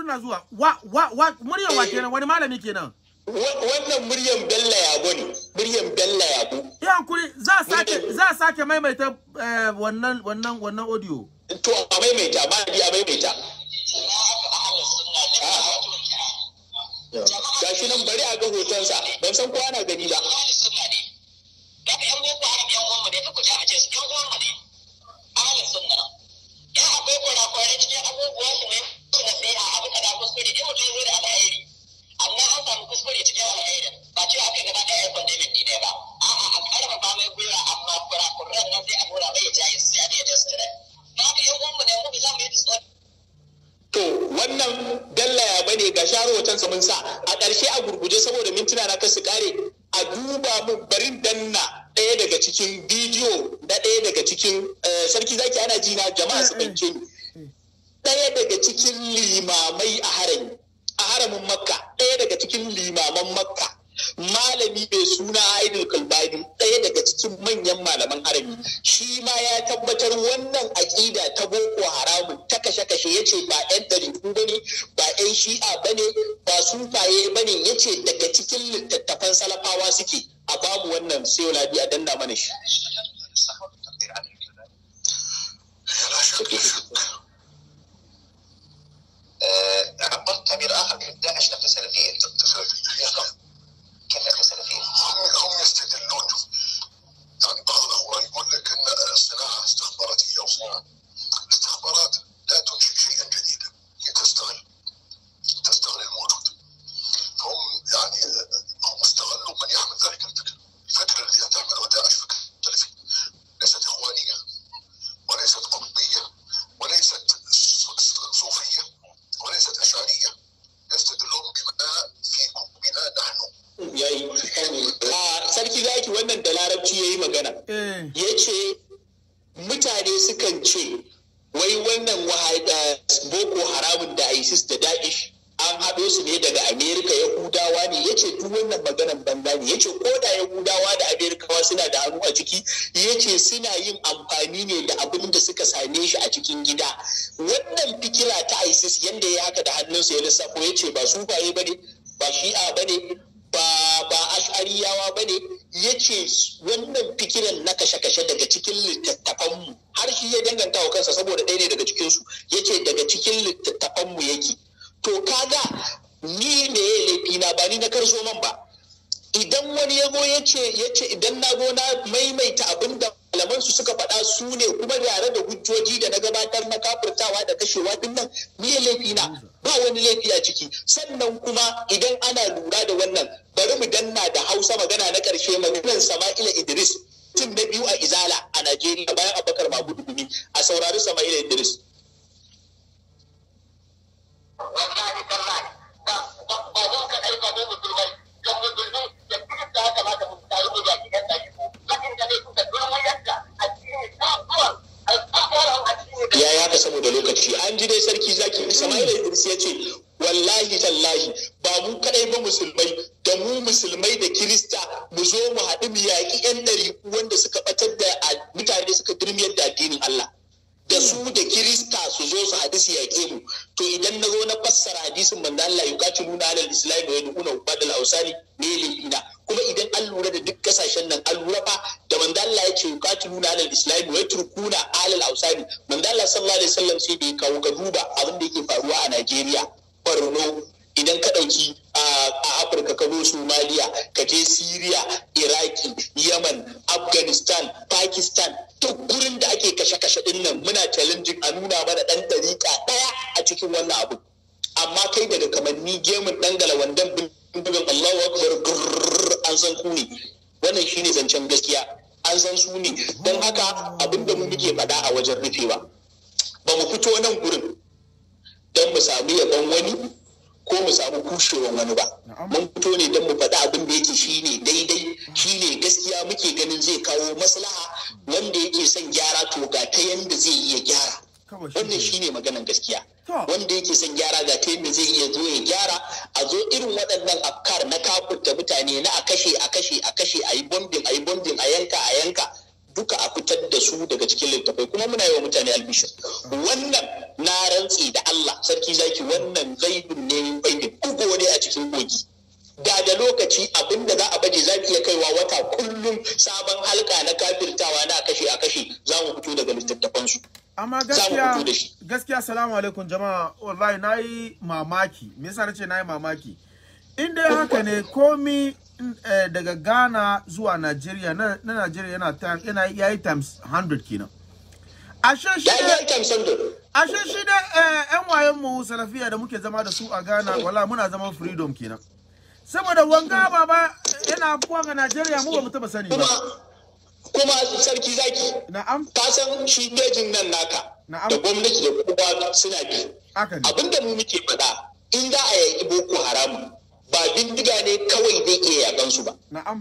bari zuwa wa wa wa murya wa kenan wani malami kenan wannan muryan bella yabo ne muryan bella yabo eh hankuri za sake za sake maimaita eh, wannan wannan wannan audio to a maimaita ba a maimaita ah. ga shi nan bari a ga hotonsa ban san ko ana gani ba Yan yan da a ce su yana jina na jama'a mm, su mm. ni mm. ɗaya daga cikin limamai a haram, a haramin makka ɗaya daga cikin limaman makka malami mai suna aidul kalbani ɗaya daga cikin manyan malaman harami shi ma ya tabbatar wannan aƙida ta boko haramun ta kashe-kashe ya ce ba 'yan ɗariku ba ne ba 'yan shi'a ba ne ba sufaye ba ne ya ce daga cikin littattafan salafawa suke a babu wannan sai biya danna mana shi عبرت تعبير اخر من داعش نفس سلفيه كيف نفس سلفيه؟ هم يستدلون يعني بعض الاخوان يقول لك ان الصناعه استخباراتيه وصناعه الاستخبارات لا تنشئ شيئا جديدا هي تستغل تستغل الموجود فهم يعني ne suna yin amfani ne da abin da suka same shi a cikin gida wannan fikira ta isis yadda ya haka da hannunsa ya lissafo ya ce ba sufaye ba ne ba shi'a ba ne ba ash'ariyawa ba ne ya ce wannan fikiran na kashe-kashe daga cikin littattafanmu har shi ya danganta wa kansa saboda ɗaya ne daga cikinsu ya ce daga cikin littattafanmu yake to kaga ni ne ya laifi na ba ni na karzo man ba idan wani ya ya ce idan na zo na maimaita abin da malaman su suka faɗa su ne kuma yare da hujjoji da na gabatar na kafurtawa da kashewa din nan ni laifi na ba wani laifi a ciki sannan kuma idan ana lura da wannan bari mu danna da hausa magana na ƙarshe maganan sama'ila idris tun na biyu a izala a najeriya bayan abubakar mahmud gumi a saurari sama'ila idris wallahi ba ba ka haka saboda lokaci an ji dai sarki zaki isma'ila Idris ya ce wallahi tallahi ba mu kadai ba musulmai da mu musulmai da kirista mu zo mu haɗu mu yaƙi 'yan ɗari wanda suka ɓatar da mutane suka girmiyar da addinin Allah da su da kirista su zo su hadisi ya mu to idan na zo na fassara hadisin manzo Allah ya kaci nuna alal islami wa yaduna badal awsani ne ina kuma idan an lura da duk kasashen nan an lura fa da manzo Allah ce ya kaci nuna alal islami wa turkuna alal ausani manzo Allah sallallahu alaihi wasallam sai da ya kawo ka duba abin da yake faruwa a Najeriya Borno idan ka ɗauki a afirka ka zo somaliya ka je syria iraki yaman afghanistan pakistan duk gurin da ake kashe-kashe din nan muna challenging a nuna mana ɗan ɗariƙa ɗaya a cikin wannan abu amma kai daga kamanni gemun ɗan galawandan bindigan allahu akbar an san ku ne wannan shine zancen gaskiya an san su ne don haka abinda mu muke faɗa a wajen rufewa ba mu fito nan gurin don mu sami yaban wani ko mu samu kushewan wani ba mun fito ne don mu faɗi abin da yake shi daidai shine gaskiya muke ganin zai kawo maslaha wanda yake son gyara to ga ta yanda zai iya gyara wannan shi ne maganan gaskiya wanda yake son gyara ga ta yanda zai iya zo ya gyara a zo irin waɗannan afkar na kakunta mutane na a kashe a kashe a kashe a yi bombing a yi bombing a yanka a yanka duka a fitar da su daga cikin littafai kuma muna yi wa mutane albishir wannan na rantsi da Allah sarki zaki wannan zaibin ne bayin dugo ne a cikin kogi da da lokaci abin da za a baje zaki ya iya kaiwa wata kullum sabon halka na kafirtawa na kashe a kashe za mu fito daga littattafan su amma gaskiya gaskiya assalamu alaikum jama'a wallahi nayi mamaki me yasa nace nayi mamaki in dai haka ne komi eh, daga ghana zuwa nigeria na, na nigeria yana yana yayi times 100 kenan ashe shi ashe shi da yan eh, wayen mu salafiya da muke zama da su a ghana wala muna zaman freedom kenan saboda wanga baba yana abubuwa ga nigeria mu ba mu taba sani ba kuma sarki zaki na'am ka san shi pejin nan naka da gwamnati da kowa suna bi abinda mu muke faɗa in za a yi boko haramu ba bindiga ne kawai zai iya yakan su ba na'am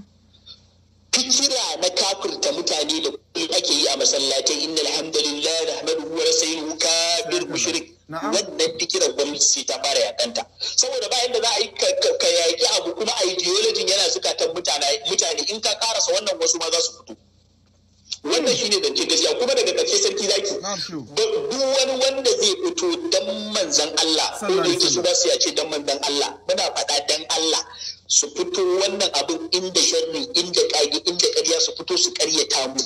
fikira na kafirta mutane da kullum ake yi a masallatai inna alhamdulillah da nahmaduhu wa wuka bir mushrik wannan fikirar gwamnati sai ta fara yakanta saboda bayan da za a yi ka yaƙi abu kuma ideology yana mutane mutane in ka karasa wannan wasu ma za su fito wannan shine zance gaskiya kuma daga ƙarshe sarki zaki duk wani wanda zai fito dan manzan Allah ko da yake su ba su yace dan manzan Allah muna faɗa dan Allah su fito wannan abin inda sharri inda kage inda ƙarya su fito su ƙaryata mu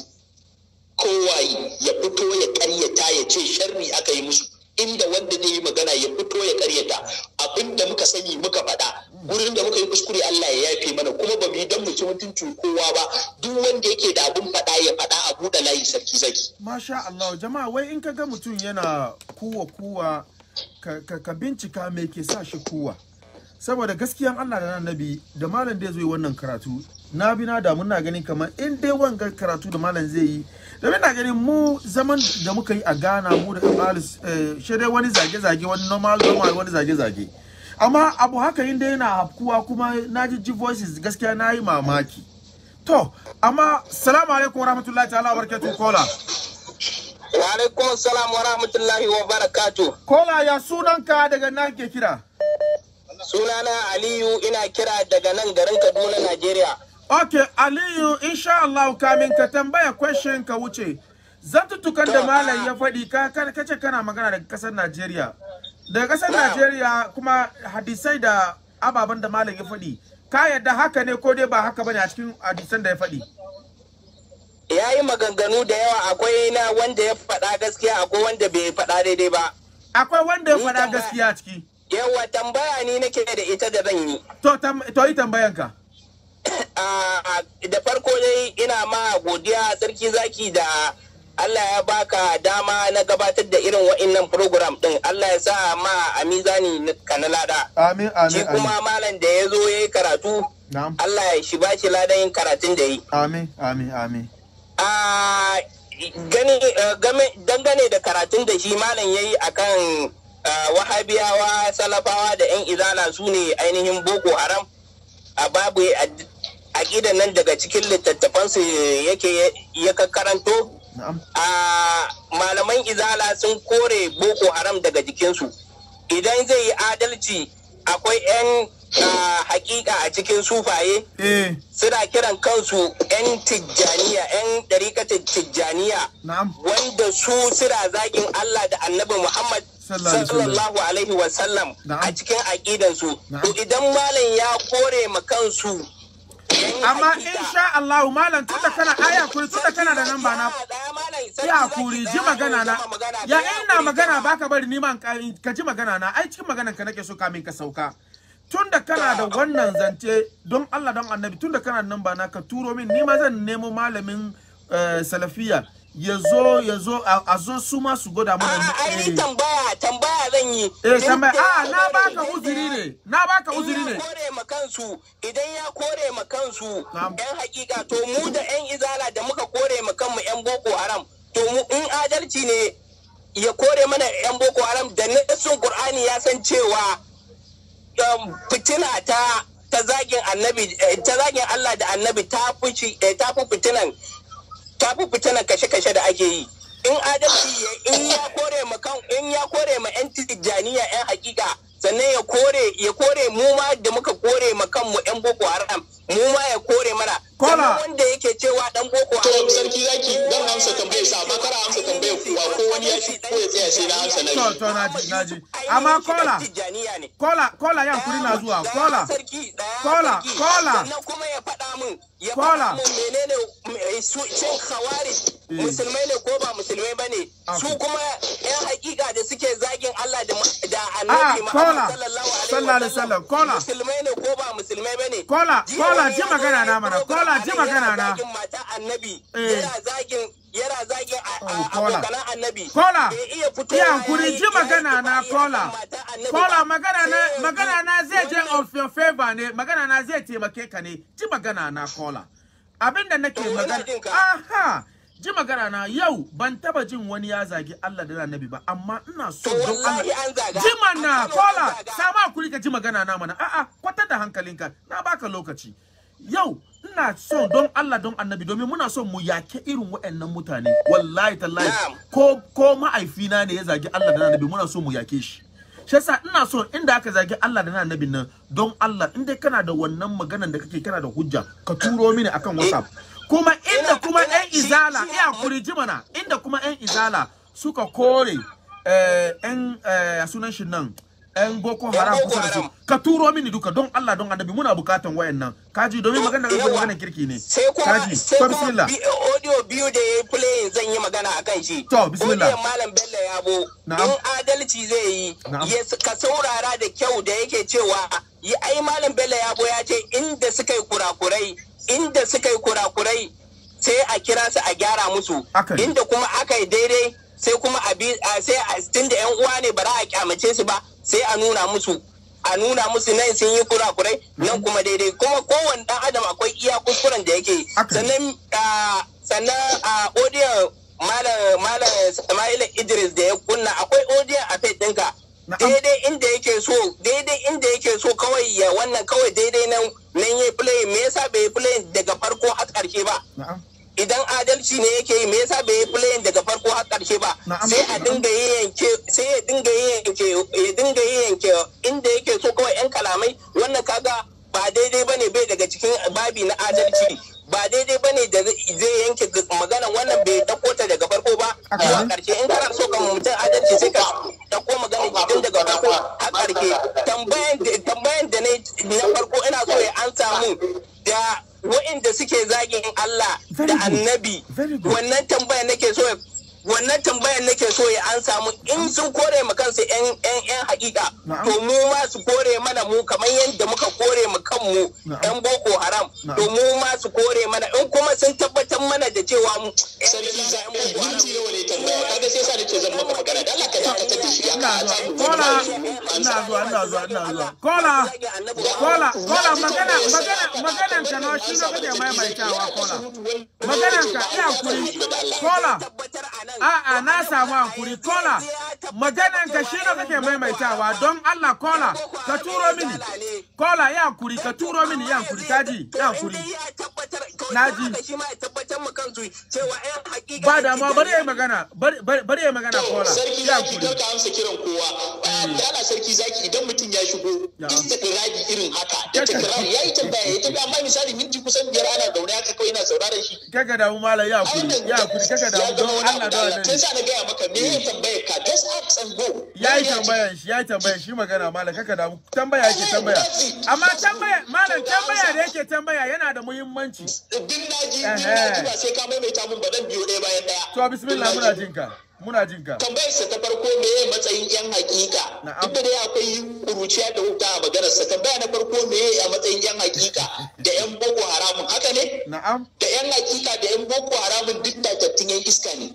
kowaye ya fito ya ƙaryata ya ce sharri aka yi musu inda wanda zai yi magana ya fito ya karyata abin da muka sani muka faɗa gurin da muka yi kuskure Allah ya yafe mana kuma ba mu yi dan mutum mutuncin kowa ba duk wanda yake da abun faɗa ya faɗa a buɗe layi sarki zaki masha Allah jama'a wai in ka ga mutum yana kuwa kuwa ka bincika me ke sa shi kuwa saboda gaskiyan Allah da annabi da malam da zai wannan karatu na bi na damu na ganin kamar in dai wanga karatu da malam zai yi da na ganin mu zaman da muka yi a Ghana mu da Alis eh, shi dai wani zage-zage wani normal normal wani zage-zage amma abu haka yin yana hafkuwa kuma na ji voices gaskiya na yi mamaki to amma salamu alaikum warahmatullahi ta'ala barkatu kola wa alaikum salam warahmatullahi wa barakatu kola ya sunanka daga nan ke kira sunana aliyu ina kira daga nan garin kaduna najeriya ok aliyu insha Allah kamin ka tambaya question ka wuce Zan tutukan da malam ya ah. faɗi ka kace kana magana daga kasar najeriya daga ƙasar Najeriya kuma hadisai da ababen da malam ya faɗi ka yadda haka ne ko dai ba haka bane a cikin hadisan da ya faɗi ya yi maganganu da yawa akwai na wanda ya faɗa gaskiya akwai wanda bai faɗa daidai ba akwai wanda ya faɗa gaskiya a ciki yawa tambaya ni nake da ita da zan yi to to yi tambayan ka (coughs) ah, da farko dai ina ma godiya sarki zaki da Allah ya baka dama na gabatar da irin wa'innan program din Allah ya sa ma a mizani ka na lada. Amin amin. Shi kuma malam da ya zo ya yi karatu. Allah ya shi ba shi ladan yin karatun da yi. Amin amin amin. gani eh, dangane da karatun da shi malam ya yi akan eh, wahabiyawa salafawa da 'yan izala su ne ainihin boko haram a babu a nan daga cikin littattafansu yake ya karanto. a malaman izala sun kore boko haram daga jikinsu idan zai yi adalci akwai 'yan hakika a cikin sufaye eh. suna kiran kansu 'yan tijjaniya 'yan ɗarikatar tijjaniya wanda su suna zagin Allah da annabi Muhammad sallallahu alaihi wasallam a cikin aƙidansu to idan malam ya kore ma kansu amma insha Allah malam tunda kana aya kuri tunda kana da nan ba na ya kuri ji magana na ya ina magana baka bari ni man ka ji magana na ai cikin maganan ka nake so ka min ka sauka tunda kana da wannan zance don Allah don Annabi tunda kana nan ba na ka turo min ni ma zan nemo malamin eh, salafiya ya zo ya zo a zo su ma su goda mana a ai eh. tambaya tambaya zan yi eh tambaya a na baka uzuri ne na baka uzuri ne kore ma kansu idan ya kore ma kansu yan hakika to mu da yan izala da muka kore ma kanmu yan boko haram to mu in adalci ne ya kore mana yan boko haram da nasin qur'ani ya san cewa um, fitina ta ta zagin annabi eh, ta zagin Allah da annabi ta fuci eh, ta fi fitinan tafi fi na kashe-kashe da ake yi in adalci in ya kore ma kan in ya kore ma yan tijjaniya yan hakika sannan ya kore ya kore mu ma da muka kore ma kanmu yan boko haram mu ma ya kore mana kola wanda yake cewa dan boko to sarki zaki dan amsa tambaye sa ba kara amsa tambaye ba ko wani ya shi ko ya tsaya sai na amsa na to to naji naji amma kola kola kola yan kuri na zuwa kola kola kola kuma ya faɗa min ya faɗa min menene cin eh, khawari eh. musulmai ne ko ba musulmai bane ah. su kuma yan hakika da suke zagin Allah da da annabi ah, Muhammad sallallahu alaihi wasallam kola musulmai ne ko ba musulmai bane kola kola ji magana na mana kola kola ji magana na mata annabi eh. yana zagin yana zagin oh, annabi kola iya ji magana na kola kola magana na eh, magana na eh, zai je of your favor ne magana na zai taimake ka ne ji magana na kola abinda nake magana aha ji magana na yau ban taba jin wani ya zagi Allah da Annabi ba amma ina so don Allah ji mana kola sama kuri ka ji magana na mana a'a kwata da hankalinka na baka lokaci yau ina so don Allah don annabi domin muna so mu yake irin waɗannan mutane wallahi tallahi ko ko ma'aifina ne ya zagi Allah da annabi muna so mu yake shi shi yasa ina so inda aka zagi Allah da annabi nan don Allah in dai kana da wannan maganar da kake kana da hujja ka turo mini akan eh. WhatsApp kuma inda kuma ɗan izala iya kuriji mana inda kuma ɗan izala suka kore eh, ɗan eh, sunan shi nan 'yan boko haram kusa da su ka turo mini duka don Allah don annabi muna bukatan wayannan kaji domin magana da magana kirki ne kaji to bismillah audio biyu da yayi play zan yi magana akan shi to bismillah malam bello yabo in adalci zai yi ka saurara da kyau da yake cewa yi ai malam bello yabo ya ce inda suka yi kurakurai inda suka yi kurakurai sai a kira su a gyara musu inda kuma aka yi daidai sai kuma a bi sai tun da yan uwa ne ba za a kyamace su ba sai a nuna musu a nuna musu nan sun yi kurakurai nan kuma daidai kuma kowane dan adam akwai iya kuskuren da yake sannan sannan a odiyan malam Sama'ila Idris da ya kunna akwai odiyan a fed ɗinka daidai inda yake so daidai inda yake so kawai ya wannan kawai daidai nan nan yayi play me yasa bai play daga farko har karshe ba idan adalci ne yake yi me yasa bai yi playing daga farko har karshe ba sai a dinga yanke sai ya dinga yanke ya dinga yanke inda yake so kawai yan kalamai wannan kaga ba daidai bane bai daga cikin babi na adalci ba daidai bane da zai yanke magana wannan bai dauko ta daga farko ba zuwa karshe in kana so ka mutum adalci sai ka dauko magana gidan daga farko har karshe tambayan da na farko ina so ya an samu da wa'inda suke zagin Allah da annabi wannan tambaya nake so wannan tambayar nake so ya an samu in sun kore mu kansu yan yan hakika to mu ma su kore mana mu kamar yadda muka kore mu kanmu yan boko haram to mu ma su kore mana in kuma sun tabbatar mana da cewa mu sarki Kola! mu Kola! Kola! ne wale tambaya kaga sai sa nake zan maka magana dan Allah ka Kola! da shi ina Kola! ina zuwa ina zuwa ina zuwa kola kola kola magana magana Kola! ka na shi na Kola! Kola! kola Kola! ka ina kuri kola tabbatar anan a'a na samu hankuri kola maganan ka shi kake maimaitawa don Allah kola ka turo mini kola ya hankuri ka turo mini ya hankuri kaji ya hankuri naji ba da ma bari yayi magana bari yayi magana kola ya hankuri sarki ka amsa kiran kowa mm. Allah sarki zaki idan mutum ya shigo istiqrari irin haka da tikrari yi tambaya ya tambaya amma misali minti kusan biyar ana gauna haka kawai ina sauraron shi kaga da mu malai ya hankuri ya hankuri kaga da mu don Allah don malam tun sa na gaya maka me ya tambaye ka just ask and go ya yi tambayan shi ya yi tambayan shi magana malam kaka damu tambaya yake tambaya amma tambaya malam tambaya da yake tambaya yana da muhimmanci din daji din daji ba sai ka maimaita mun ba dan biyo ɗaya bayan ɗaya to bismillah muna jin ka muna jin ka tambayar sa ta farko me ye matsayin yan hakika duk da ya akwai kuruciya da wuta a maganar sa tambaya na farko me ye a matsayin yan hakika da yan boko haramun haka ne na'am da yan hakika da yan boko haramun duk tatattun yan iska ne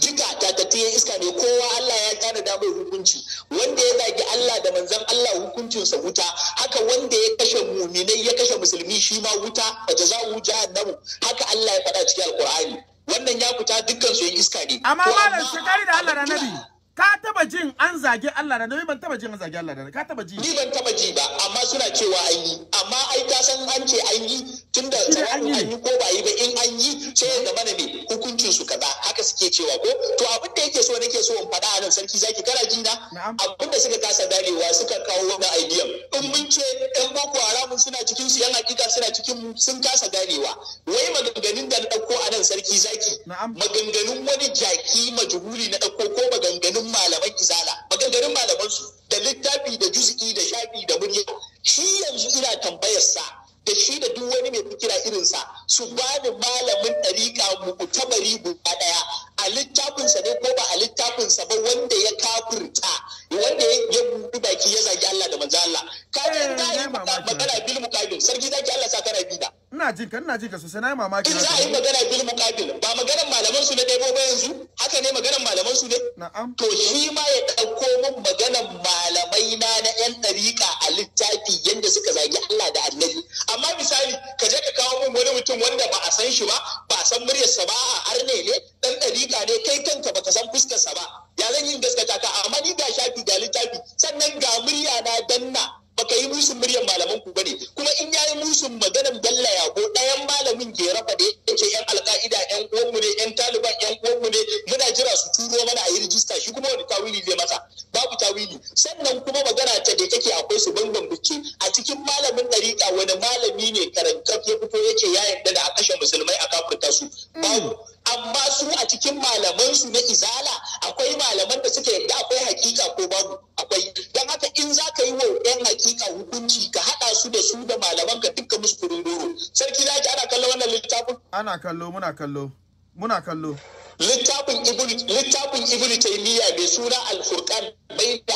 Jika ta tatattiye iska ne kowa Allah ya tana da mai hukunci wanda ya zagi Allah da manzon Allah hukuncinsa wuta haka wanda ya kashe muminai ya kashe musulmi shi ma wuta a jazawu jahannamu haka Allah ya faɗa cikin alkur'ani wannan ya fita dukkan su iska ne amma malam shekari da Allah da nabi ka taba jin an zage Allah da nabi ban taba jin an zage Allah da ka taba ji ni ban taba ji ba amma suna cewa an yi amma ai ka san an ce an yi tunda Sai an yi ko ba yi ba in an yi sai ya gaba da me hukuncin su kaza haka suke cewa ko to abin da yake so nake so in faɗa a nan sarki zaki kana jin na abin da suka kasa darewa suka kawo wannan idea in mun ce yan boko haramun suna cikin su yan hakika suna cikin sun kasa darewa wai maganganun da na dauko a nan sarki zaki maganganun wani jaki majhuli na dauko ko maganganun malaman izala maganganun malaman su da littafi da juz'i da shafi da murya shi yanzu ina tambayar sa da shi da duk wani mai fikira irin sa su bani malamin ɗariƙa kutabari guda ɗaya a littafinsa ne ko ba a littafinsa ba wanda ya kafirta wanda ya buɗi baki ya zagi Allah da manzo Allah kayan eh, da magana bil mukabil sarki zaki Allah sa kana bi da ina jin ka ina jin ka sosai na yi mamaki na za a yi magana bil muqabil ba maganar malaman su ne dai ba yanzu haka ne maganar malaman su ne na'am to shi ma ya dauko min maganar malamai na na yan ɗarika a littafi yadda suka zagi Allah da Annabi amma misali ka je ka kawo min wani mutum wanda ba a san shi ba ba a san muryarsa ba a arne ne dan ɗarika ne kai kanka ba ka san fuskarsa ba ya zan yin gaskata ka amma ni ga shafi ga littafi sannan ga murya na danna baka yi musun muryan malaman ku bane kuma in yayi musun maganan Bello ko ɗayan malamin gera fa da yake yan alƙa'ida yan uwan mu ne yan Taliban yan uwan mu ne muna jira su turo mana a yi rijista shi kuma wani tawili zai masa babu tawili sannan kuma magana ta da take akwai su bangon biki a cikin malamin ɗariƙa wani malami ne karantar ya fito yake ya yarda da a kashe musulmai a kafurta su babu amma su a cikin malaman su na izala akwai malaman da suke yarda akwai hakika ko babu akwai don haka in za ka yi wa yan hakika hukunci ka haɗa su da su da malaman ka dukkan musu kurunduru sarki za ki ana kallo wannan littafin ana kallo muna kallo muna kallo littafin ibn littafin ibn taymiya mai suna al-furqan bayna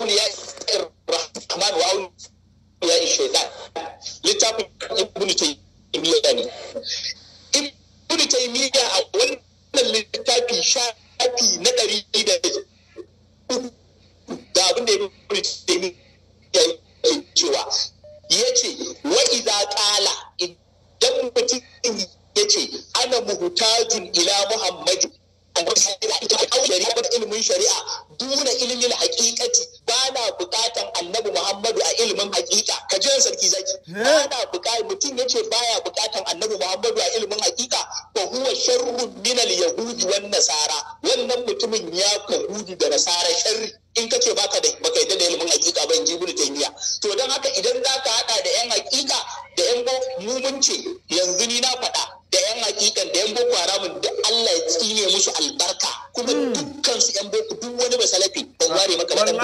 awliya rahman wa awliya shaytan littafin ibn taymiya ne ibnu taymiya a wannan littafi shafi na ɗari da da abin da ibnu taymiya ya cewa ya ce wa iza kala idan mutum ya ce ana muhtajun ila muhammadu kamar shari'a ita ta kawo shari'a ilimin shari'a duna ilimin hakikati ba na bukatan annabi muhammadu a ilimin hakika ka ji sarki zaki eh? ba na bukatan mutum yace baya bukatan annabi muhammadu a ilimin hakika fa huwa sharrun minal al yahudi wan nasara wannan mutumin ya kahudu da nasara sharri in kace baka da baka yadda da ilimin hakika ba in ji ibnu taymiya to dan haka idan zaka hada da yan hakika da yan mu mun ce yanzu ni na faɗa da yan hakikan da yan boko haramun da Allah ya tsine musu albarka kuma hmm. dukkan su yan boko duk wani basalafi ban ah, ware maka da da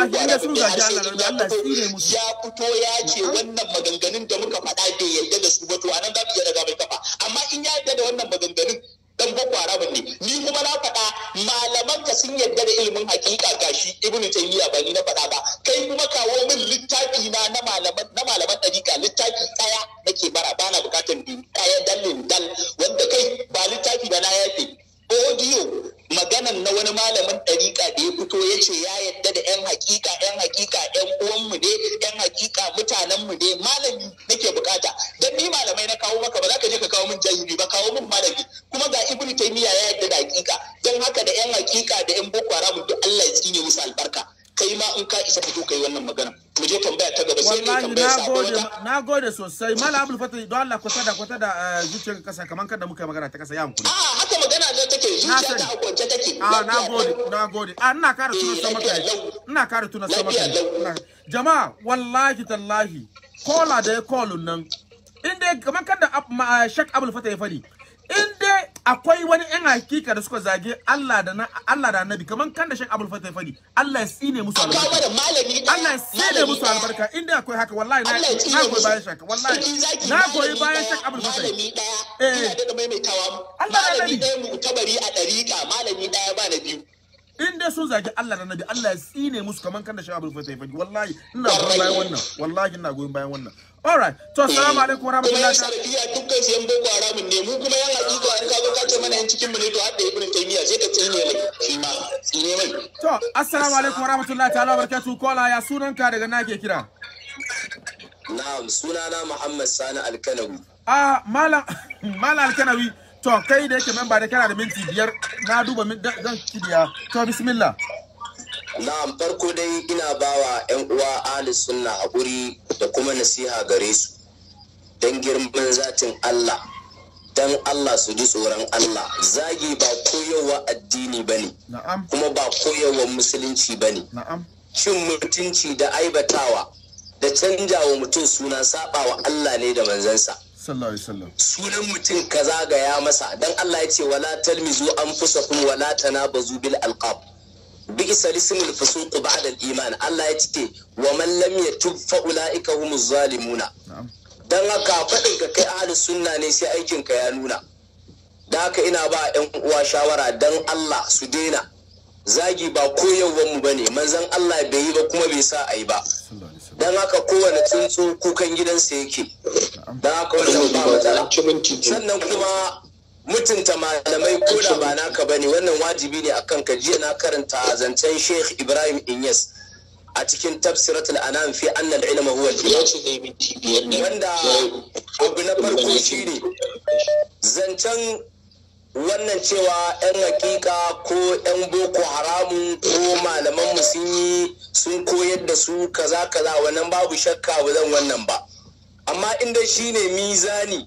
har sai ya fito ya ce wannan maganganun da muka faɗa bai yarda da su ba to anan za mu iya daga mai kafa amma in ya yarda da wannan maganganun dan boko haramun ne ni kuma na faɗa malaman ka sun yarda da ilimin hakika gashi ibnu taymiya ba ni na faɗa ba kai kuma kawo min littafi na na malaman na ɗariƙa littafi ɗaya nake bara ba na bukatar biyu ɗaya dallin dal wanda kai ba littafi ba na yafe audio maganan na wani malamin ɗariƙa da ya fito ya ce ya yadda da 'yan hakika 'yan hakika 'yan uwanmu ne 'yan hakika mutanenmu ne malami nake bukata don ni malamai na kawo maka ba za ka je ka kawo min jahili ba kawo min malami kuma ga ibnu taymiya ya yadda da hakika don haka da 'yan hakika da 'yan boko haram duk Allah ya tsine musu albarka kai ma in ka isa fito kai wannan magana mu je tambaya ta gaba sai kai tambaya sabon ka na gode sosai malam abul fatri don Allah kwata da kwata da eh, zuciyar kasa kaman kada muka magana ta kasa ya kula a haka magana da take zuciya ta kwance take a na gode na gode a ina kara tuna eh, sa maka ina kara tuna sa maka jama'a wallahi tallahi kola da ya kolun nan in dai kaman kada shak abul fatri ya fadi in dai akwai wani yan hakika da suka zage Allah da Allah da Annabi kaman kan da Sheikh Abdul Fatah fadi Allah ya tsine musu albarka Allah ya tsine musu albarka in dai akwai haka wallahi na koyi bayan shaka wallahi na koyi bayan Sheikh Abdul Fatah malami daya eh, ina da maimaitawa Allah da Annabi dai mu tabari a dariqa malami daya ba na biyu in dai sun zage Allah da Annabi Allah ya tsine musu kaman kan da Sheikh Abdul Fatah fadi wallahi ina goyon bayan wannan wallahi ina goyon bayan wannan all right to assalamu alaikum warahmatullahi salafiya dukkan su boko haramun ne mu kuma yan hakika ka ka ce mana yan cikin mu ne to hadda ibn taymiya ka tsine mai tsine mai to assalamu alaikum warahmatullahi ta'ala kola ya daga na kira na'am sunana muhammad sani alkanawi ah malam (laughs) malam alkanawi to kai da yake memba da kana da minti biyar na duba zan kidiya to bismillah na'am farko dai ina bawa 'yan uwa ahli sunna haƙuri da kuma nasiha gare su don girman zatin Allah don Allah su ji tsoron Allah zagi ba koyarwa addini ba ne kuma ba koyarwa musulunci ba ne cin mutunci da aibatawa da canja wa mutum suna saba wa Allah ne da manzansa sunan mutum ka zagaya masa don Allah ya ce wala talmizu an fusa kuma wala tana bazu bil alqab bi'sa lismul fusuq ba'da al-iman Allah ya ce wa man lam yatub fa ulaika humuz zalimuna dan haka faɗin ka kai ahli sunna ne sai aikin ka ya nuna da haka ina ba yan uwa shawara dan Allah su daina zagi ba koyarwar mu bane manzon Allah bai yi ba kuma bai sa ayi ba dan haka kowane tsuntsu kukan gidansa yake dan haka wannan ba sannan kuma mutunta malamai ko da ba naka bane wannan wajibi ne akan ka jiya na karanta zancen Sheikh Ibrahim Inyas a cikin tafsiratul anam fi anna al-ilma huwa al wanda abu na farko shine zancen wannan cewa 'yan hakika ko 'yan boko haramu ko malaman sun yi sun koyar da su kaza kaza wannan babu shakka ba zan wannan ba amma inda shine mizani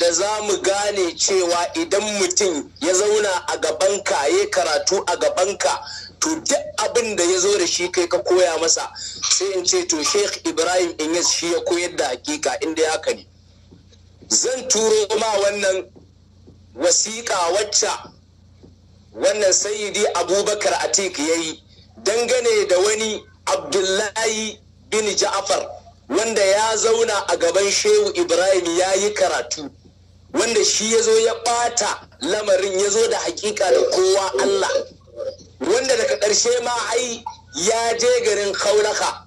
da za mu gane cewa idan mutum ya zauna a gabanka ya karatu a gabanka to duk abin da ya zo da shi kai ka koya masa sai in ce to sheikh ibrahim inyas shi ya koyar da hakika inda ya kani ne zan turo ma wannan wasiƙa wacce wannan sayidi abubakar atik ya yi dangane da wani abdullahi bin ja'afar wanda ya zauna a gaban shehu ibrahim ya yi karatu wanda shi ya zo ya ɓata lamarin ya zo da hakika da kowa Allah wanda daga ƙarshe ma ai ya je garin kaulaka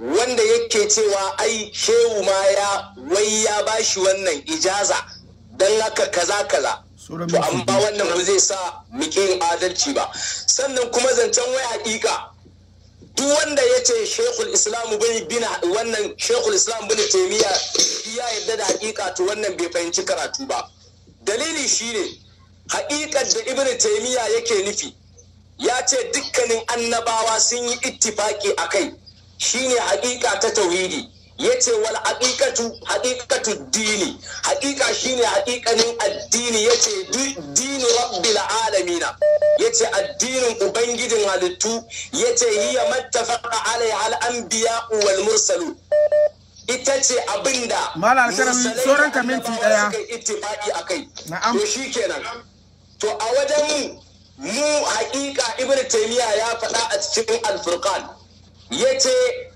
wanda yake cewa ai shehu ma ya wai ya ba shi wannan ijaza don haka kaza kaza to amma wannan ba zai sa muke adalci ba sannan kuma zancen wai hakika duk wanda ya ce shekul islamu bin bina wannan shekul islamu bin taimiya ya yarda da hakika to wannan bai fahimci karatu ba dalili shine hakikar da ibn taimiya yake nufi ya ce dukkanin annabawa sun yi ittifaki a kai shine hakika ta tauhidi ya ce wal haƙiƙatu dini haƙiƙa shine haƙiƙanin addini ya ce dini rabbil alamina ya ce addinin ubangijin halittu ya ce hiya mattafaqa alaiha al anbiya wal mursalu ita ce abinda malam karami sauran ka minti daya ittifaqi akai na'am to shikenan to a wajen mu haƙiƙa ibnu taymiya ya faɗa a cikin al-furqan yace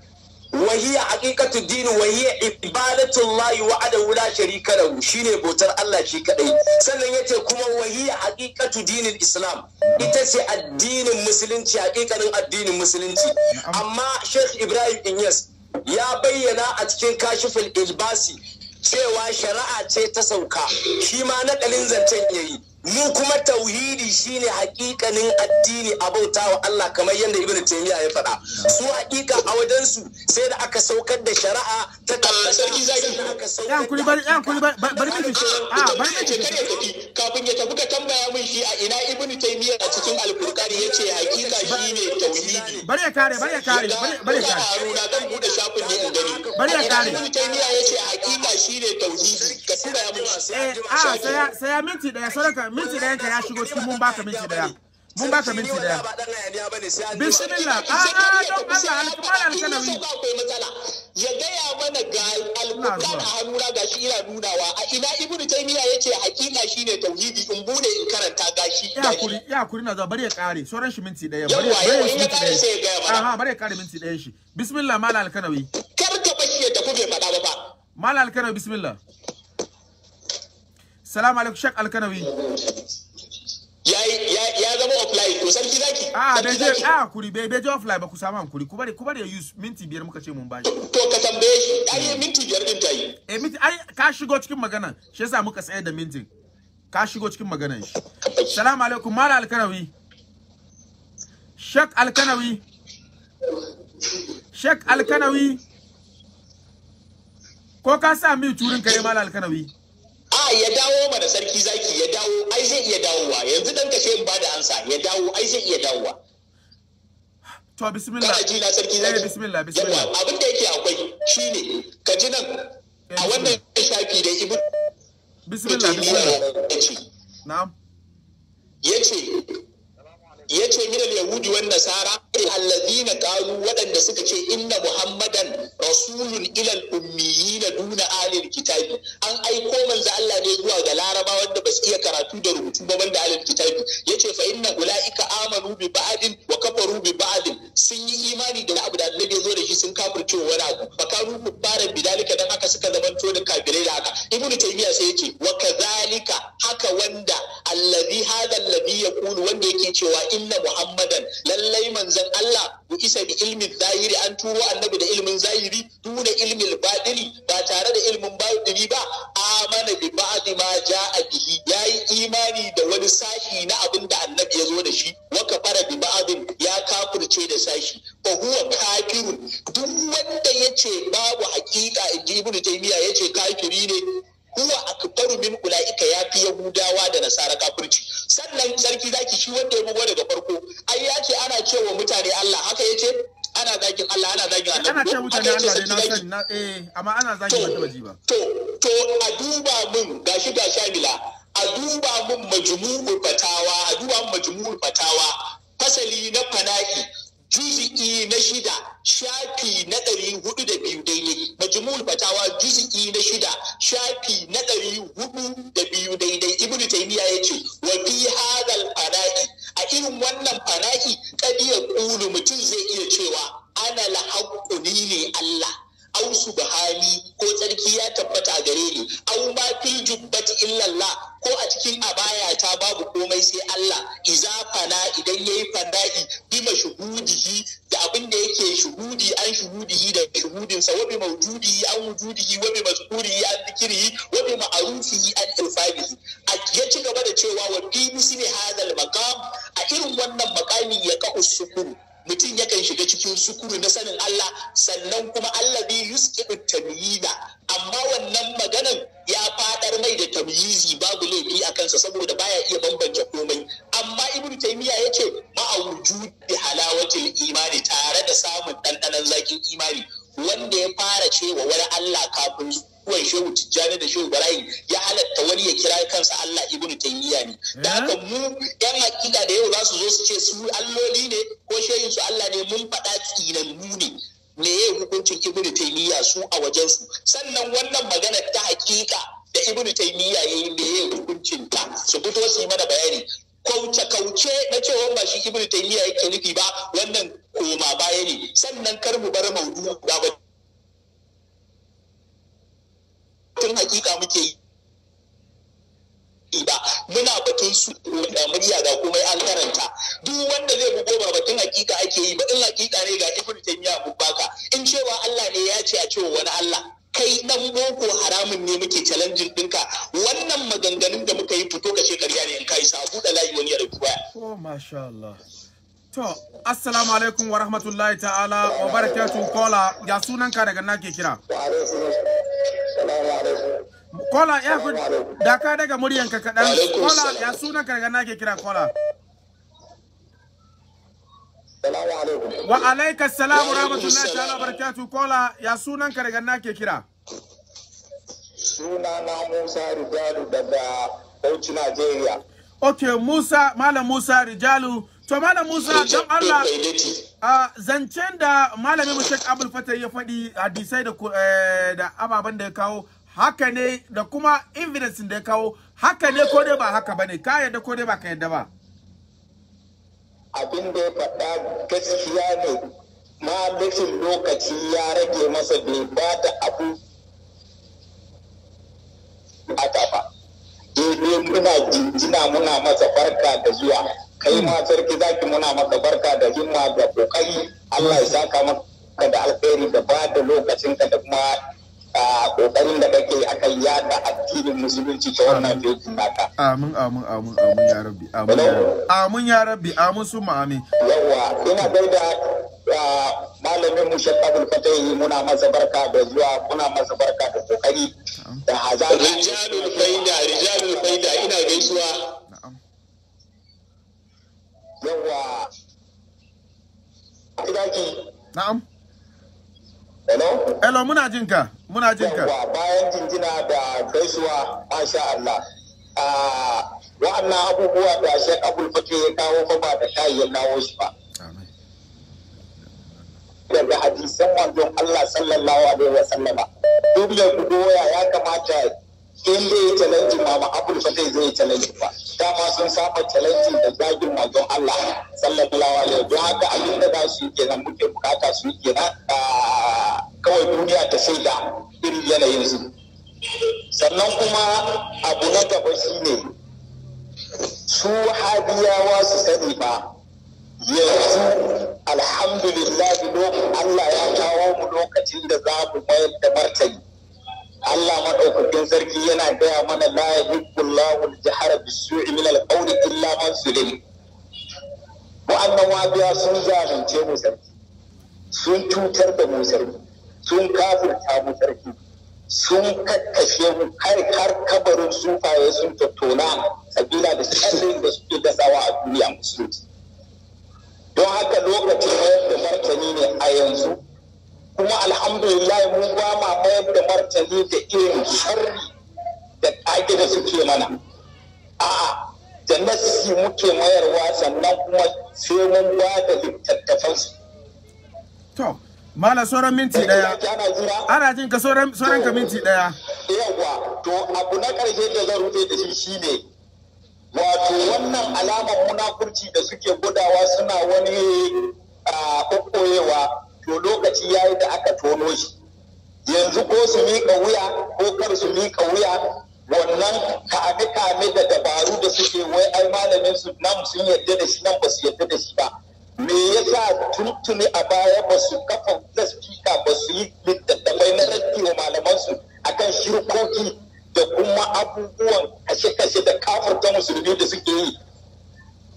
wahiya hakikatu dini wahiya ibadatullahi wa'ada wula shari'a lahu shine bautar Allah shi kadai sannan yace kuma wahiya hakikatu dinin islam ita ce addinin musulunci haqiqanin addinin musulunci amma Sheikh Ibrahim Inyas ya bayyana a cikin kashifin ilbasi cewa shari'a ce ta sauka shi ma nakalin zancen yayi mu kuma tauhidi shine hakikanin addini a wa Allah kamar yadda Ibn Taymiyyah ya faɗa su hakika a wajen su sai da aka saukar da shari'a ta kallon sarki zaki yan kuri bari yan kuri bari bari miki a bari miki ah, kare tafi kafin ya tafi ka tambaya min shi a ina Ibn Taymiyyah a cikin Al-Qur'ani yace hakika shine tauhidi bari ya kare bari ya kare bari ya kare Haruna dan bude shafin ne in gani bari ya kare Ibn Taymiyyah yace hakika shine tauhidi ka tambaya min shi a sai sai minti da ya sadaka minti da yanka ya shigo cikin mun baka minti daya mun baka minti daya bismillah a a don Allah alkuman alkanawi ya gaya mana ga alkuman a hannuna ga shi ina nunawa a ina ibnu taymiya hakika shine tauhidi in bude in karanta ga shi ya kuri ya kuri na bari ya kare sauran shi minti daya bari ya kare ya gaya aha bari ya kare minti daya shi bismillah malal alkanawi bashi ya tafi bai ba malal alkanawi bismillah salamu alaikum shek alkanawi ya zama offline to sarki zaki a ah, bai je a ah, kuri bai bai je offline ba ku samu hankuri ku bari ku bari ya use minti biyar muka ce mun bani. to ka tambaye shi ai minti biyar din tayi E eh, minti ai ka shigo cikin magana shi yasa muka tsaya da mintin ka shigo cikin magana shi salamu alaikum mala alkanawi shek alkanawi shek alkanawi ko ka sa mi turin kare mala alkanawi a ya dawo mana sarki zaki ya dawo ai zai iya dawowa yanzu dan kashe in bada ansa ya dawo ai zai iya dawowa to bismillah kana ji na sarki zaki eh, bismillah bismillah abin da yake akwai shine ka ji nan eh, a wannan shafi da ibn bismillah bismillah na'am yace yace min al-yahudi wan nasara na qalu waɗanda suka ce inna muhammadan rasulun ilal ummiyi na duna alil kitabi an aiko manzo Allah ne zuwa ga laraba wanda ba su iya karatu da rubutu ba banda alil kitabi yace fa inna ulaika amanu bi ba'din wa kafaru bi ba'din sun yi imani da abu da annabi ya zo da shi sun kafirce wani abu fa kanu kubbaran bidalika dan haka suka zamanto da kafirai da haka ibnu taymiya sai yace wa kadhalika haka wanda alladhi hadha ya yaqulu wanda yake cewa inna muhammadan lallai manzo manzan Allah bu isa bi ilmin zahiri an turo annabi da ilmin zahiri duna ilmin batini ba tare da ilmin batini ba amana bi ba'di ma ja'a bihi yayi imani da wani sashi na abin da annabi ya zo da shi wa kafara bi ba'din ya kafirce da sashi fa huwa kafirun duk wanda yace babu hakika ibnu taymiya yace kafiri ne huwa akbaru min ulaika ya fi yahudawa da nasara kafirci sannan sarki zaki shi wanda ya bugo daga farko ai ya ce ana cewa mutane Allah haka yace ana zagin Allah ana zagin Allah ana cewa mutane Allah ne na sani na eh amma ana zagin ba ta ba to to a duba mun gashi ga shamila a duba mun majmu'ul fatawa a duba mun majmu'ul fatawa fasali na fana'i juzi'i na shida shafi na ɗari hudu da biyu daidai majmul fatawa juzi'i na shida shafi na ɗari hudu da biyu daidai ibnu taymiya yace wa fi hadal fana'i a irin wannan fana'i kadiya ƙulu mutum zai iya cewa ana la ne Allah Hausu Buhari ko tsarki ya tabbata a gare ni au ma fil jubbati illallah ko a cikin abaya ta babu komai sai Allah iza fana idan yayi fada'i bi mashuhudihi da abin da yake shuhudi an shuhudihi da shuhudin sa wabi mawjudihi an wujudihi wabi mazkurihi an dhikrihi wabi ma'rufihi an a ya ci gaba da cewa wa bi misli hadha al maqam a irin wannan maqami ya ka usukuru mutum yakan shiga cikin sukuru na sanin Allah sannan kuma Allah bi yusqitu tamyiza amma wannan maganan ya fadar mai da tamyizi babu laifi a kansa saboda baya iya bambance komai amma ibn taymiya yace ma'a wujudi halawatil imani tare da samun dandanan zakin imani wanda ya fara cewa wani Allah kafin Kuwan shehu tijjani da shehu ibrahim ya halatta wani ya kira kansa allah ibnu taymiya ne da haka eh? mu yan hakika da yau za su zo su ce su alloli ne ko shehin su allah ne mun faɗa mu ne me ya hukuncin ibnu taymiya su a wajen su sannan wannan magana ta hakika da ibnu taymiya yayi me ya hukuncin ta su fito su yi mana bayani kauce-kauce na cewa ba shi ibnu taymiya yake nufi ba wannan koma baya ne sannan kar mu bar maudu ba tun hakika muke yi ba muna batun su da eh, murya ga komai an karanta duk wanda zai bugo ba batun hakika ake yi ba in hakika ne ga ibnu taymiya bubaka in cewa Allah ne ya ce a cewa wani Allah kai ɗan boko haramun ne muke challenging dinka wannan maganganun da muka yi fito kashe karya ne in kai sa buɗe layi wani ya rubuwa oh masha To, assalamu alaikum wa rahmatullahi ta'ala wa barakatuh kola ya sunan ka daga na ke kira. Kola ya ku daka daga ka kaɗan. Kola ya sunan ka daga na ke kira kola. Wa alaika salamu rahmatullahi ta'ala wa barakatuh kola ya sunan ka daga na ke kira. Sunana Musa Rijalu daga Bauchi Nigeria. Ok, Musa, Malam Musa Rijalu To Malam Musa don Allah a zancen da malami mu Sheikh Abdul Fatah ya faɗi hadisai da eh, da ababen da ya kawo haka ne da kuma evidence da ya kawo haka ne ko dai ba haka bane ka yadda ko dai ba ka yadda ba abin da ya faɗa gaskiya ne ma rashin lokaci ya rage masa bai ba ta abu a kafa daidai muna jinjina muna masa barka da zuwa kai ma sarki zaki muna masa barka da himma da kokari Allah ya saka maka da alkhairi da ba da lokacinka da kuma kokarin da kake akan yada addinin musulunci ta wannan feji naka amin amin amin amin ya rabbi amin ya rabbi amin ya rabbi amin su ma'amin. amin yawa ina gaida malamin mu shakka bulkatai muna masa barka da zuwa muna masa barka da kokari da rijalul faida rijalul faida ina gaisuwa yawa Na'am. Hello? Hello, muna jinka. Muna jinka. ka. bayan jinjina da gaisuwa, masha Allah. Ah, wa'annan abubuwa da shi abul fake ya kawo fa ba da shayi ya kawo shi ba. Daga hadisan manzon Allah sallallahu alaihi wa sallama. Duk da ya ya kamata in bai yi challenge ma abul fake zai yi challenge ba. dama sun saba talenti da zagin manzon Allah sallallahu alaihi sallam. haka abin da za su nan muke bukata su kenan ah, kawai duniya ta sai irin yanayin su sannan kuma abu na gaba ne. su hadiyawa su sani ba yanzu alhamdulillah Allah ya kawo mu lokacin da za mu mayar da martani Allah maɗaukakin sarki yana gaya mana la wani jihar bisu'i min al-qawli illa man sulim wa'annan wabiya sun zalunce mu sarki sun cutar da mu sarki sun kafirta mu sarki sun kakkashe mu har har kabarin sufaye sun tattona sabila da sirrin da suke dasawa a duniya musulunci don haka lokacin mayar da martani ne a yanzu kuma alhamdulillah mun ba ma mayar da martani da irin sharri da ƙage da suke mana a'a da sisi muke mayarwa sannan kuma sai mun ba da littattafansu to mala sauran minti daya ana jin ka sauran ka minti daya yawa to abu na karshe da zan rufe da shi shine wato wannan alamar munafurci da suke gudawa suna wani kokoyewa ah, to lokaci ya yi da aka tono shi yanzu ko su miƙa wuya ko kar su miƙa wuya wannan ka kame-kame da dabaru da suke wai ai malamin su nan sun yarda da shi nan ba su yadda da shi ba me yasa tuntuni a baya ba su kafa laspika ba su yi littattafai na wa malaman su akan shirkoki da kuma abubuwan kashe-kashe da kafarta musulmi da suke yi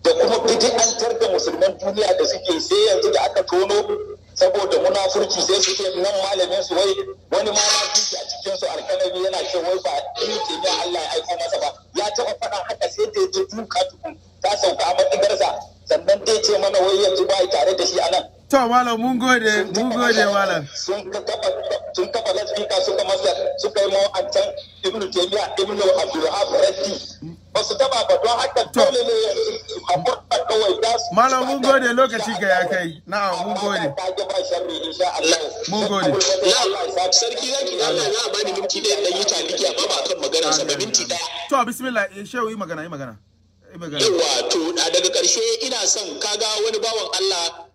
da kuma fiti bid'antar da musulman duniya da suke sai yanzu da aka tono saboda munafurci sai su ce nan malamin su wai wani malamin a cikin su alkanabi yana ce wai ba ibn taymiya Allah ya aika masa ba ya taba faɗan haka sai ta ji duka tukun ta sauka a madigarsa sannan dai ce mana wai yanzu ba tare da shi anan To malam mun gode, mun gode malam. Sun sun na speaker sun a can Ba su taba ba don haka dole ne a kawai da su. Malam mun gode lokaci ga ya kai. Na'am mun gode. Mun gode. Sarki zaki Allah ya ni dan yi taliki magana sa minti To bismillah eh, shehu yi magana yi magana. Yawa to daga karshe ina son kaga wani bawan Allah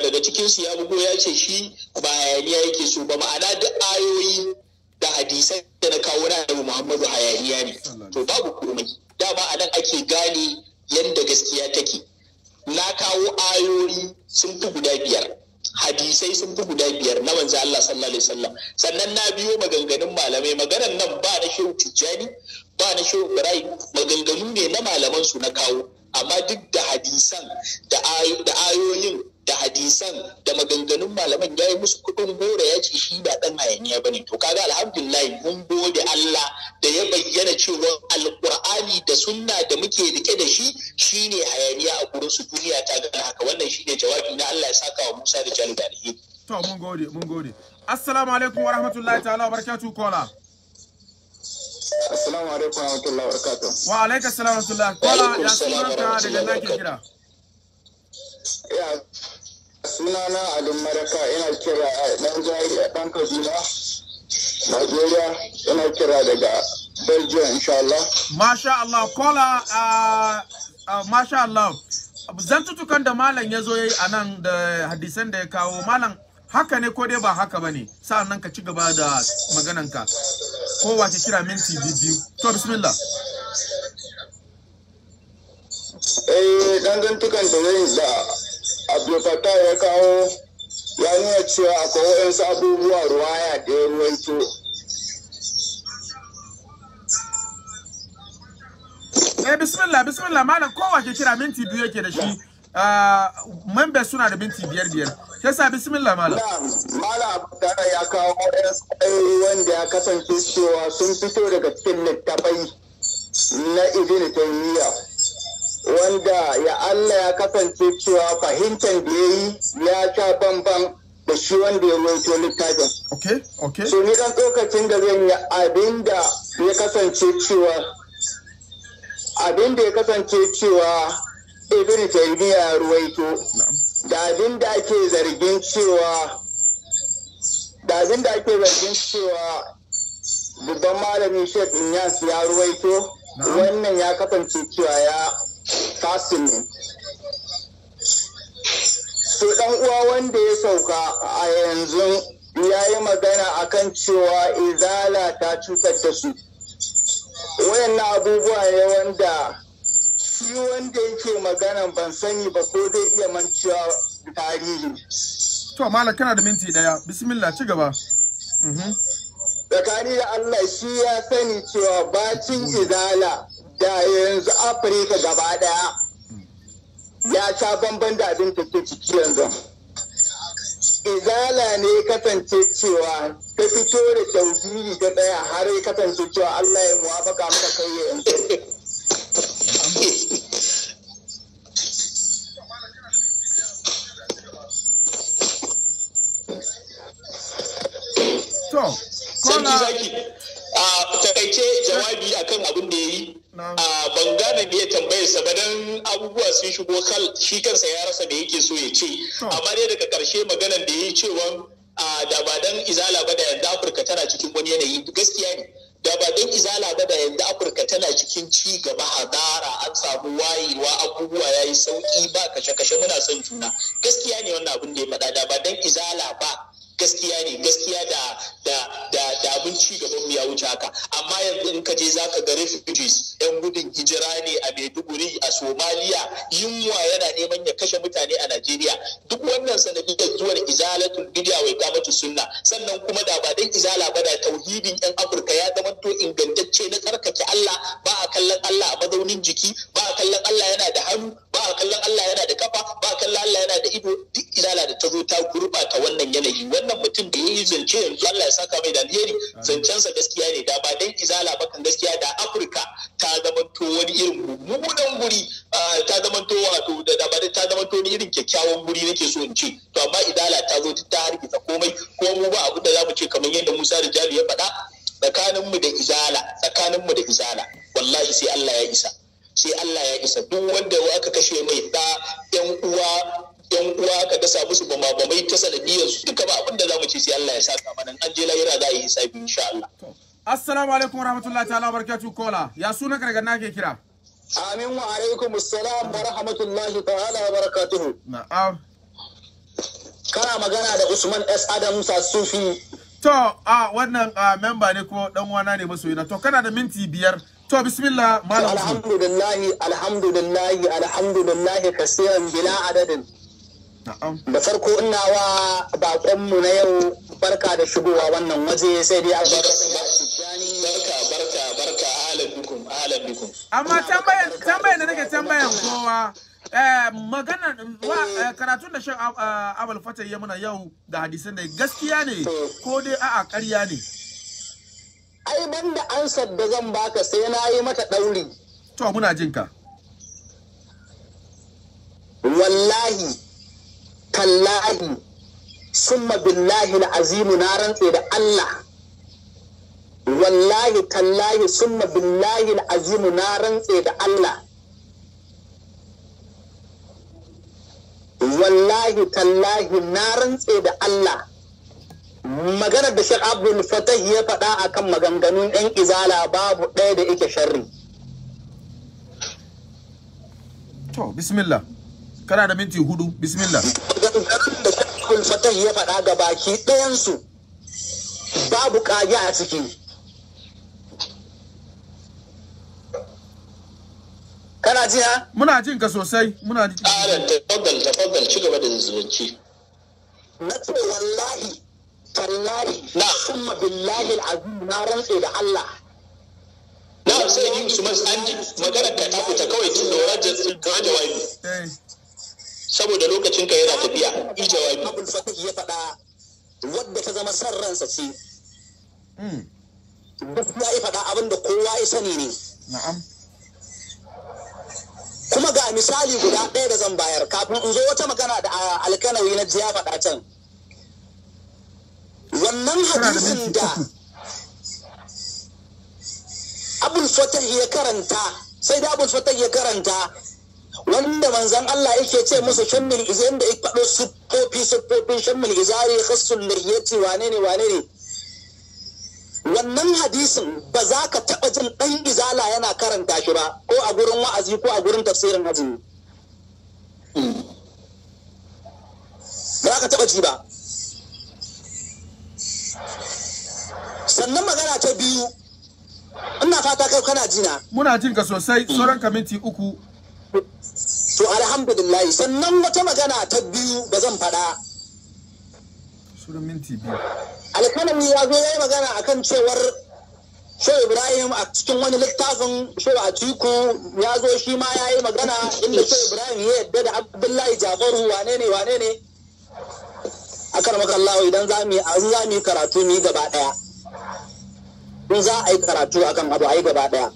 daga cikin su ya bugo ya ce shi ba hayaniya yake so ba ma'ana duk ayoyi da hadisai da na kawo na Annabi Muhammadu hayaniya ne to babu komai dama a nan ake gane yadda gaskiya take na kawo ayoyi sun fi guda biyar hadisai sun fi guda biyar na manzo Allah sallallahu alaihi wasallam sannan na biyo maganganun malamai maganar nan ba na shehu tijjani ba na shehu ibrahim maganganu ne na malaman su na kawo amma duk da hadisan da ayoyin da hadisan da maganganun malaman ya yi musu kuɗin gora ya ce shi ba dan hayaniya ba ne to kaga alhamdulillah mun gode Allah da ya bayyana cewa alƙur'ani da sunna da muke rike da shi shine hayaniya a gurin su duniya ta gana haka wannan shine jawabi na Allah ya saka wa Musa da Jalu da to mun gode mun gode assalamu alaikum wa rahmatullahi ta'ala wa barakatuh kola assalamu alaikum wa rahmatullahi wa barakatuh wa alaikum rahmatullahi kola ya sunanka daga nake kira sunana alin Maraka ina kira ɗan jari a dan Kaduna Najeriya ina kira daga Belgium insha Allah Masha Allah kola Masha Allah tutukan da malam ya zo ya yi a nan da hadisan da ya kawo malam haka ne ko dai ba haka ba ne sa'an nan ka ci gaba da magananka kowace kira minti biyu to bismillah eh dangantukan da yayin da abdulfata ya kawo ya nuna cewa akwai waɗansu abubuwa ruwa da ya ruwaito eh bismillah bismillah malam kowa ke kira minti biyu yake da shi ah, member suna da minti biyar biyar yasa bismillah malam malam abdara ya kawo waɗansu wanda ya kasance cewa sun fito daga cikin littafai na ibn taymiya wanda ya Allah ya kasance cewa fahimtar da ya yi ya sha bambam da shi wanda ya ruwaito littafin. Okay, okay. So ni dan tsokacin da zan yi abinda ya kasance cewa abinda ya kasance cewa Ibn Taymiyyah ya ruwaito da abinda ake zargin cewa da abinda ake zargin cewa dubban malami Sheikh Inyas ya ruwaito wannan ya kasance cewa ya kastin ne to dan uwa wanda ya sauka a yanzu ya yi magana a kan cewa izala ta cutar da su wayannan abubuwa ne wanda shi wanda yake magana ban sani ba ko zai iya mancewa tarihi to mala kana da minti daya bismillah ci gaba mhm. tsakani da Allah shi ya sani cewa bacin izala da yanzu afirka gaba daya ya sha bamban da abin ta ke ciki yanzu izala ne kasance cewa ta fito da tauziri ta tsaya har ya kasance cewa Allah ya muwafaka maka kai ya yanzu a takaice jawabi akan abin da ya yi ban gane da ya tambaye sa dan abubuwa sun shigo kal shi kansa ya rasa da yake so ya ce amma dai daga karshe maganan da ya yi cewa da ba izala ba da yanzu afirka tana cikin wani yanayi gaskiya ne da izala ba da yanzu afirka tana cikin ci gaba a dara an samu wayewa abubuwa ya yi sauki ba kashe-kashe muna son juna gaskiya ne wannan abin da ya faɗa da izala ba gaskiya ne gaskiya da da da da abin ci gaban mu ya wuce haka amma yanzu in ka je zaka ga refugees yan gudun hijira ne a Maiduguri a Somalia yunwa yana neman ya kashe mutane a Najeriya duk wannan sanadiyar zuwar izalatul bid'a wai kamatu sunna sannan kuma da ba dan izala ba da tauhidin yan Afirka ya zama to ingantacce na tsarkake Allah ba a kallon Allah a mazaunin jiki ba a kallon Allah yana da hannu ba a kallon Allah yana da kafa ba a kallon Allah yana da ido duk izala da ta zo ta gurbata wannan yanayi wannan wannan mutum da yayi zance yanzu Allah ya saka mai da alheri zancensa gaskiya ne da ba dan izala ba kan gaskiya da Afirka ta zama to wani irin mummunan guri ta zama to wato da ba ta to wani irin kyakkyawan guri nake so in ce to amma izala ta zo ta hargitsa komai ko mu ba abu da zamu ce kamar yadda Musa da Jalu ya faɗa tsakaninmu da izala tsakaninmu da izala wallahi sai Allah ya isa sai Allah ya isa duk wanda aka kashe mai da yan uwa yan uwa ka dasa musu bama bamai ta sanadiyar su duka ba abinda za mu ce sai Allah ya saka mana an je lahira za a yi hisabi insha Allah assalamu alaikum warahmatullahi ta'ala barakatuh kola ya suna ka daga na ke kira amin wa alaikum assalam wa rahmatullahi ta'ala wa barakatuh na'am kana magana da Usman S Adam Sufi to a wannan memba ne ko dan uwana ne masoyina to kana da minti biyar To bismillah malam. Alhamdulillah alhamdulillah alhamdulillah kasiran bila adadin. Da farko ina wa bakonmu na yau barka da shigowa wannan waje sai dai an barka barka barka ahalan bikum ahalan Amma tambayan da nake tambayan kowa eh, magana eh. eh, karatun da shan abal fatar ya mana yau da hadisan da gaskiya ne ko dai a'a ƙarya ne. Ai ban da ansar da zan baka sai na yi mata ɗauri. To muna jinka. Wallahi tallahi summa billahi azimu na rantse da Allah wallahi tallahi summa billahi azimu na rantse da Allah wallahi tallahi na rantse da Allah maganar da Sheikh Abdul Fatah ya faɗa a kan maganganun 'yan izala babu ɗaya da yake sharri to bismillah kana da minti hudu bismillah garin da shakul fatan ya faɗa ga baki ɗayansu babu ƙage a ciki kana ji ha muna jin ka sosai muna ji ƙarin tafaddal tafaddal ci gaba da zuwanci na ce wallahi tallahi na summa billahi al'azim na rantse da Allah na sai yi su masu an ji magana tafi ta kawai tun da wajen wajen wajen saboda lokacin ka yana tafiya i jawabi abul fatih ya faɗa wadda ta zama san ransa ce gaskiya hmm. ya faɗa abin da kowa ya sani ne kuma ga misali guda ɗaya da zan bayar kafin in zo wata magana da alkanawi na jiya faɗa can wannan hadisin da abul fatih ya karanta sai da abul fatih ya karanta wanda manzan Allah yake ce musu shammil izan da ya faɗo siffofi siffofin shammil izari khassul ce wane ne wane ne wannan hadisin ba za ka taɓa jin ɗan izala yana karanta shi ba ko a gurin wa'azi ko a gurin tafsirin azumi ba za ka taɓa ji ba sannan magana ta biyu ina fata kai kana jina muna jin ka sosai sauran ka minti uku to alhamdulillah sannan wata magana ta biyu da zan faɗa alkalami ya zo ya yi magana a kan cewar sho ibrahim a cikin wani littafin sho a tiku ya zo shi ma ya yi magana inda sho ibrahim ya yadda da abdullahi jafaru wane ne wane ne a kan makallawa idan za mu yi karatu mu gaba ɗaya in za a yi karatu akan abu a yi gaba ɗaya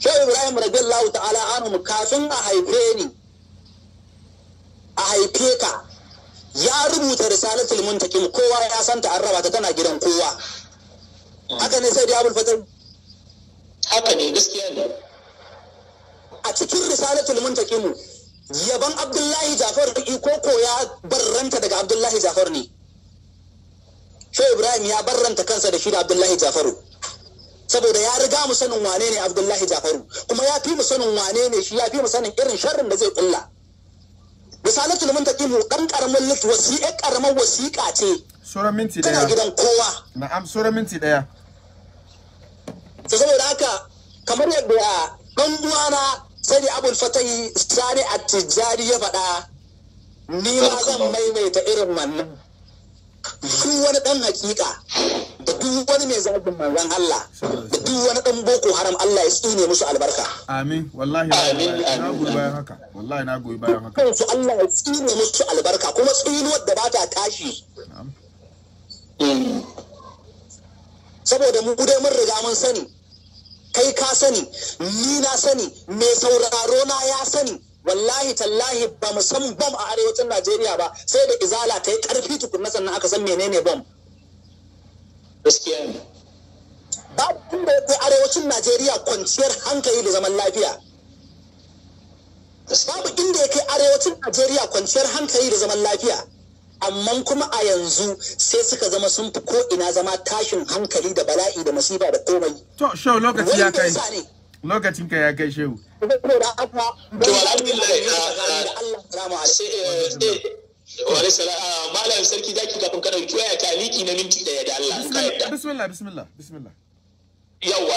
shehu ibrahim radiyallahu ta'ala anhu kafin a haife ni a haife ka ya rubuta risalatul muntaqim kowa ya san ta raba ta tana gidan kowa haka ne sai da abul fatar haka ne gaskiya ne a cikin risalatul muntaqim yaban abdullahi jafar iko ko ya barranta daga abdullahi jafar ne shehu ibrahim ya barranta kansa da shi da abdullahi jafaru saboda ya riga mu sanin wane ne abdullahi jafaru kuma ya fi mu sanin wane ne shi ya fi mu sanin irin sharrin da zai kulla misalatul muntaqimu dan karamin lit wasi'a karamin wasiƙa ce sura minti daya kana gidan kowa na'am sura minti daya saboda haka kamar yadda dan uwana sai abul fatai sani at-tijari ya faɗa ni ma zan maimaita irin wannan duk wani dan hakika da duk wani mai zagin manzon Allah da duk wani dan boko haram Allah ya tsine musu albarka amin wallahi na goyi bayan haka wallahi na goyi bayan haka kansu Allah ya tsine musu albarka kuma tsinuwar da ba ta tashi saboda mu dai mun riga mun sani kai ka sani ni na sani mai sauraro na ya sani wallahi tallahi ba mu san bom a arewacin Najeriya ba sai da izala ta yi karfi tukunna sannan aka san menene bom gaskiya ne ba inda ya arewacin Najeriya kwanciyar hankali da zaman lafiya babu inda ya kai arewacin Najeriya kwanciyar hankali da zaman lafiya amma kuma a yanzu sai suka zama sun fi ko ina zama tashin hankali da bala'i da masifa da komai to shau lokaci ya kai lokacin ka ya kai shehu saboda sarki zaki taliki na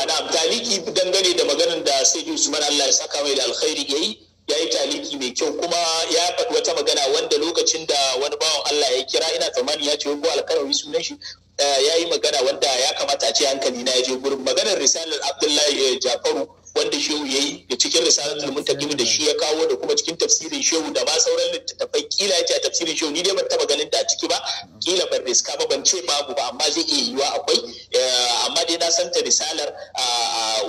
da taliki dangane da maganar da sai Usman Allah ya saka mai da alkhairi yayi ya yi taliki mai kyau kuma ya faɗi wata magana wanda lokacin da wani bawan Allah ya kira ina tsammani ya ce ko alkarari sunan shi eh, ya yi magana wanda ya kamata a ce hankali na ya je gurin maganar risalar Abdullahi eh, Jafaru wanda shehu ya yi da cikin risalatul muntaqim da shi ya kawo da kuma cikin tafsirin shehu da ba sauran littattafai kila yake a tafsirin shehu ni dai ban taba ganin a ciki ba kila ban riska ba ban ce babu ba amma zai iya yiwa akwai eh, amma dai na san ta risalar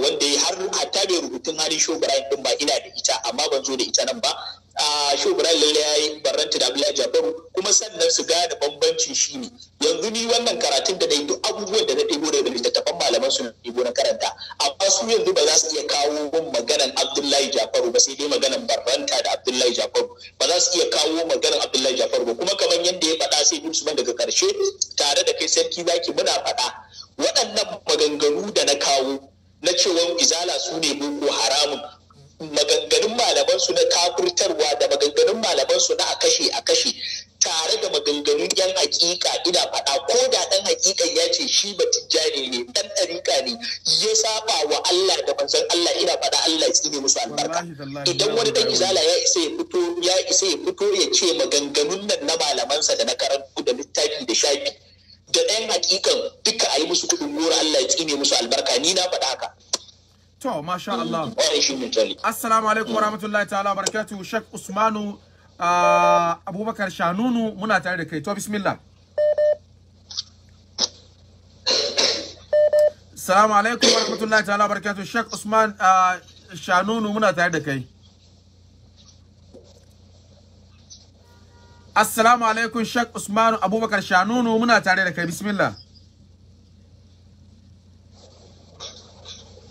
wanda har hatta bai rubutun halin shehu Ibrahim din ba ina da ita amma ban zo da ita nan ba a shu lalle ya yi barranta da abdullahi jabaru kuma sannan su gane bambancin shi ne yanzu ni wannan karatun da na yi duk abubuwan da na ɗebo daga littattafan malaman su ɗebo na karanta amma su yanzu ba za su iya kawo min maganan abdullahi Jafaru ba sai dai maganan barranta da abdullahi Jafaru ba za su iya kawo maganan abdullahi Jafaru ba kuma kamar yadda ya faɗa sai bin su daga karshe tare da kai sarki zaki muna faɗa waɗannan maganganu da na kawo na cewa izala su ne boko haramun maganganun malamansu na kafurtarwa da maganganun su na a kashe a kashe tare da maganganun yan hakika ina faɗa ko da ɗan hakika ya ce shi ba tijjani ne ɗan ɗarika ne ya saba wa Allah da manzon Allah ina faɗa Allah ya tsine musu albarka idan wani dan izala ya isa ya fito ya isa ya fito ya ce maganganun nan na malamansa da na karatu da littafi da shafi da ɗan hakikan duka a yi musu kuɗin gora Allah ya tsine musu albarka ni na faɗa haka To, masha Allah. Mm. Assalamu alaikum wa ta'ala barakatuhu Sheikh Usmanu uh, Abubakar Shanunu muna tare da kai. To, bismillah. Assalamu alaikum wa ta'ala barakatuhu Sheikh Usman uh, Shanunu muna tare da kai. Assalamu alaikum Sheikh Usman Abubakar Shanunu muna tare da kai. Bismillah.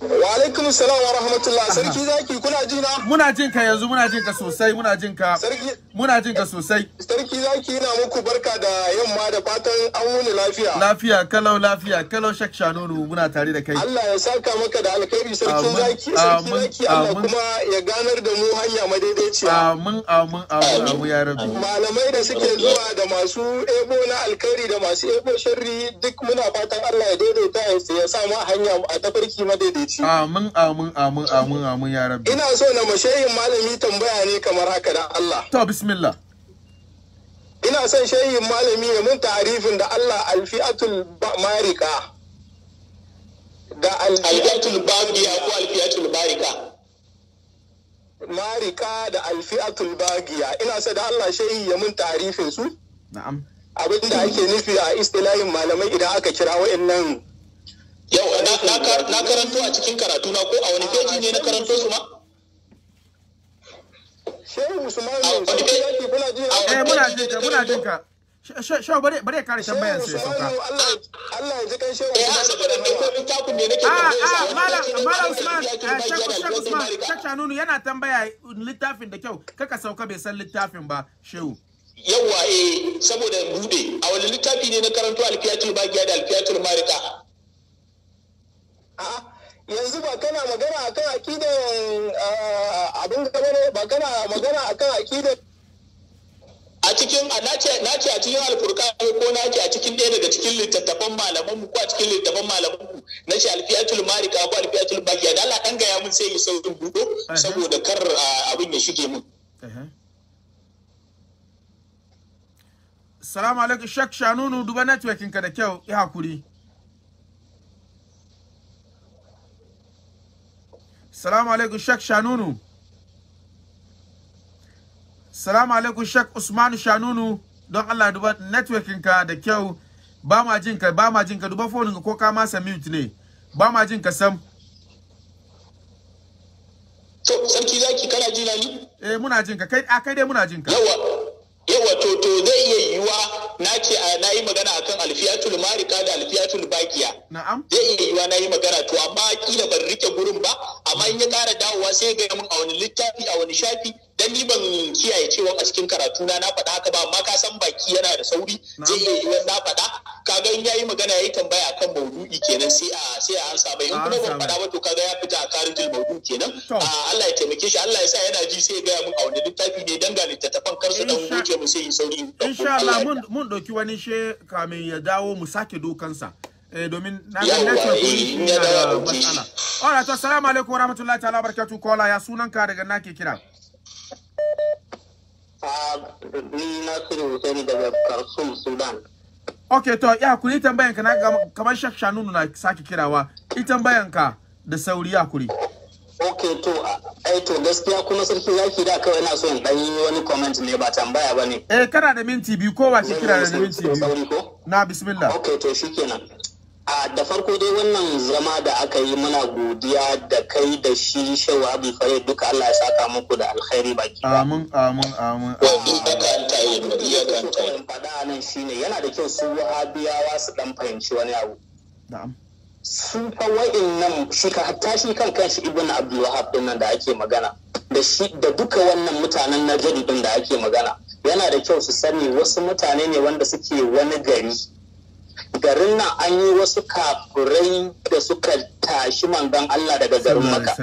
Wa alaikum salam wa rahmatullah. Sarki zaki kuna ji na? Muna jin ka yanzu muna jin ka sosai muna jin ka. Sarki muna jin ka sosai. Sarki zaki ina muku barka da yamma da fatan an wuni lafiya. Lafiya kalau lafiya kalau shak shanunu muna tare da kai. Allah ya saka maka da alkhairi sarki zaki sarki zaki Allah kuma ya ganar da mu hanya madaidaiciya. Amin amin amin amin ya rabbi. Malamai da suke zuwa da masu ebo na alkhairi da masu ebo sharri duk muna fatan Allah ya daidaita ya sa ma hanya a tafarki madaidaiciya. Amin amin amin amin amin ya rabbi. Ina so na mashehin malami tambaya ne kamar haka da Allah. To bismillah. Ina son shehin malami ya mun ta'arifin da Allah alfi'atul marika. Da alfi'atul babiya ko alfi'atul barika. Marika da alfi'atul bagiya ina so da Allah shehi ya mun tarifin su. Na'am. Abin da ake nufi a istilahin malamai idan aka kira wa'annan yau na karanto a cikin karatu na ko a wani feji ne na karanto su ma Shehu Usman eh, muna jin ka Shau bare ya kare tambayar ya sauka. Allah ya ji kan shehu. Eh hasa ne ko littafin ne nake ah, tambayar sa. Ah mala mala Usman Sheikh eh, shehu Usman Sheikh Shanunu yana tambaya mm, littafin da kyau kaka sauka bai san littafin ba shehu. Yawwa eh saboda bude a wani littafi ne na karanto alfiyatul bagiya da alfiyatul marika yanzu ba kana magana akan akidan ah, abin gaba ne ba kana magana akan akidan a cikin na ce a cikin alfurka ko na ce a cikin ɗaya daga cikin littattafan malamanmu ko a cikin littattafan malamanmu na ce alfiyatul marika ko alfiyatul bagiya da Allah dan gaya mun sai yi saurin budo saboda kar ah, abin ya shige mun salamu alaikum shak shanunu duba networking ka da kyau ya hakuri salamu alaikum shek shanunu salamu alaikum shek usmanu shanunu don allah duba ka da kyau ba ma jin ka ba ma jin ka duba fonin ko ka masa mute ne ba ma jin ka sam to sarki zaki kana jina ni eh muna jinka kai a kai dai muna jinka yawa yawa to to zai iya yiwuwa na ce na yi magana akan alfiyatul marika da alfiyatul bakiya zai iya yiwuwa na yi magana to amma kila ban rike gurin ba amma in ya ƙara dawowa sai ga yamin a wani littafi a wani shafi dan ni ban kiyaye cewa a cikin karatu na na faɗa haka ba amma ka san baki yana da sauri zai iya yi na faɗa kaga in yayi magana yayi tambaya akan maudu'i kenan sai a sai a ansa bai in kuma ban faɗa ba to kaga ya fita a karin maudu'i kenan Allah ya taimake shi Allah ya sa yana ji sai ya gaya mun a wani littafi ne dan ga littattafan karsu dan goce mu sai yi sauri insha Allah mun mun dauki wani she kamin ya dawo mu sake dokansa eh domin na ga network ne eh, da matsala. alaikum warahmatullahi ta'ala barakatuh kola ya sunanka daga nake kira. ni Sudan Ok, to, ya kuri tambayan ka na kamar Shek Shanunu na sake kirawa, ita tambayan ka da sauri ya kuri. Ok, to, ai to gaskiya kuma sarki zaki da kawai na son ɗan yi wani comment ne ba tambaya ba ne. Eh, kana da minti biyu kowa shi kira da minti biyu. Na, bismillah. Ok, to, kenan. a da farko dai wannan zama da aka yi muna godiya da kai da shi shehu abu fare duka Allah ya saka muku da alkhairi baki amin amin amin amin faɗa nan shine yana da kyau su wahabiyawa su dan fahimci wani abu na'am su fa nan shi ka hatta shi kan kanshi ibn abdul wahab din nan da ake magana da shi da duka wannan mutanen na din da ake magana yana da kyau su sani wasu mutane ne wanda suke wani gari garin nan an yi wasu kafurai da suka tashi manzon Allah daga garin maka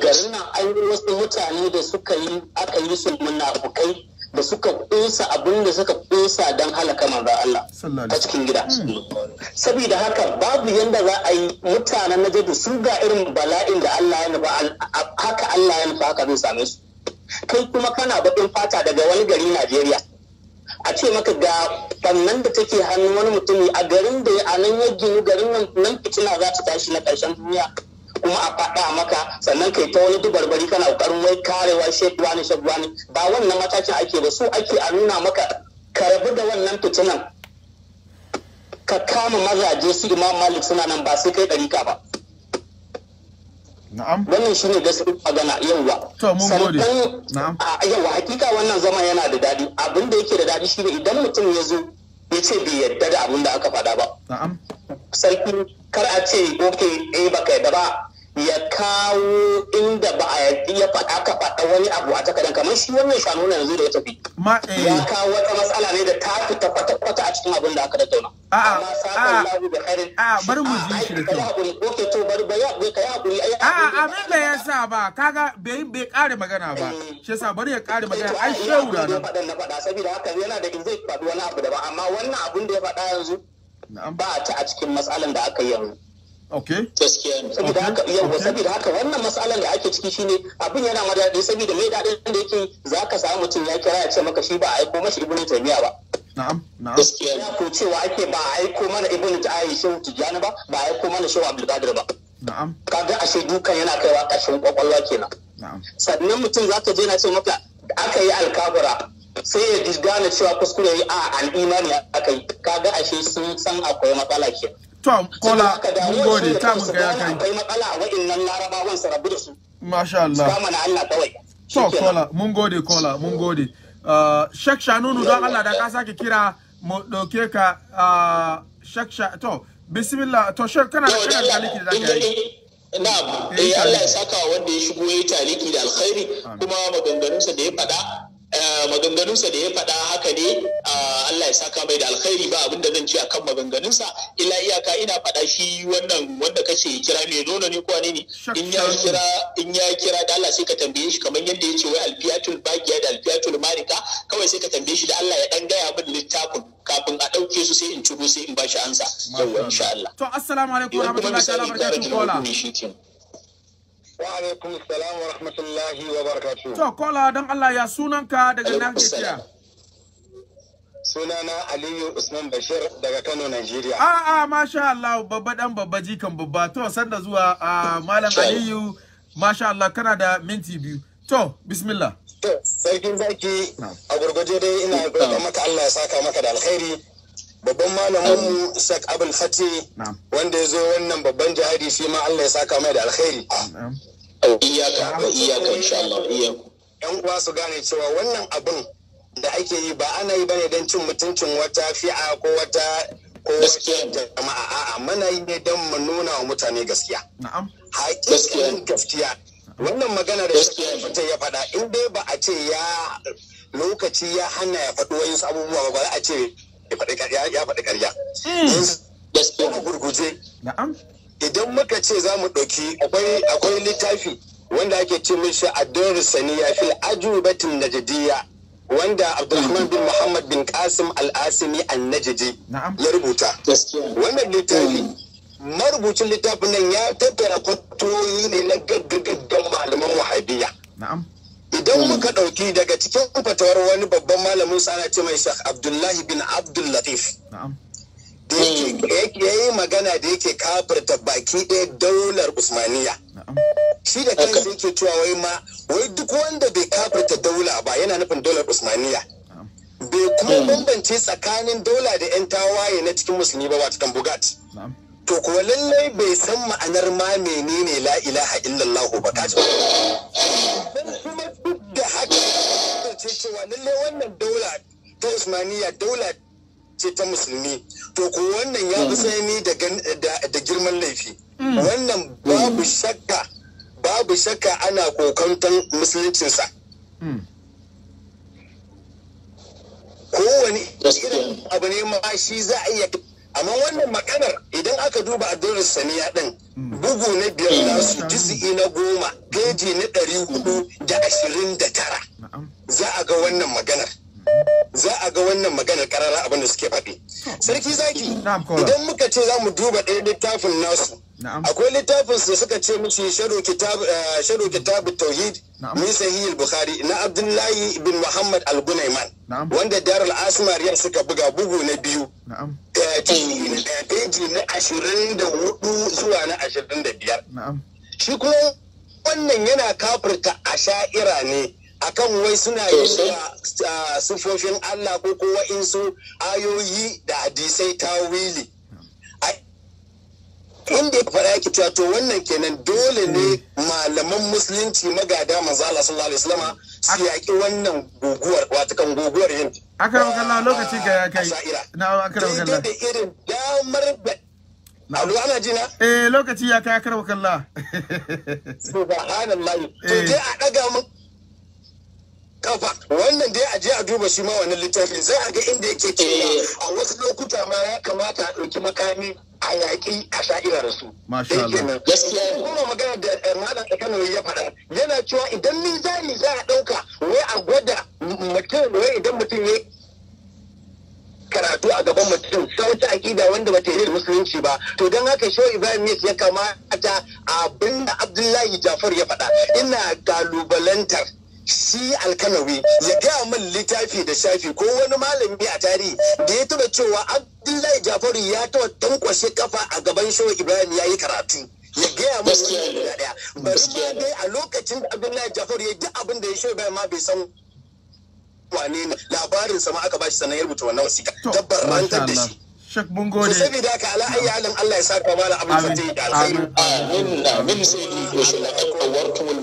garin nan an yi wasu mutane da suka yi aka yi su munafukai da suka kusa abin da suka kusa don halaka manzon Allah ta cikin gida hmm. saboda haka babu yadda za a yi mutanen jadu sun ga irin bala'in da Allah ya nufa haka Allah ya nufa haka zai same su kai kuma kana baƙin fata daga wani gari Najeriya a ce maka ga bannan da take hannu wani mutumi a garin da a nan ya ginu garin nan fitina za ta tashi na ƙarshen duniya kuma a faɗa maka sannan kai ta wani dubarbari kana ƙoƙarin wai karewa shekuwa ne ba wannan matakin ake ba su ake a nuna maka ka rabu da wannan fitinan ka kama mazaje su imam malik suna nan ba sai kai ɗarika ba Na'am. Wannan shine gaskiya magana yawa. To mun gode. Na'am. hakika wannan zama yana da dadi. Abin da yake da dadi shine idan mutum ya zo ya ce bai yadda da abin da aka faɗa ba. Na'am. Sarki kar a ce ok eh baka yadda ba ya kawo inda ba a ya faɗa ka faɗa wani abu a takardan kamar shi wannan shanu na yanzu da ya tafi ya eh. kawo wata matsala ne da ta fita kwata-kwata a cikin abin da aka da tattauna a'a a'a a'a bari mu ji shi da kyau okay to bari ba ya ka ya hakuri ai a'a abin da ya sa ba kaga bai bai kare magana ba eh. shi yasa bari ya kare eh, magana ai shehu da nan faɗan na faɗa saboda haka yana da in zai faɗi wani abu da ba amma wannan abin da ya faɗa yanzu ba ta a cikin matsalan da aka yi yanzu gaskiya ne saboda haka yawa saboda haka wannan matsalar da ake ciki shine abin yana ma daɗi saboda mai daɗin da yake zaka samu mutum ya kira ya ce maka shi ba a aiko mashi ibnu taymiya ba na'am na'am gaskiya ne ko cewa ake ba a aiko mana ibnu taymiya tijani ba ba a aiko mana shehu abdul qadir ba na'am kaga ashe dukan yana kaiwa ƙarshen kwakwalwa kenan na'am sannan mutum zaka je na ce maka aka yi alkabura sai ya gane cewa kuskure yi a al'imani aka yi kaga ashe sun san akwai matsala kenan to kola mun gode ta mun ga ya kai akwai matsala a wa'annan larabawan su rabu da su masha Allah kama na Allah kawai to kola mun gode kola mun gode uh, shek shanunu don Allah da ka sake kira mu dauke ka uh, shek sha to bismillah to shek kana da shirin taliki da zaka yi na'am eh, eh Allah ya saka wanda ya shigo yayi taliki da alkhairi kuma maganganunsa da ya faɗa Eh, maganganunsa da ya faɗa haka ne Allah ya saka mai da alkhairi ba abin da zan ce akan maganganunsa illa iyaka ina faɗa shi wannan wanda kace kira me nono ne ko ne in ya kira in ya kira da Allah sai ka tambaye shi kamar yadda ya ce wai alfiyatul baqiya da alfiyatul marika kawai sai ka tambaye shi da Allah ya dan gaya min littafin kafin a dauke su sai in ciro sai in bashi ansa yawwa insha Allah to assalamu alaikum wa rahmatullahi wa barakatuh Wa alaikum salam wa rahmatullahi wa barakatuhu. To kola don Allah ya sunanka daga nan ke Sunana Aliyu Usman Bashir daga Kano, Nigeria. A'a masha Allah babba dan babba jikan babba to sanda zuwa ah, Malam Aliyu masha Allah kana da minti biyu. To bismillah. To sarkin zaki a gurguje dai ina gurgurda maka Allah ya saka maka da alkhairi. babban malaminmu Isaac Abul Fati wanda ya zo wannan babban jihadi shi ma Allah ya saka mai da alkhairi. iyaka iyaka insha Allah iyaku yan uwa su gane cewa wannan abin da ake yi ba ana yi bane don cin mutuncin wata fi'a ko wata ko jama'a a'a muna yi ne don mu nuna wa mutane gaskiya na'am haƙiƙanin gaskiya wannan magana da shi mutum ya faɗa in dai ba a ce ya lokaci ya hana ya faɗo wani abubuwa ba za a ce ya faɗi ƙarya ya faɗi ƙarya hmm. gaskiya gurguje na'am idan muka ce za mu ɗauki akwai littafi wanda ake ce mishi adoru ya fi ajubatin najdiya wanda abdulrahman bin muhammad bin kasim al-asimi an ya rubuta wannan littafi marubucin littafin nan ya tattara kwatoyi ne na gaggagaggan malaman wahabiya idan muka ɗauki daga cikin fatawar wani babban malamin sana ce mai shek abdullahi bin abdul yayi magana da yake kafirta baki ɗaya daular usmaniya shi da kansa yake cewa wai ma wai duk wanda bai kafirta daula ba yana nufin daular usmaniya bai kuma hmm. bambance tsakanin daula da 'yan tawaye na cikin musulmi ba wata bugat to kuwa lallai bai san ma'anar ma menene la ilaha illallahu ba ka da haka ce cewa lallai wannan daula ta usmaniya daula ce ta musulmi to ko wannan ya fi mm. sani da girman laifi mm. wannan babu mm. shakka babu shakka ana kokantan musuluncinsa kowane irin abu ne ma shi za a iya amma wannan maganar idan aka duba adonis saniya din bugu na biyar nasu jisi na goma gaji na ɗari hudu da ashirin da tara za a ga wannan maganar za a ga wannan maganar karara abin da suke faɗi. Sarki zaki idan muka ce za mu duba ɗaya littafin nasu. Akwai littafin su suka ce musu sharu eh, kitab tauhid min sahih bukhari na Abdullahi ibn Muhammad al-Gunaiman wanda Darul Asmariyar suka buga bugu na biyu. Peji eh, eh, na ashirin da hudu zuwa na ashirin da biyar. Shi kuma wannan yana kafirta a sha'ira ne. akan wai suna yi sufofin Allah ko kowa insu ayoyi da hadisai ta wili. inda ya fara yake cewa to wannan kenan dole ne hmm. malaman musulunci magada maza, Allah sallallahu alaihi wasallama su yaki wannan guguwar wata kan guguwar yin aka kalla lokaci ga ya kai na aka kalla da irin damar da Alu ana jina? Eh lokaci ya kai aka kalla. (laughs) Subhanallah. To dai eh. a daga mun kafa wannan dai a je a duba shi ma wannan littafi za a ga inda yake cewa eh. a wasu lokuta ma ya kamata a ɗauki makami a yaƙi a sha'ira da su. Masha Allah. Kuma magana da eh, Malam Kano ya faɗa yana cewa idan mizani za a ɗauka wai a gwada mutum wai idan mutum ya karatu a gaban mutum ta wata aƙida wanda ba ta yi da musulunci ba to don haka shehu ibrahim yes ya kamata abinda abinda abdullahi jafar ya faɗa ina kalubalantar shi alkanawi ya gaya min littafi da shafi ko wani malami a tarihi da ya taba cewa abdullahi jafaru ya taba tankwashe kafa a gaban shehu ibrahim ya yi karatu ya gaya min wani guda daya bari dai a lokacin da abdullahi jafaru ya ji abin da ya shehu ibrahim ma bai san wane ne labarin sama aka bashi sannan ya rubuta wannan wasiƙa tabbatar da shi Shek mun gode. Sai da ka ala ayi halin Allah ya saka mana abin da Amin. sai ni shi na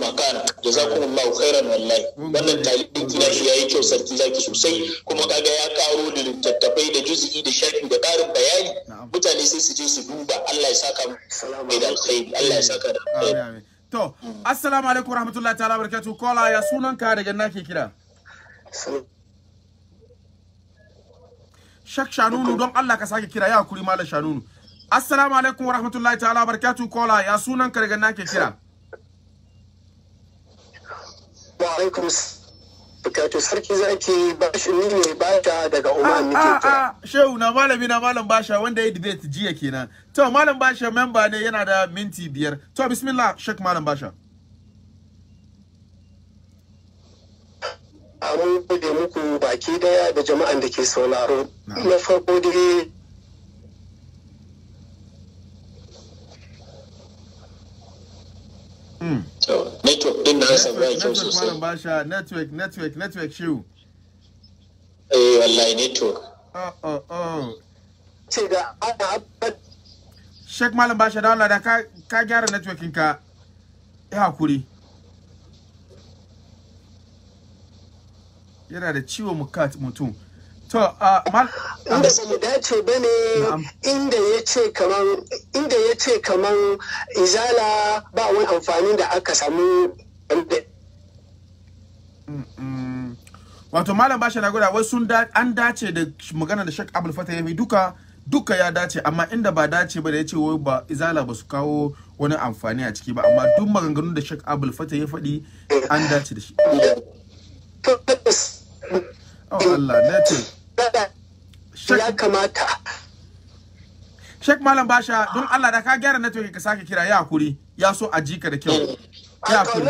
makan. khairan wallahi. Wannan talibin kina shi yayi kyau sarki zaki sosai kuma kaga ya karo da littattafai da juz'i da shafi da karin bayani. Mutane sai su je su duba Allah ya saka mai da Allah ya saka da alkhairi. To, assalamu alaikum warahmatullahi ta'ala Kola ya sunanka daga nake kira. Shak Shanunu don Allah ka sake kira ya hakuri Malam Shanunu. Assalamu alaikum wa rahmatullahi ta'ala barakatu kola ya sunan ka daga na ke kira. Wa alaikum bukatu sarki zaki bashi ni ne bata daga Oman ah, nake kira. Ah, ah, shehu na malami na malam basha wanda ya debate jiya kenan. To malam basha memba ne yana da minti biyar. To bismillah Shak malam basha. a gode muku baki daya da jama'an da ke sauraro na farko dai hmm. network din na hasa ba kyau sosai network network network network shiu eh wallahi network oh oh oh ce da ana Sheikh Malam Basha da Allah da ka gyara networking ka ya hakuri yana da ciwo mutum to a man inda ba mu dace ba ne inda ya ce kamar inda ya ce izala ba wani amfani da aka samu wato malam bashi na gwada wai sun an dace da magana da shek abul fata ya fi duka duka ya dace amma inda ba dace ba da ya ce wai ba izala ba su kawo wani amfani a ciki ba amma duk maganganun da shek abul fata ya faɗi an dace da shi Oh, Allah na ce ya kamata Sheikh Malam Basha don Allah da ka gyara network ka sake kira ya kuri ya so a jika da kyau eh, ya kuri.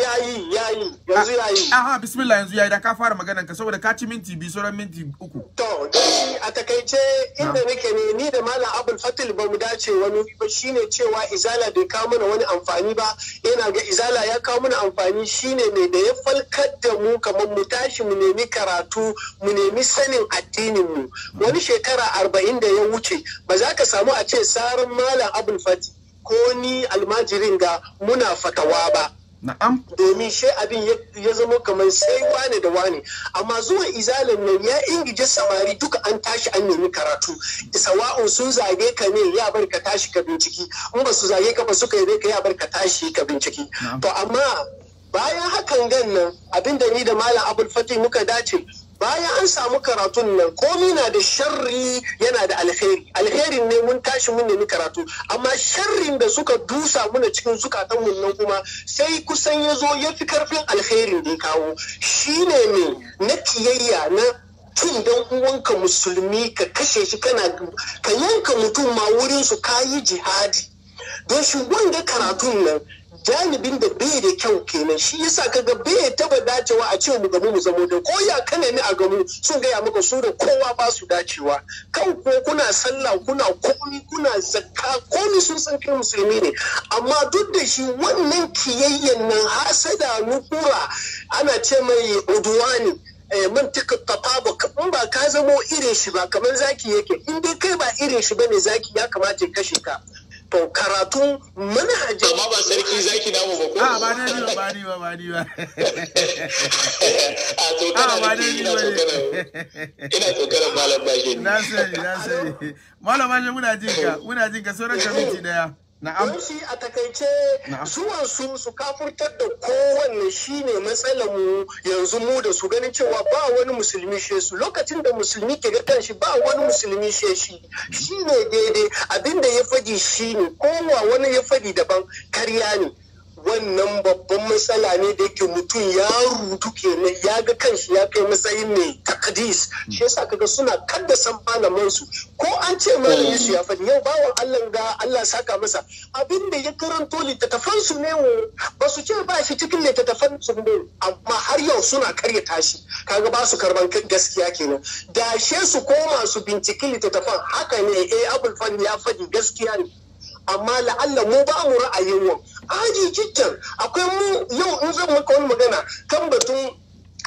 yayi yayi yanzu ah, yayi aha bismillah yanzu yayi da ka fara maganan ka saboda ka ci minti biyu sauran minti uku to dai a takaice inda nake ne ni da malam abul fatil ba mu dace wani ba shine cewa izala bai kawo mana wani amfani ba yana ga izala ya kawo mana amfani shine ne da ya falkar da mu kamar mu tashi mu nemi karatu mu nemi sanin addinin mu wani shekara arba'in da ya wuce ba za ka samu a ce sarin malam abul fatil ko ni almajirin ga muna fatawa ba Na'am. Domin shi abin ya zama kamar sai wane da wane. Amma zuwan izalin nan ya ingije samari duka an tashi an nemi karatu. Sawa'un sun zage ka ne ya bar ka tashi ka binciki. In ba su zage ka ba suka yi ka ya bar ka tashi ka binciki. To amma bayan hakan gan nan abin da ni da Malam Abul Fatih muka dace bayan an samu karatun nan komi na da sharri yana da alheri alherin ne mun tashi mun nemi karatu amma sharrin da suka dusa muna cikin zukatan mun nan kuma sai kusan ya zo ya fi karfin alherin da ya kawo shine ne na kiyayya na cin dan uwanka musulmi ka kashe shi kana ka yanka mutum ma wurin su kayi jihadi don shi wanda karatun nan janibin da bai da kyau kenan shi yasa kaga bai taba dacewa a ce mu gamu mu zamo da ko ya kana ni a gamu sun gaya maka su da kowa ba su dacewa kan ko kuna sallah kuna komi kuna zakka komi sun san kai musulmi ne amma duk da shi wannan kiyayyen nan hasada nukura ana ce mai uduwani eh, mun tuka kafa ba in ba ka zamo irin shi ba kamar zaki yake inda kai ba irin shi ba ne zaki ya kamata ya kashe ka to karatun manhajin amma ba sarki zaki namu ba ko ah, a ba ne ba ba ne ba ba ne ba a to kana ba ne ba ne ina to kana malam bashi na sani na sani malam bashi muna jinka muna jinka sauran kamiti daya Don shi a takaice zuwan su su kafurtar da kowanne shi ne matsalar mu yanzu mu da su ganin cewa ba wani musulmi shi su lokacin da musulmi ke ga kanshi ba wani musulmi shi shi shi ne daidai abinda ya fadi shi ne kowa wani ya fadi daban karya ne wannan babban matsala ne da yake mutum ya rudu kenan ya ga kanshi ya kai matsayin mai takadis shi yasa kaga suna san malaman su ko an ce malamin su ya faɗi yau bawan Allah ga Allah saka masa abin da ya karanto littattafan su ne ba su ce ba shi cikin littattafan su ne amma har yau suna karya tashi kaga ba su karban gaskiya kenan da she su koma su binciki littattafan haka ne eh abul fan ya faɗi gaskiya ne amma la'alla mu ba mu ra'ayin wa aji kiccan akwai mu yau in zan maka wani magana kan batun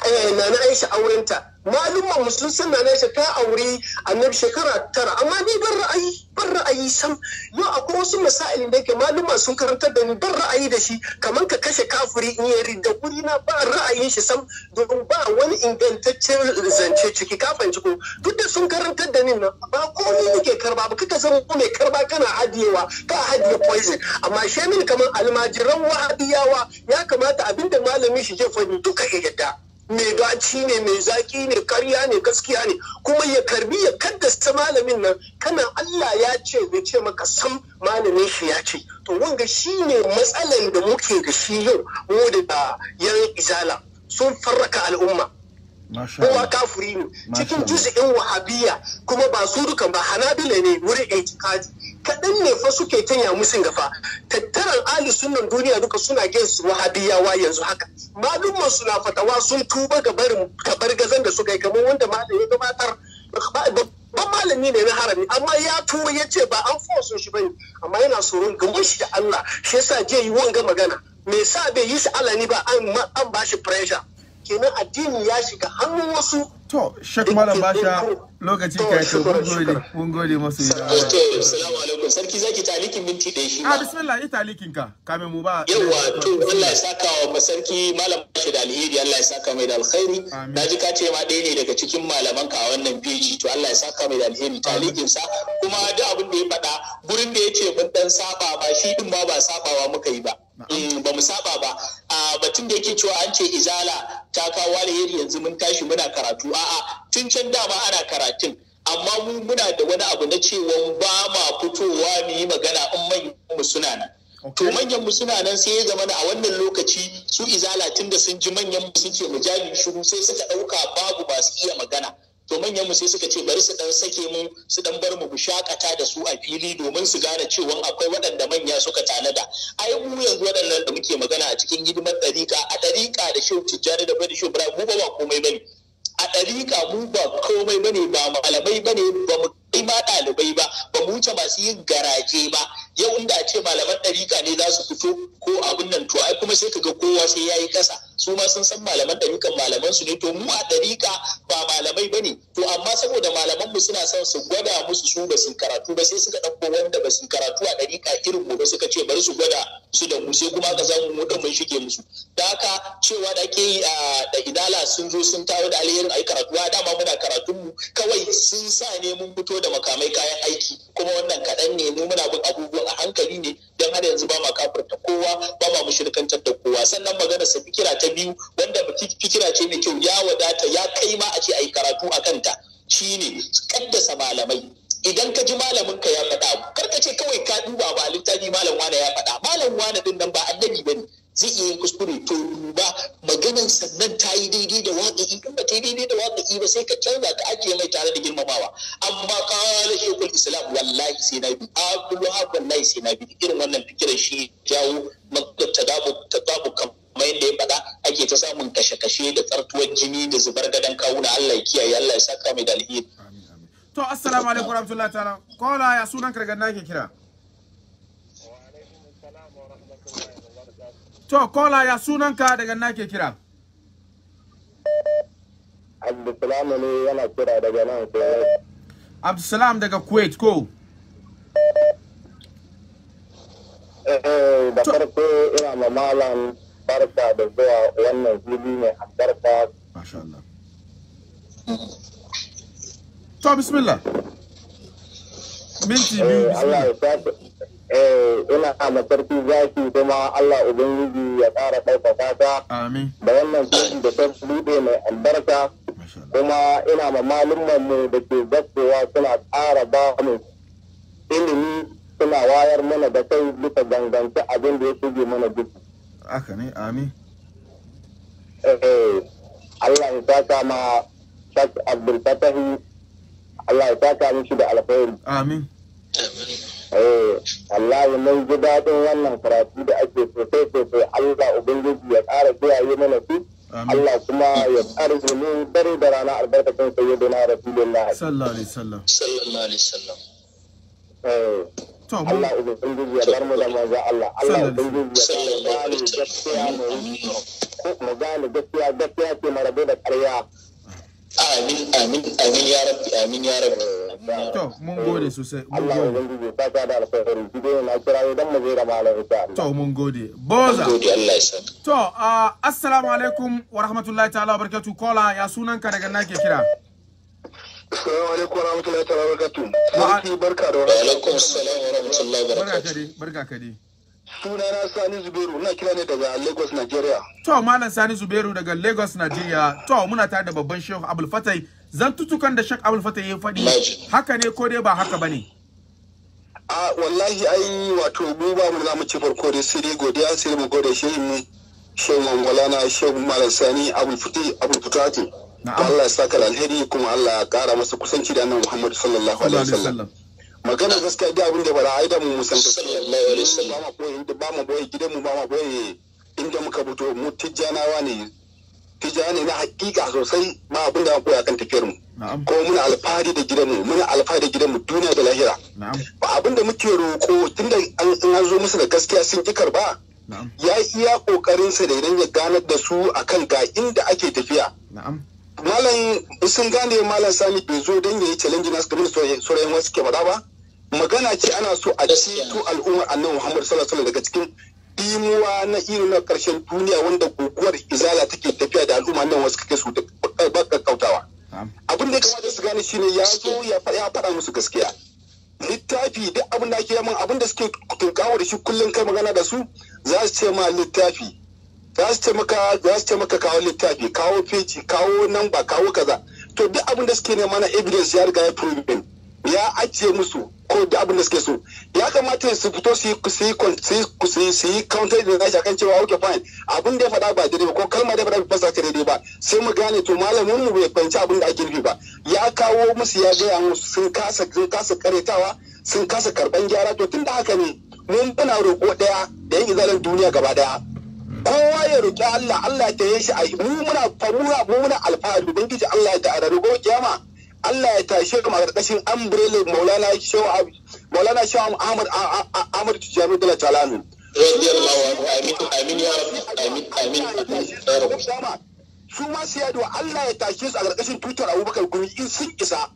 eh, na na aisha aurenta malumma sun sunna na shi ta aure annabi shekara tara amma ni ban ra'ayi ban ra'ayi sam yau akwai wasu masailin da yake malumma sun karantar da ni ban ra'ayi da shi kamar ka kashe kafiri in yari da guri na ba ra'ayin shi sam don ba wani ingantaccen zance ciki kafin ko duk da sun karantar da ni na ba komai nake karba ba kaka zama mai karba kana hadiyewa ka hadiye poison amma shemin kamar almajiran wa'adiyawa ya kamata abinda malamin shi je fadi duka ya yadda mai daci ne mai zaki ne karya ne gaskiya ne kuma ya karbi ya kaddasta malamin nan kana Allah ya ce bai ce maka sam malamin shi ya ce to wanga ne matsalar da muke da shi yau mu da yan izala sun farraka al'umma kowa kafuri ne cikin in wahabiya kuma ba su duka ba hanabila ne wurin itikadi kaɗan ne fa suke tanya musun gafa tattaran ali sunan duniya duka suna gin su wahabiyawa yanzu haka malumman suna fatawa sun tuba ga barin kabar gazan da suka yi kamar wanda malam ya gabatar babban malami ne na harami amma ya tura ya ce ba an fosun shi bane amma yana tsoron gaban shi da Allah shi yasa je yi wanga magana me sa bai yi sa'ala alani ba an ba shi pressure kenan addini ya shiga hannun wasu to shek malam basha lokaci kai to mun gode mun gode masu yi to assalamu alaikum sarki zaki talikin minti ɗaya shi ma ah, bismillah yi talikin ka kame mu ba yawa to Allah ya saka wa sarki malam bashi da alheri Allah ya saka mai da alkhairi naji ka ce ma ɗaya ne daga cikin malaman ka a wannan peji to Allah ya saka mai da alheri talikin sa kuma duk abin da ya faɗa gurin da ya ce mun dan saba ba shi din ba ba sabawa muka yi ba Mm, ba mu saba ba a batun da yake cewa an ce izala ta kawo alheri yanzu mun tashi muna karatu a'a tun can dama ana karatun amma mu muna da wani abu na cewa ba ma fitowa mu yi magana in manyan mu suna nan to manyan mu suna nan sai ya zama a wannan lokaci su izala tun da sun ji manyan mu sun ce mu jami shiru sai suka ɗauka babu masu iya magana to manyan mu sai suka ce bari su dan sake mu su dan bar mu mu shakata da su a fili domin su gane cewa akwai waɗanda manya suka tanada ai mu yanzu waɗannan da muke magana a cikin hidimar dariƙa a dariƙa da shehu tijjani da bari shehu mu ba komai bane a ɗariƙa mu ba komai ba ne ba malamai ba ne ba mu kai ma ɗalibai ba ba mu wuce masu yin garaje ba yau inda a ce malaman ɗariƙa ne za su fito ko abin nan to ai kuma sai ka ga kowa sai ya yi ƙasa su ma sun san malaman ɗariƙan malaman su ne to mu a ɗariƙa ba malamai ba ne to amma saboda malaman mu suna son su gwada musu su ba su karatu ba sai suka ɗauko wanda ba su karatu a ɗariƙa irin mu ba suka ce bari su gwada su da mu sai kuma ka zamu mu ɗan mun shige musu da haka cewa da ake yi da idala sun zo sun tawo da alherin a yi karatu ya dama muna karatun mu kawai sun sa ne mun fito da makamai kayan aiki kuma wannan kaɗan ne mu muna bin abubuwan a hankali ne don har yanzu ba ma kafirta kowa ba ma shirkantar da kowa sannan magana sa fikira ta biyu wanda fikira ce mai kyau ya wadata ya kai ma a ce a yi karatu a kanta shine kaddasa malamai idan ka ji malamin ka ya faɗa kar ka ce kawai ka duba ba littafi malam wane ya faɗa malam wane din nan ba annabi bane zai iya yin kuskure to duba maganan sannan ta yi daidai da waƙi in ba ta yi daidai da waƙi ba sai ka canza ka ajiye mai tare da girmamawa amma kawai shekul islam wallahi sai na bi abdullahi wallahi sai na bi irin wannan fikirar shi jawo ta tadabu kamar yadda ya faɗa ake ta samun kashe-kashe da tsartuwar jini da zubar gadon kawuna Allah ya kiyaye Allah ya saka mai da alheri to assalamu alaikum warahmatullahi ta'ala kola ya sunan kargan ke kira to kola ya sunan ka daga na ke kira Abdulsalam ne yana kira daga nan Kuwait Abdulsalam daga Kuwait ko Eh da farko ina ma malam barka da zuwa wannan fili mai albarka Masha Allah To bismillah Minti biyu eh, bismillah Eh, ina ma sarki zaki kuma Allah ubangiji ya ƙara ɗaukaka ta da wannan soji da ta buɗe mai albarka kuma ina ma malumman mu da ke zaɓewa suna ƙara ba mu ilimi suna wayar mana da kai duka dangance abin da ya shige mana duk. Aka ne, amin. Eh, Allah ya saka ma Abdul Fatahi, Allah ya saka mishi da alkhairi. Amin. Eh, Allah mun ji wannan karatu da ake sosai sosai Allah Ubangiji ya ƙara biyaye mana su. Allah kuma ya ƙara zumin dare da rana albarkacin sayyidina Rasulullah. Sallallahu alaihi wasallam. Sallallahu alaihi wasallam. Eh, Allah Ubangiji ya bar mu da manzo Allah. Allah Ubangiji ya bar mu da gaskiya mu gane gaskiya gaskiya ce marabe da ƙarya. Amin, amin, amin ya rabbi, amin ya rabbi. To, mun gode sosai. Allah ya da alfahari, kira mun gode. Boza. gode, alaikum wa rahmatullahi ta'ala wa barakatuh. Kola, ya daga kira. Assalamu alaikum wa rahmatullahi ta'ala wa barakatuh. barka da Wa alaikum assalam sunana Sani Zubairu na kira ne daga Lagos Nigeria to malam Sani Zubairu daga Lagos Nigeria to muna tare da babban shehu abul Fatai zan tutukan da shek abul Fatai ya faɗi haka ne ko dai ba haka bane a wallahi ai wato mu ba mu za mu ci farko da sai dai godiya sai mu gode shi mu shehu na shehu Malam Sani abul Fatai abul Fatai Allah ya saka alheri kuma Allah ya kara masa kusanci da Annabi Muhammad sallallahu alaihi wasallam magana gaskiya da abin da bala ai da mu musanta sallallahu alaihi wasallam ba ma boye ba boye gidan mu ba boye inda muka fito mu tijjanawa ne ne na hakika sosai ba abin da koya kan tafiyar mu ko muna alfahari da mu muna alfahari da mu duniya da lahira ba abin da muke roko tunda an zo musu da gaskiya sun ki karba ya iya kokarin sa da idan ya ganar da su akan ga inda ake tafiya malam sun gane malam sami bezo zo don ya yi challenge su kamar sauran wasu ke faɗa ba magana ce ana so a to al'ummar annabi Muhammad sallallahu alaihi daga cikin imuwa na irin na karshen duniya wanda guguwar izala take tafiya da al'umma nan wasu kake su da kautawa abin da ya da su gane shine ya zo ya faɗa musu gaskiya littafi duk abin da ake yaman abin da suke tunkawa da shi kullum kai magana da su za su ce ma littafi za su ce maka za su ce maka kawo littafi kawo feci kawo namba kawo kaza to duk abin da suke nema na evidence ya riga ya proven ya ajiye musu ko da abin da suke so ya kamata su fito su yi su counter da nashi akan cewa okay fine abin da ya faɗa ba daidai ba ko kalma da ya faɗa ba za ta daidai ba sai mu gane to malamin mu bai fahimci abin da ake nufi ba ya kawo musu ya gaya musu sun kasa sun kasa karetawa sun kasa karban gyara to tun da haka ne mun muna roƙo ɗaya da yin izalin duniya gaba ɗaya kowa ya roƙi Allah Allah ya taye shi a mu muna faruwa mu muna alfahari ubangiji Allah ya ta'ala roƙo kiyama Allah ya tashe mu a ƙarƙashin umbrella Maulana Shehu Maulana Shehu Ahmad Ahmad Tijani Dala Talami radiyallahu amin amin ya amin amin su ma su yadda Allah ya tashe su a ƙarƙashin tutar Abubakar Gumi in sun isa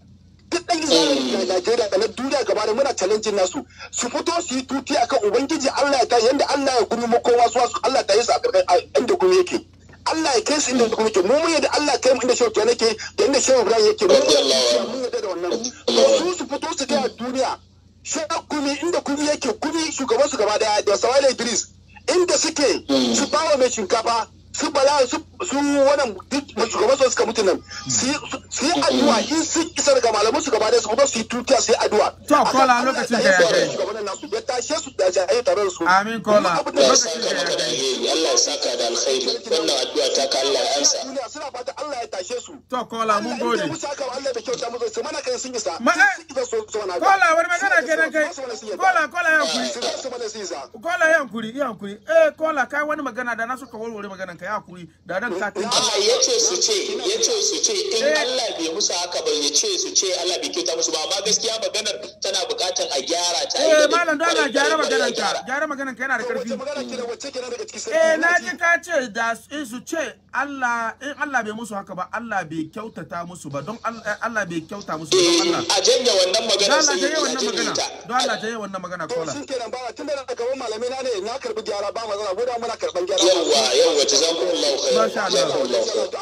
duk ɗan da hmm. Najeriya da na duniya gaba da muna challenging nasu su fito su yi tuti akan Ubangiji Allah ya tashe yadda Allah ya gumi makowa su Allah ya yi su a ƙarƙashin inda gumi yake Allah ya kai su inda kuma ke mu mun yadda Allah kai mu inda shehu kenan ke da inda shehu Ibrahim yake mun yadda da wannan to su su fito su ga duniya shehu kuni inda kuni yake kuni shugaban su gaba daya da Sawale Idris inda suke su bawa mai shinkafa su bala su su wannan duk shugaban su suka mutu nan su yi addu'a in sun isa daga malaman su gaba da su kuma su yi tutiya su yi addu'a to kola lokacin da ya kai shugaban su ya tashe su da jaye tare da su amin kola Allah ya saka da alkhairi wannan addu'a ta ka Allah ya ansa suna fata Allah ya tashe su to kola mun gode mu saka Allah da kyauta mu zai mana kai sun isa sun isa so so na kola wani magana kenan kai kola kola yankuri kola yankuri yankuri eh kola kai wani magana da na suka warware magana kai hakuri da ran ka tinka Allah ya ce su ce ya ce su ce in eh. Allah bai musu haka ba ya ce su ce Allah bai kyauta musu ba amma gaskiya maganar tana bukatan a gyara ta eh malam da ga gyara maganar ka gyara maganar ka yana da karfi eh na ji ka ce da su ce Allah in Allah bai musu haka ba Allah bai kyautata musu ba don Allah eh, bai kyauta musu ba Allah eh, a janye wannan magana sai ya wannan magana don Allah janye wannan magana kola shin kenan ba tun da na karbi malamai na ne na karbi gyara ba mazana gudan muna karban gyara yawa yawa ta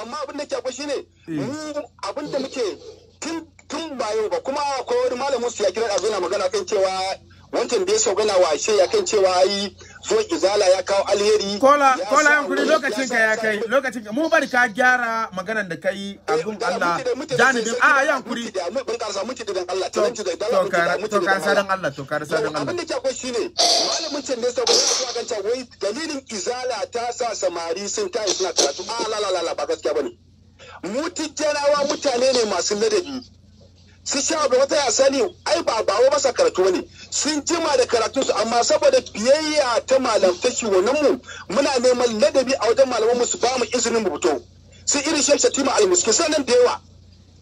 amma abin da ke akwai shine hmm. abin da muke tun bayan ba kuma akwai wani malamin su ya kira a zuna magana kan cewa wancan da ya shagala wa ashe ya kan cewa ai zo izala ya kawo alheri kola kola kuri lokacin ka ya kai lokacin mu bari ka gyara maganar da kai a gun eh, Allah janibin a yankuri mun karsa muti da Allah to to karsa dan Allah to karsa dan Allah abin da ke akwai shine malamin can da ya shagala ya kan cewa wai dalilin izala ta sa samari sun tayi suna karatu ah, a la la la ba gaskiya bane mu mutane ne masu ladabi su sha abu wata ya sani ai ba bawo masa karatu ne sun jima da karatun su amma saboda biyayya ta malam ta wannan mu muna neman ladabi a wajen malaman mu su ba mu izinin mu fito su irin shek shatima almiskin sannan da yawa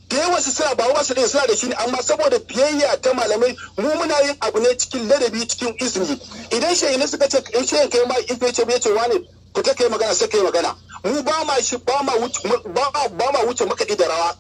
da yawa su sa ba masa ɗaya suna da shi ne amma saboda biyayya ta malamai mu muna yin abu ne cikin ladabi cikin izini idan ne suka ce in shehin kai ma in ce bai ce ku ta kai magana sai kai magana mu ba ma shi ba ma wuce makaɗi da rawa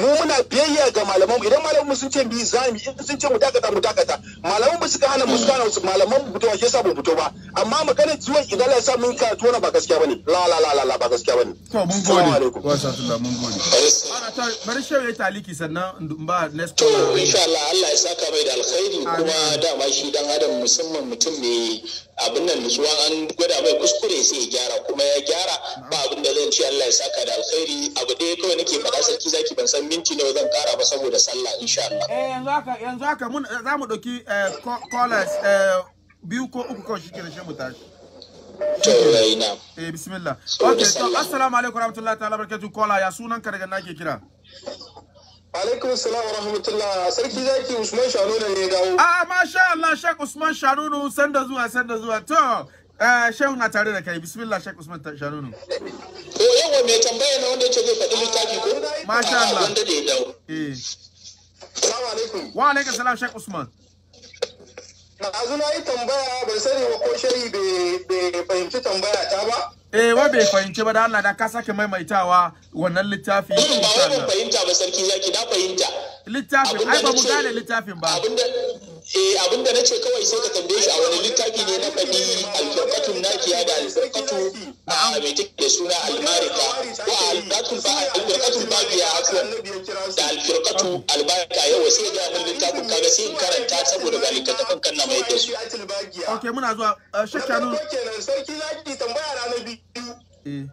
mu muna biyayya ga malaman idan malaman sun ce bi zami in sun ce mu dakata mu dakata malaman mu suka hana mu suka hana su malaman mu fito shi yasa mu fito ba amma magana ciwon idan la sa mun karatu wannan ba gaskiya bane la la la la ba gaskiya bane to mun gode wa sallallahu mun gode eh, ana ta bari shehu ya taliki sannan ba next to insha Allah Allah ya saka mai da alkhairi kuma dama shi dan adam musamman mutum ne abin nan nutsuwa an gwada mai kuskure sai ya gyara kuma ya gyara ba abin da zan ce Allah ya saka da alkhairi abu ɗaya kawai nake faɗa sarki zaki ban san minti nawa zan kara ba saboda sallah insha Allah eh yanzu haka yanzu haka mun eh, za mu ɗauki eh, callers eh, biyu ko uku kawai shikenan sai mu tashi to yayi na eh bismillah okay to assalamu alaikum warahmatullahi ta'ala barakatuh kola ya sunan ka daga nake kira Alaikum salam Sarki zaki Usman ne ah, masha Allah Usman sanda zuwa sanda zuwa to eh, na tare da kai shek usman tambaya na wanda ko masha wanda dawo eh. wa shek usman na yi tambaya ban sani ba ko shehi bai fahimci tambaya ta ba eh wai bai fahimci ba da Allah da ka sake maimaitawa wannan littafi ba wai fahimta ba sarki zaki da fahimta littafin ai ba mu gane littafin ba eh abinda na ce kawai sai ka tambaye shi a wani littafi ne na faɗi alfarkatun nakiya da alfarkatu na mai take da suna almarika ko alfarkatun ba alfarkatun ba ya aka da alfarkatu albarka yawa sai ga mun littafin kaga sai in karanta saboda ga littafin kan nan mai take su okay muna zuwa eh, shakkanu sarki zaki tambaya ranar biyu eh.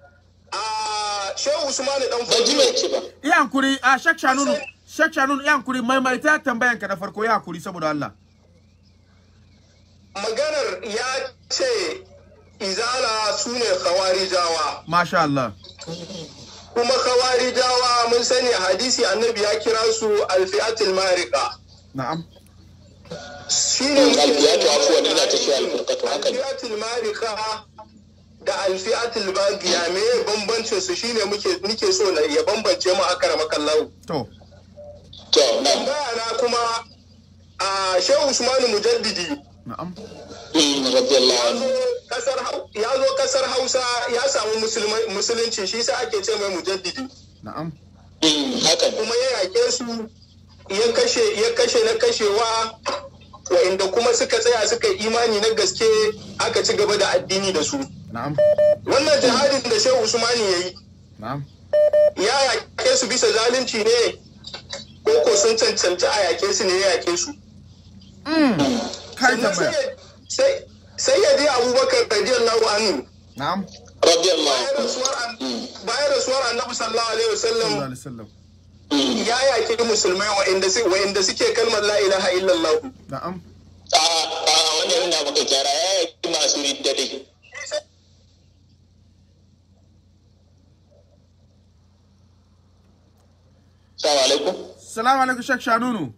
a ah, shehu usmanu dan fadi ba ji iya hankuri a ah, shakkanu Sheikh Shanun ya hankuri maimaita tambayan ka na farko ya kuri saboda Allah. Maganar ya ce izala su ne khawarijawa. Masha Allah. Kuma khawarijawa mun sani hadisi annabi ya kira su alfi'atul marika. Na'am. Shi ne alfi'atu afuwan ina ta ce alfirqatu haka. Alfi'atul marika da alfi'atul bagiya me bambancin su shine muke nike so na ya bambance mu akara makallahu. To. tambaya na kuma a shehu usmanu mujaddidi mm, ya zo kasar hausa ya samu musulunci shi sa ake ce mai mujaddidi mm, kuma ya yaƙe su ya kashe ya kashe na kashewa wa'inda kuma suka tsaya suka imani na gaske aka ci gaba da addini da su wannan jihadin da shehu Usmanu ya yi ya yaƙe su bisa zalunci ne koko sun cancanci a yake su ne ya yake su mm. sai ya ji abubakar radiyallahu anhu na'am mm. bayan rasuwar annabi sallallahu alaihi wasallam mm. ya yake musulmai wa'inda suke kalmar la ilaha illallah na'am a wannan yana maka kyara ya yake masu riddade Assalamu alaikum. Salamu alaikum Sheikh Shanunu.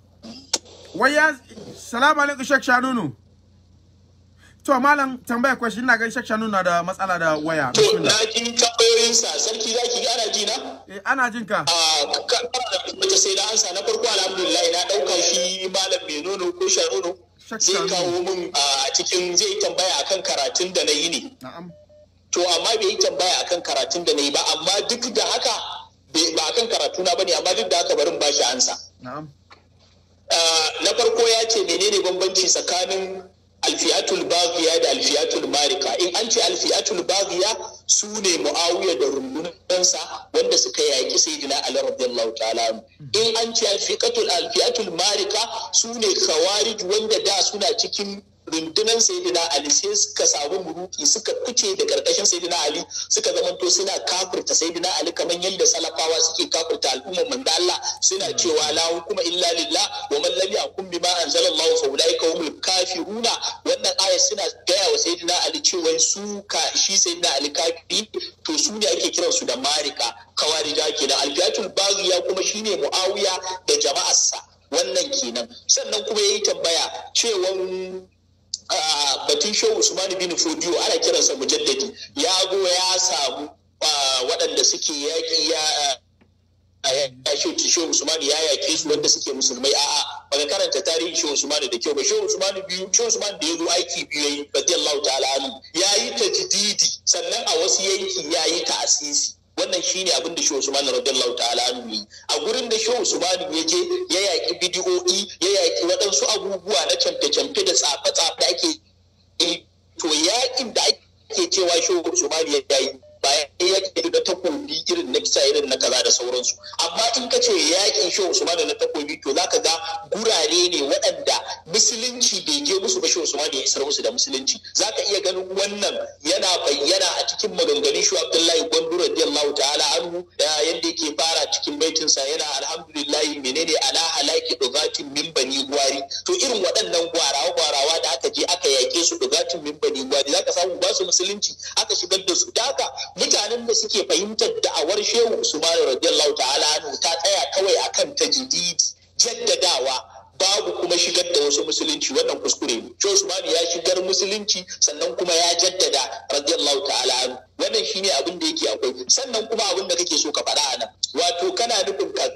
Wai ya Salamu alaikum Sheikh Shanunu. To malam tambaya kwashi ina ga Sheikh Shanunu na da matsala da waya. To na kin tambayoyin sa sarki zaki ga ana jina? Eh ana jin ka. Ah wata sai da ansa na farko alhamdulillah na dauka shi malam mai ko Shanunu. Zai kawo min ah, a cikin zai tambaya akan karatun da na yi ne. Na'am. To amma bai yi tambaya akan karatun da na yi ba amma duk da haka ba a kan karatu na bane amma duk da haka barin bashi ansa ah, na farko ya ce menene bambanci tsakanin alfiyatul baghiya da alfiyatul marika in an ce alfiyatul baghiya su ne muawiya da rundunansa wanda suka yaki, sayyidina ali radiyallahu ta'ala hmm. in an ce alfiyatul marika su ne khawarij wanda da suna cikin rundunan saidina ali sai suka samu muruki suka kuce da karkashin saidina ali suka zamanto suna kafirta saidina ali kamar yadda salafawa suke kafirta al'ummar manda Allah suna cewa la hukuma illa lillah wa man lam yahkum bima anzalallahu fa ulaika humul kafiruna wannan aya suna gaya wa saidina ali cewa su ka shi saidina ali kafiri to su ne ake kiransu da marika kawarija kenan alfiyatul baghiya kuma shine muawiya da jama'arsa wannan kenan sannan kuma yayi tambaya cewa batun shehu usman bin fodiyo ana kiransa mujaddadi ya go ya samu waɗanda suke yaƙi ya shi shehu usman ya yaƙe su wanda suke musulmai a'a baka karanta tarihin shehu usman da kyau ba shehu usman biyu usman da ya zo aiki biyu yayi radiyallahu ta'ala anhu ya yi tajdidi sannan a wasu yanki ya yi ta'asisi wannan shine abin da Shehu Usman radiyallahu ta'ala anhu yi a gurin da Shehu Usman ya je ya yaki bidiyoyi ya yaki waɗansu abubuwa na camfe da tsafe-tsafe da ake to yakin da ake cewa Shehu Usman ya yi bayan yaƙi na takobi irin na kisa irin na kaza da sauransu amma in ka ce yaƙin shehu usmani na takobi to zaka ga gurare ne waɗanda musulunci bai je musu ba shehu usmani ya isar musu da musulunci zaka iya ganin wannan yana bayyana a cikin maganganun shehu abdullahi gwandu radiyallahu ta'ala anhu da yadda yake fara cikin sa yana alhamdulillahi menene ala halaki dogatin min bani gwari to irin waɗannan gwarawa gwarawa da aka je aka yaƙe su dogatin min bani gwari zaka samu ba su musulunci aka shigar da su da haka mutanen da suke fahimtar da'awar shehu usman radiyallahu ta'ala anhu ta tsaya kawai a akan tajdid jaddadawa babu kuma shigar da wasu musulunci wannan kuskure ne shehu Usman ya shigar musulunci sannan kuma ya jaddada radiyallahu ta'ala anhu wannan shine abin da yake akwai sannan kuma abin da kake so ka faɗa anan wato kana nufin ka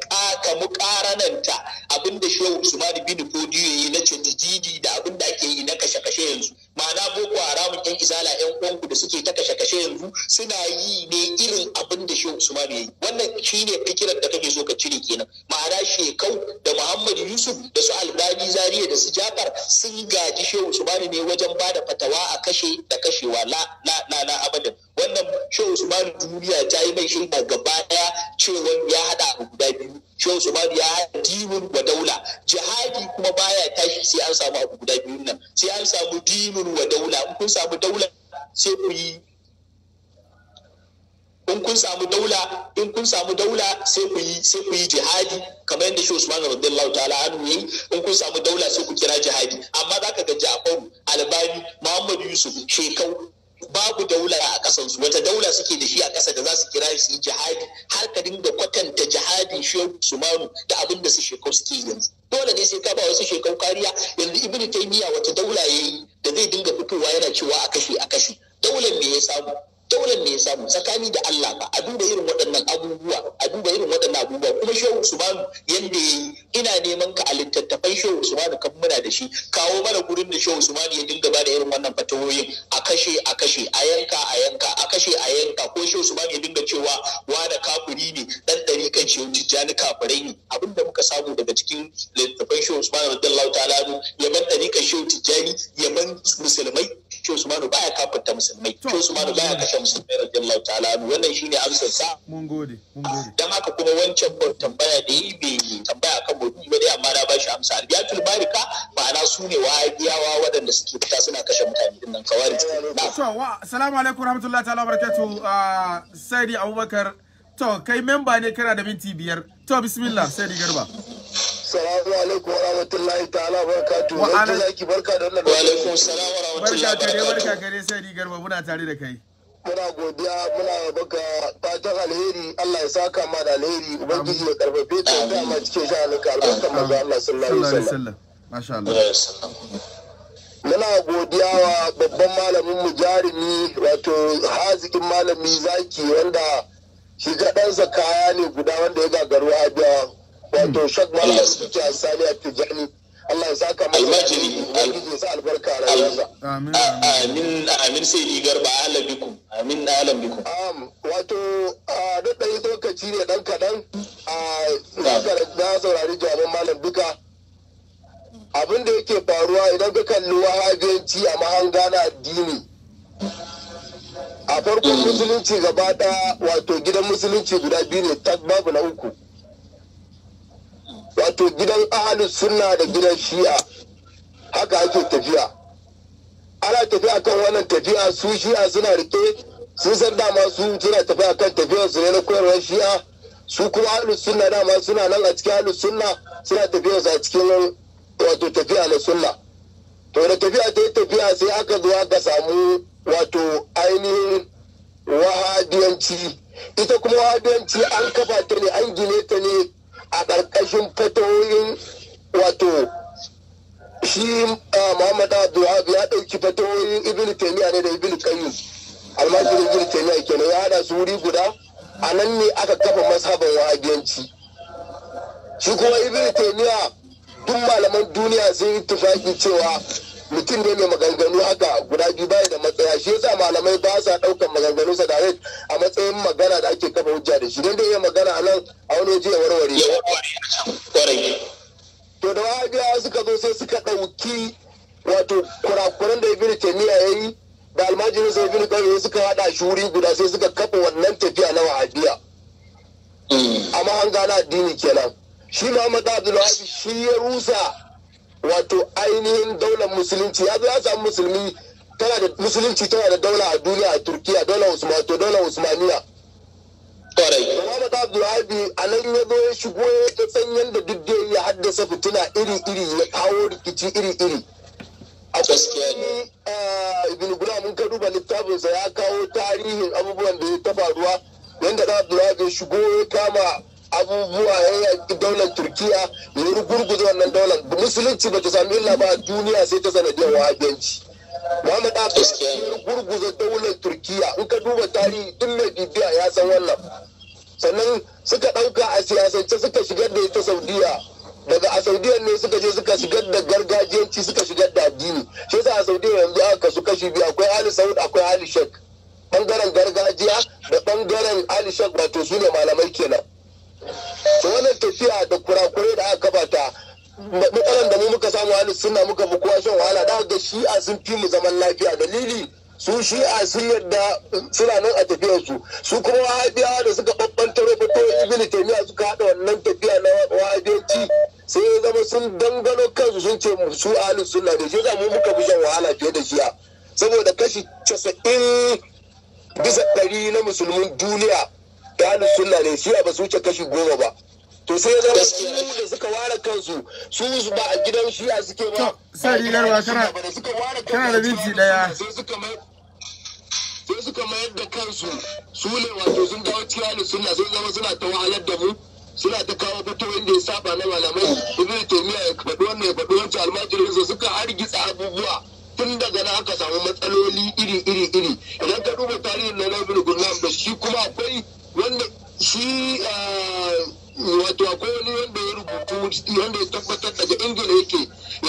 ka muƙarananta abin da shehu Usman bin fodiyo na tajdidi da abin da ake yi na kashe-kashe yanzu ma'ana boko haram yan izala yan uwanku da suke ta kashe kashe yanzu suna yi ne irin abin da shehu usman yayi wannan shine fikirar da kake so ka cire kenan ma'ana shekau da muhammad yusuf da su albani zariya da su jafar sun gaji shehu usman ne wajen ba da fatawa a kashe da kashewa la la la la abadan wannan shehu usman duniya ta yi mai shirya gaba daya cewa ya hada guda biyu shehu ba ya haɗa dinin wa daula jihadi kuma baya tashi sai an samu abu guda biyun nan sai an samu dinin wa daula in kun samu daula sai ku yi in kun samu daula in kun samu daula sai ku yi sai ku yi jihadi kamar yadda shi Usman radiyallahu ta'ala anhu yayi in kun samu daula sai ku kira jihadi amma zaka ga Ja'far Albani Muhammad Yusuf Shekau babu daula a ƙasansu wata daula suke da shi a ƙasa da za su kira su yi jihadi har ka dinga kwatanta jihadin shehu sumanu da abin da su shekau suke yanzu dole ne sai ka ba wasu shekau kariya yanzu ibnu taymiya wata daula yayi da zai dinga fitowa yana cewa a kashe a kashe daular me ya samu dole ne ya samu tsakani da Allah ba a duba irin waɗannan abubuwa a duba irin waɗannan abubuwa kuma shehu usmanu yanda yi ina neman ka a littattafai shehu usmanu kan muna da shi kawo mana gurin da shehu usmanu ya dinga ba da irin wannan fatawoyin a kashe a kashe a yanka a yanka a kashe a yanka ko shehu usmanu ya dinga cewa da kafuri ne dan ɗari kan shehu tijjani kafirai ne abin da muka samu daga cikin littattafan shehu usmanu radiyallahu ta'ala ya ban ɗari kan shehu tijjani ya musulmai shi Usmanu baya kafinta musulmai shi Usmanu baya kashe musulmai radiyallahu ta'ala wannan shine amsar sa mun gode mun gode dan haka kuma wancan tambaya da yi bai tambaya akan bodi ba dai amma na ba shi amsa albiyatul barika ma'ana su ne wahabiyawa waɗanda suke fita suna kashe mutane din nan kawari to wa assalamu alaikum rahmatullahi ta'ala barakatuh ah, saidi abubakar to kai memba ne kana da minti biyar to bismillah saidi garba Salamu alaikum wa rahmatullahi ta'ala barakatuhu. Wa alaikum zaki barka da wannan wa alaikum salam wa rahmatullahi. Barka kare barka kare sai ni garba muna tare da kai. Muna godiya muna baka fatan alheri Allah ya saka ma da alheri ubangiji ya karfafe ta da ma cikin sha'anin ka albarkan manzo Allah sallallahu alaihi wasallam. Masha Allah. muna godiya wa babban malamin mu jarumi wato hazikin malami zaki wanda shi ɗansa kaya ne guda wanda ya gagaru abiya wato hmm. shak malam suke asali a tijani Allah ya saka mai almajiri ubangiji sa albarka a rayuwarsa amin amin sai ni garba ahlan bikum amin ahlan bikum wato da dai lokaci ne dan kadan na saurari jawaban malam duka abin da yake faruwa idan ka kalli wahabiyanci a mahanga na addini a farkon hmm. musulunci gaba wato gidan musulunci guda biyu ne tak babu na uku wato gidan ahalus sunna da gidan shi'a haka ake tafiya ana tafiya kan wannan tafiya su shi'a suna rike sun san dama su suna tafiya kan tafiyar su ne na koyarwar shi'a su kuma ahalus sunna dama suna nan a cikin ahalus sunna suna tafiya su a cikin wato tafiya na sunna to da tafiya ta yi tafiya sai aka zo aka samu wato ainihin wahadiyanci ita kuma wahadiyanci an kafa ta ne an gine ta ne a ƙarƙashin fatoyin wato shi muhammad abdullahab ya ɗauki fatoyin ibn taimiyya ne da ibn qayyim almajirin ibn taimiyya kenan ya hada su wuri guda a nan ne aka kafa mazhaban wahabiyanci shi kuma ibn taimiyya duk malaman duniya sun yi tufaki cewa mutum ne mai maganganu haka guda biyu baya da matsaya shi yasa malamai ba sa ɗaukan maganganu sa direct a matsayin magana da ake kafa hujja da shi don da iya magana a nan a wani waje ya warware to da wahabiyawa suka zo sai suka ɗauki wato kurakuran da miya taymiya yayi da almajirin sai ibnu qayyim suka hada shi wuri guda sai suka kafa wannan tafiya na wahabiya amma an gana addini kenan shi Muhammad abdullahi shi ya rusa wato ainihin daular musulunci ya zo ya samu musulmi tana da musulunci tana da daula a duniya a turkiya daular usman to daular usmaniya Muhammad Abdullahi a nan ya zo ya shigo ya san duk da ya haddasa fitina iri-iri ya kawo rikici iri-iri. Akwai eh, Ibn Gula mun ka duba littafinsa ya kawo tarihin abubuwan da ya ta faruwa yadda Abdullahi ya shigo ya kama abubuwa ya yaƙi daular turkiya ya rugurguza wannan daular musulunci ba ta sami illa ba duniya sai ta sanadiyar wahabiyanci Muhammad Abbas ya rugurguza daular turkiya in ka duba tarihi tun mai bibiya ya san wannan sannan suka ɗauka a siyasance suka shigar da ita saudiya daga a saudiya ne suka je suka shigar da gargajiyanci suka shigar da addini shi yasa a saudiya yanzu aka su kashi biyu akwai ali saud akwai ali shek bangaren gargajiya da bangaren ali shek wato su ne malamai kenan wannan tafiya da kurakurai da aka bata matsalan da mu muka samu wani suna muka fi kowa shan wahala da ga shi'a sun fi mu zaman lafiya dalili su shi'a sun yadda suna nan a tafiyarsu su kuma wahabiyawa da suka babbanta rubuto ibn taymiya suka haɗa wannan tafiya na wahabiyanci sai ya zama sun dangano kansu sun ce su halin suna da shi mu muka fi shan wahala fiye da shi'a saboda kashi casa'in bisa ɗari na musulmin duniya da sunna ne shi ba su wuce kashi goma ba to sai ya zama su da suka ware kansu su ba a gidan shi a suke ba sai rigar ba kana kana da binci daya sai suka mai mayar da kansu su ne wato sun dawo cikin ahlus sunna sai zama suna ta wahalar da mu suna ta kawo fito inda ya saba na malamai ibnu taymiya ya faɗi wannan ya faɗi wancan almajirin su suka hargitsa abubuwa tun daga na aka samu matsaloli iri iri iri idan ka duba tarihin na ibnu gunnam da shi kuma akwai wanda shi ah, wato akwai wani wanda ya rubutu wanda ya tabbatar daga ingila yake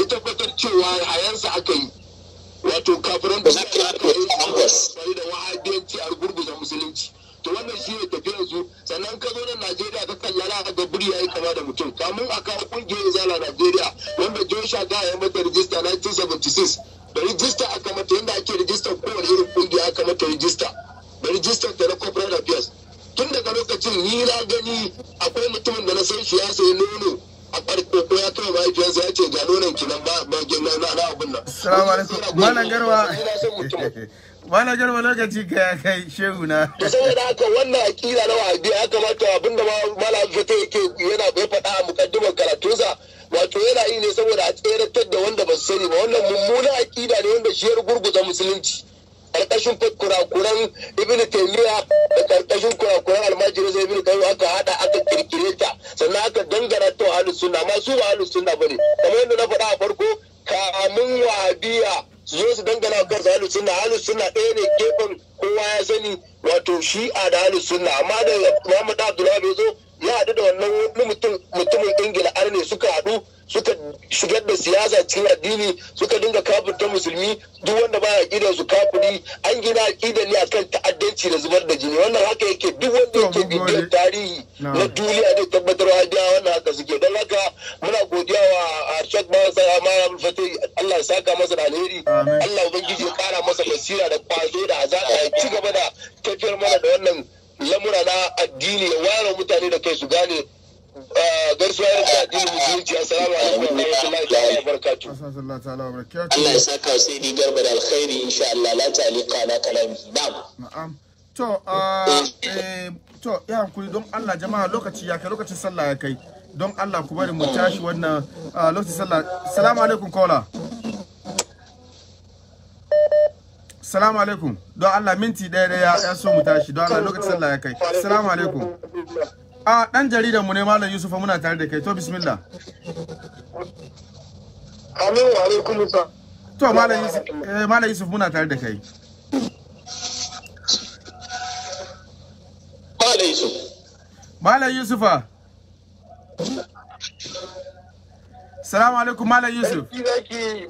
ya tabbatar cewa hayansa aka yi wato kafiran da suka yi da wahabiyanci a gurguza musulunci to wannan shi ne tafi yanzu sannan ka zo na najeriya ka kallara da buri ya yi kama da mutum kamun a kawo kungiyar izala najeriya wanda joshua ga ya mata rijista 1976 da rijista a kamata yadda ake rijista kowane irin kungiya a kamata rijista da rijista ta na corporate affairs tun daga lokacin ni na gani akwai mutumin da na san shi ya sayi nono a farko ko ya kai ba ya ce ga nonon ki nan ba ba gina na na abin nan assalamu alaikum malam garwa (laughs) malam garwa lokaci ka ya kai shehu na to saboda haka wannan akida na wahabi ya kamata abinda malam fata yake yana bai faɗa a mukaddimar karatunsa wato yana yi ne saboda a tseratar da wanda ba su sani ba wannan mummunan akida ne wanda shi ya gurguza musulunci karkashin kurakuran ibn taymiya da karkashin kurakuran almajiri zai ibn kayo aka hada aka kirkire ta sannan aka dangana ta ahlus sunna ma su wa ahlus sunna bane kamar yadda na faɗa a farko kamun wahabiya su zo su dangana kansu ahlus sunna ahlus sunna ɗaya ne gefen kowa ya sani wato shi'a da ahlus sunna amma da muhammadu Abdullahi bai zo ya haɗu da wannan mutumin ingila ne suka haɗu suka shigar da siyasa cikin addini suka dinga kafirta musulmi duk wanda ba ya ƙidan su kafiri an gina ƙidan ne akan ta'addanci da zubar da jini wannan haka yake duk wanda yake bibiyar tarihi na duniya zai tabbatar wa hadiya wannan haka suke don haka muna godiya wa Sheikh ma Amara Fatai Allah ya saka masa da alheri Allah ubangiji ya kara masa basira da kwazo da azaba ya ci gaba da tafiyar mana da wannan lamura na addini ya ware mutane da kai su gane ah, gaisuwa addini musulunci alaikum wa wa Allah ya saka sai ni garba da alkhairi insha Allah na kalami na'am to ah, eh, to ya hankuri jama'a lokaci ya kai lokacin don Allah ku bari mu tashi wannan ah, lokacin sallah kola salamu alaikum don Allah minti ɗaya ɗaya ya so mu tashi don Allah lokacin sallah ya kai salamu alaikum a ɗan jaridan mu ne malam Yusufa muna tare da kai to bismillah amin wa alaikum to malam Yusuf eh malam Yusuf muna tare da kai malam Yusuf malam Yusufa Salamu alaikum Malam Yusuf.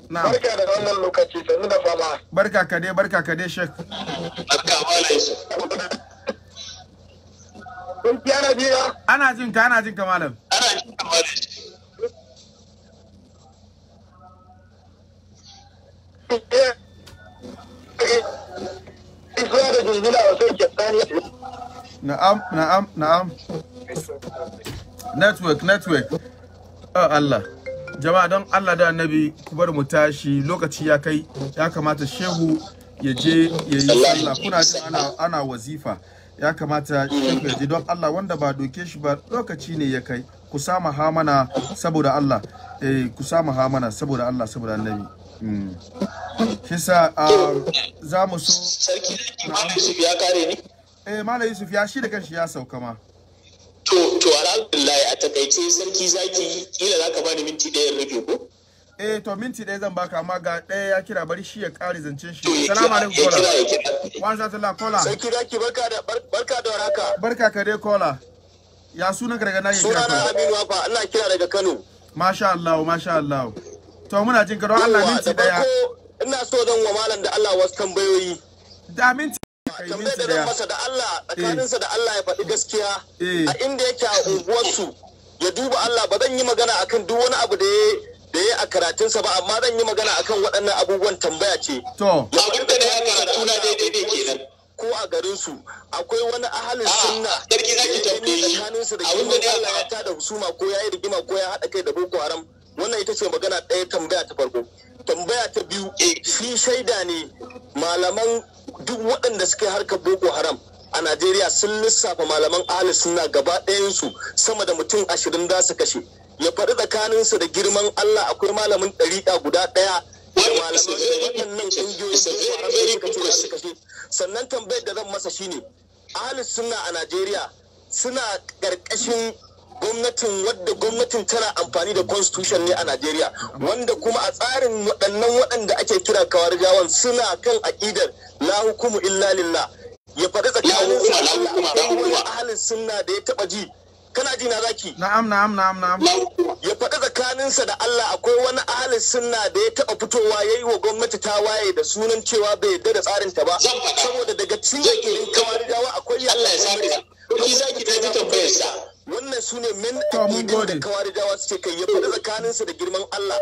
Barka da wannan lokaci sannu da fama. Barka ka dai barka ka dai Sheikh. Barka Malam Yusuf. Kun ki ana jiya. Ana jin ka ana jin ka Malam. Ana jin ka Malam. Na'am, na'am, na'am. Network, network. Oh Allah. jama'a don Allah da annabi ku bar mu tashi lokaci ya kai ya kamata shehu ya je ya yi sallah kuna jin ana, ana wazifa ya kamata shehu ya je don Allah wanda ba doke shi ba lokaci ne ya kai ku sama hamana saboda Allah eh ku sama hamana saboda Allah saboda annabi mm. kisa uh, ah, za mu so sarki Yusuf ya kare ne eh Malam Yusuf ya shi da kanshi ya sauka ma To, to alhamdulillah a takaice sarki zaki kila za ka bani minti ɗaya rufe ko? Eh to minti ɗaya zan baka amma ga ɗaya ya kira bari shi ya ƙari zancen shi. Salamu alaikum kola. Wa zatullah kola. Sarki zaki barka da barka da waraka? Barka ka dai kola. Ya suna ka daga nayin kira. na Aminu Wafa Allah kira daga Kano. Masha Allah masha Allah. To muna jin ka don Allah minti ɗaya. Ina so zan wa malam da Allah wasu tambayoyi. Da minti tambayar da zan masa da Allah eh. tsakaninsa da Allah ya faɗi gaskiya eh. a inda yake a unguwarsu ya duba Allah ba zan yi magana akan duk wani abu da ya da ya a karatunsa ba amma zan yi magana akan waɗannan abubuwan tambaya ce. To. da ya karatu na daidai ne kenan. Ko a garin su akwai wani ahalin sunna. Sarki zaki tambaye shi. Abin da ya Allah ya tada husuma ko ya yi rigima ko ya haɗa kai da Boko Haram. Wannan ita ce magana ɗaya tambaya ta farko. Tambaya ta biyu eh. shi shaida ne malaman duk waɗanda suke harka harkar boko haram a najeriya sun lissafa malaman ahli suna gaba ɗayansu sama da mutum ashirin za su kashe ya faɗi tsakaninsu da girman allah akwai malamin ɗariƙa guda ɗaya da waɗannan sannan tambayar da zan masa shine ahli suna a najeriya suna ƙarƙashin gwamnatin wadda gwamnatin tana amfani da constitution ne a Najeriya wanda kuma a tsarin waɗannan waɗanda ake kira gawan suna kan aƙidar la hukumu illa lillah ya faɗi tsakanin sa ahalin sunna da ya taɓa ji kana ji na zaki na'am na'am na'am na'am ya faɗi tsakaninsa da Allah akwai wani ahalin sunna da ya taɓa fitowa ya yi wa gwamnati ta waye da sunan cewa bai yarda da tsarin ta ba saboda daga cikin gawa akwai Allah ya sami ki zaki ta ji tambayar sa wannan su ne min aƙidin da su suke kai ya faɗi tsakaninsu da girman Allah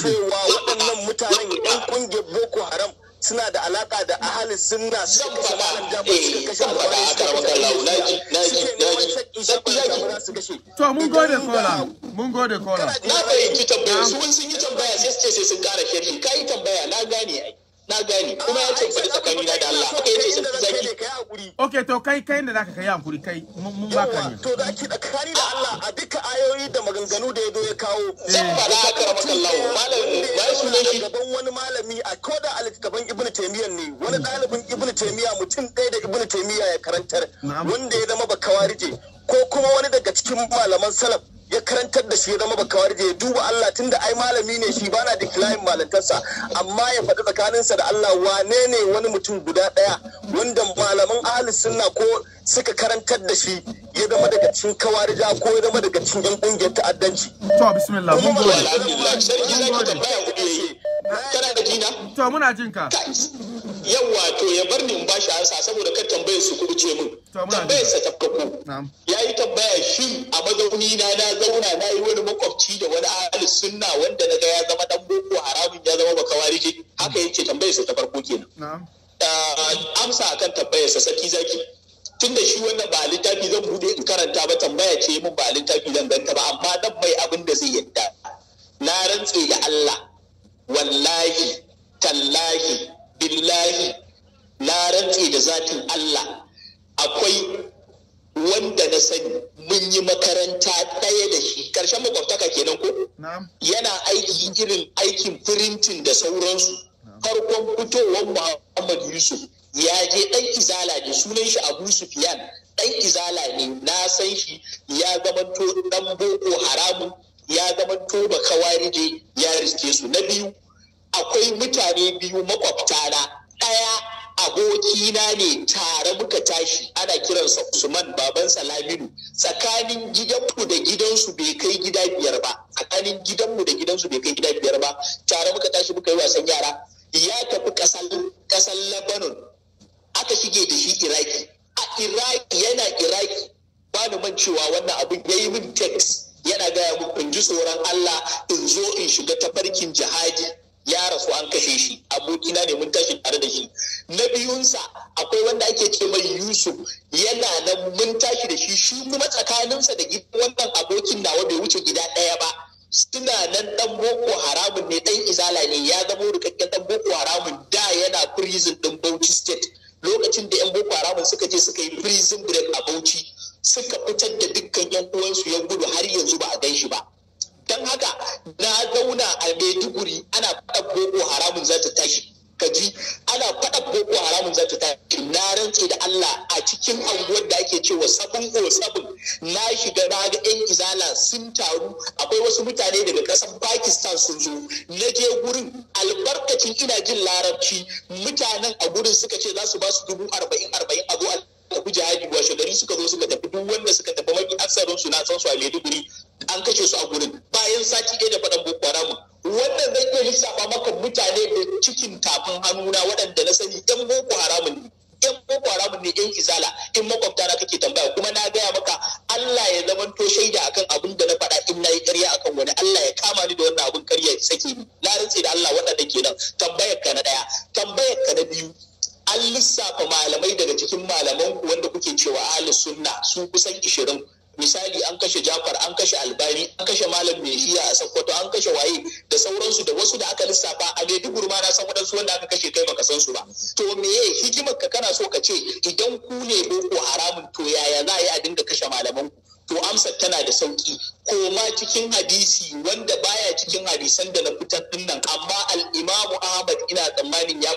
cewa waɗannan mutanen ɗan ƙungiyar Boko Haram suna da alaka da ahalin sunna su kashe malam jabir suka kashe albani suka kashe na ji na ji na ji to mun gode kola mun gode kola na fahimci tambaya su sun yi tambaya sai su ce sai sun kara sharhi kai tambaya na gane ai na gani kuma ya ce fadi tsakani na da Allah haka ya ce sarki zaki ok to kai kai da zaka kai hankuri kai mun ba ka ne to da ki kari da Allah a duka ayoyi da maganganu da ya zo ya kawo eh. zan fada a karamar Allah malami ba su ne shi gaban wani malami a koda gaban ibnu taymiya ne wani dalibin ibnu taymiya mutum ɗaya da ibnu taymiya ya karantar wanda ya zama bakawarije ko kuma wani daga cikin malaman salaf ya karantar da shi ya zama warje ya duba Allah tun da ai malami ne shi bana da kilayin malantarsa amma ya faɗi tsakaninsa da Allah wane ne wani mutum guda ɗaya wanda malaman ahalis sunna ko suka karantar da shi ya zama daga cikin kawarija ko ya zama daga cikin yan ƙungiyar ta'addanci to bismillah mun gode alhamdulillah sarki zaki tambaya mu da yi kana da jina to muna jin ka yawa to ya bar ni in bashi ansa saboda kar tambayar su ce min tambayar sa ta farko ya yi tambaya shi a mazauni na na zauna na yi wani makwabci da wani ahli sunna wanda na ya zama dan boko haramun ya zama bakawariki haka yake tambayar sa ta farko kenan ah, amsa akan tambayar sa saki zaki tun da shi wannan ba littafi zan bude in karanta ba tambaya ce mun ba littafi zan ganta ba amma dan bai abin da zai yadda na rantse da Allah wallahi tallahi billahi na rantse da zatin Allah akwai wanda na sani mun yi makaranta ɗaya da shi ƙarshen makwabtaka kenan ko yana aiki irin aikin firintin da sauransu farkon fitowar muhammad yusuf ya je ɗan izala ne sunan shi abu sufiyan ɗan izala ne na san shi ya to ɗan boko haramun ya to ba je ya riske su na biyu akwai mutane biyu na ɗaya abokina ne tare muka tashi ana kiransa usman babansa laminu tsakanin gidanku da gidansu bai kai gida biyar ba tsakanin gidanmu da gidansu bai kai gida biyar ba tare muka tashi muka yi wasan yara ya tafi kasan labanon aka shige da shi iraki a iraki yana iraki ba ni man cewa wannan abin ya yi min text yana gaya min in ji tsoron allah in zo in shiga tafarkin jihadi ya rasu an kashe shi abokina ne mun tashi tare da shi na biyunsa akwai wanda ake ce mai yusuf yana nan mun tashi da shi shi kuma tsakaninsa da gidan wannan abokin nawa bai wuce gida ɗaya ba suna nan ɗan boko haramun ne ɗan izala ne ya zama rikakken dan boko haramun da yana prison ɗin bauchi state lokacin da yan boko haramun suka je suka yi prison break a bauchi suka fitar da dukkan yan uwansu ya gudu har yanzu ba a gan shi ba don haka na zauna a maiduguri ana faɗa boko haramun za ta tashi kaji ana faɗa boko haramun za ta tashi na rantse da Allah a cikin anguwar da ake cewa sabon o sabon na shiga na ga yan izala sun taru akwai wasu mutane daga ƙasar Pakistan sun zo na je gurin albarkacin ina jin larabci mutanen a gurin suka ce za su ba su dubu arba'in arba'in abu tafi jihadi washe gari suka zo suka tafi duk wanda suka tafi mafi aksarin su na san su a Maiduguri an kashe su a gurin bayan sati ɗaya da faɗan Boko Haram wannan zan iya lissafa maka mutane da cikin tafin hannuna waɗanda na sani ɗan Boko Haram ne ɗan boko haramun ne ɗan izala in makwabta na kake tambaya kuma na gaya maka Allah ya zamanto to shaida akan abin da na faɗa in na yi ƙarya akan wani Allah ya kama ni da wannan abin ƙarya sake ni na rantse da Allah waɗanda kenan tambayar ka na ɗaya tambayar ka na biyu an lissafa malamai daga cikin malaman ku wanda kuke cewa ahli sunna su kusan 20 misali an kashe Jafar an kashe Albani an kashe malam shiya a Sokoto an kashe Waye da sauransu da wasu da aka lissafa a Maiduguri ma na san wadansu wanda aka kashe kai baka san su ba to meye hikimar ka kana so ka ce idan ku ne boko haramun to yaya za a yi a dinga kashe malaman ku to amsar tana da sauki koma cikin hadisi wanda baya cikin hadisan da na fitar dinnan. amma al Ahmad ina tsammanin ya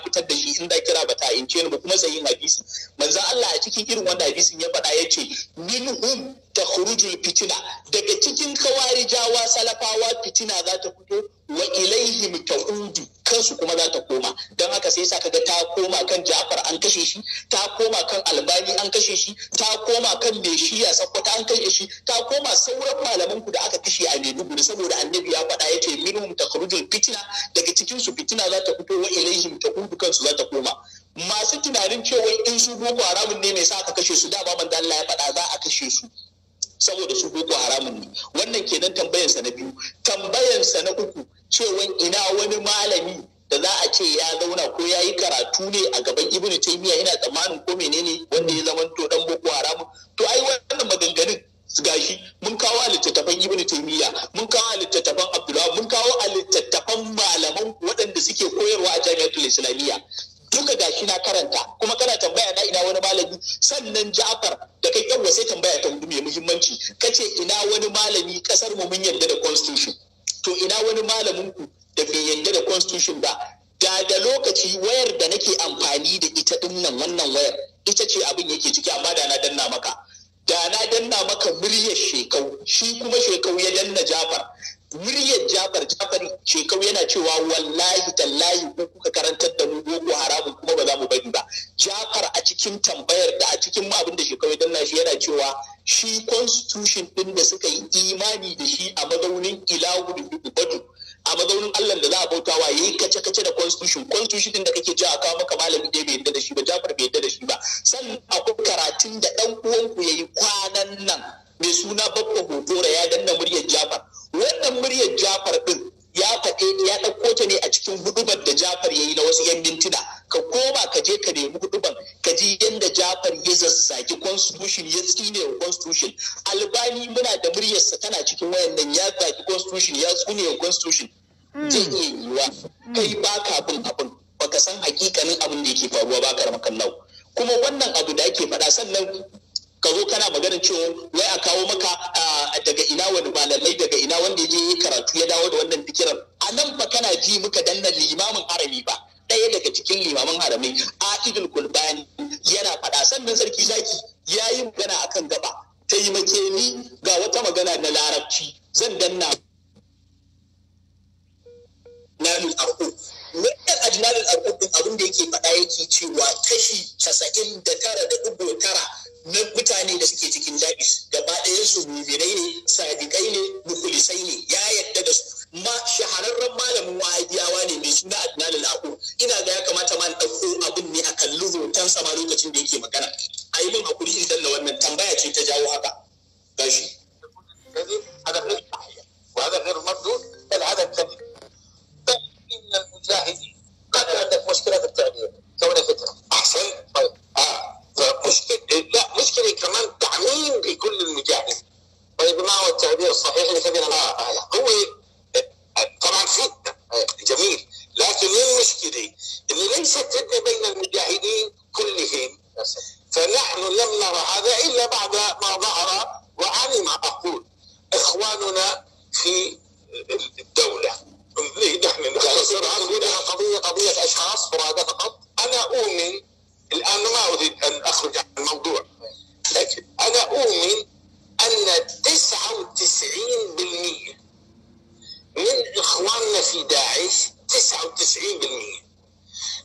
irin wanda hadisin ya faɗa ya ce minhum ta khurujul fitina daga cikin kawarijawa salafawa fitina za ta fito wa ilaihim ta'udu kansu kuma za ta koma don haka sai sa kaga ta koma kan Ja'far an kashe shi ta koma kan Albani an kashe shi ta koma kan Meshiya Sakkwata an kashe shi ta koma sauran malaman ku da aka kashe a Maiduguri saboda Annabi ya faɗa yace minhum takhrujul fitina daga cikin su fitina za ta fito wa ilaihim ta'udu kansu za ta koma masu tunanin cewa in su boko haramun ne mai sa aka kashe su da ba manzo Allah ya faɗa za a kashe su saboda su boko haramun ne wannan kenan tambayansa na biyu tambayansa na uku cewa ina wani malami da za a ce ya zauna ko ya yi karatu ne a gaban ibn taymiya ina tsammanin ko menene wanda ya zama to dan boko haramun to ai wannan maganganun gashi mun kawo a littattafan ibn taymiya mun kawo a littattafan abdullahi mun kawo a littattafan malaman waɗanda suke koyarwa a jami'atul islamiyya duka gashi na karanta kuma kana tambaya na ina wani malami sannan Ja'far da kai yawa sai tambaya ta hudu mai muhimmanci kace ina wani malami kasar mu mun yarda da constitution to ina wani malamin ku da bai yarda da constitution ba da da lokaci wayar da nake amfani da ita dinnan wannan wayar ita ce abin yake ciki amma da na danna maka da na danna maka muryar shekau shi kuma shekau ya danna jafar muryar Jafar Jafar shekau yana cewa wallahi tallahi ko kuka karantar da mu boko haramun kuma ba za mu bari ba Jafar a cikin tambayar da a cikin abin da shekau ya danna shi yana cewa shi constitution din da suka yi imani da shi a mazaunin ilahul ibadu a mazaunin Allah da za a bautawa yayi kace kace da constitution constitution din da kake ji a kawo maka malami dai bai yadda da shi ba Jafar bai yadda da shi ba sannan akwai karatun da ɗan uwanku yayi kwanan nan mai suna babba hotora ya danna muryar Jafar wannan muryar jafar ɗin ya faɗe ya ɗauko ta ne a cikin huɗubar da jafar ya yi na wasu 'yan mintuna ka koma ka je ka nemi huduban ka ji yadda jafar ya zazzaki constitution ya tsine wa constitution albani muna da muryarsa tana cikin wayannan ya zaki constitution ya tsune wa constitution hmm. zai iya yiwuwa kai ba ka bin abin baka san hakikanin abin da yake faruwa ba ka kuma wannan abu da ake faɗa sannan ka zo kana maganin cewa wai a kawo maka daga ina wani malamai daga ina wanda ya je karatu ya dawo da wannan dikiran a nan ba kana ji muka danna limamin harami ba ɗaya daga cikin limamin a idil kulbani yana faɗa sannan sarki zaki ya yi magana akan gaba yi ni ga wata magana na larabci zan danna najinalul arqub wannan ajinalul arko abin da yake faɗa yake cewa kashi casa'in da tara da ɗigo tara na mutane da suke cikin dabis gaba ɗaya su mubirai ne sadiƙai ne mukulisai ne ya yadda da su ma shahararren malamin wa'adiyawa ne mai suna Adnan al ina ga ya kamata ma ɗauko abin ne a kallon hoton sama lokacin da yake magana a yi min hakuri idan da wannan tambaya ce ta jawo haka gashi shi. المجاهدين في التعبير كونه طيب آه. فمشكلة إيه، لا مشكلة كمان تعميم لكل المجاهد طيب ما هو التعبير الصحيح اللي كبير ما آه، آه، هو آه، طبعا في جميل لكن المشكلة اللي ليست فتنه بين المجاهدين كلهم فنحن لم نرى هذا إلا بعد ما ظهر وعن ما أقول إخواننا في الدولة نحن نختصر هل قضية قضية أشخاص فرادة فقط أنا أؤمن الآن ما أريد أن أخرج عن الموضوع لكن أنا أؤمن أن 99% من إخواننا في داعش 99%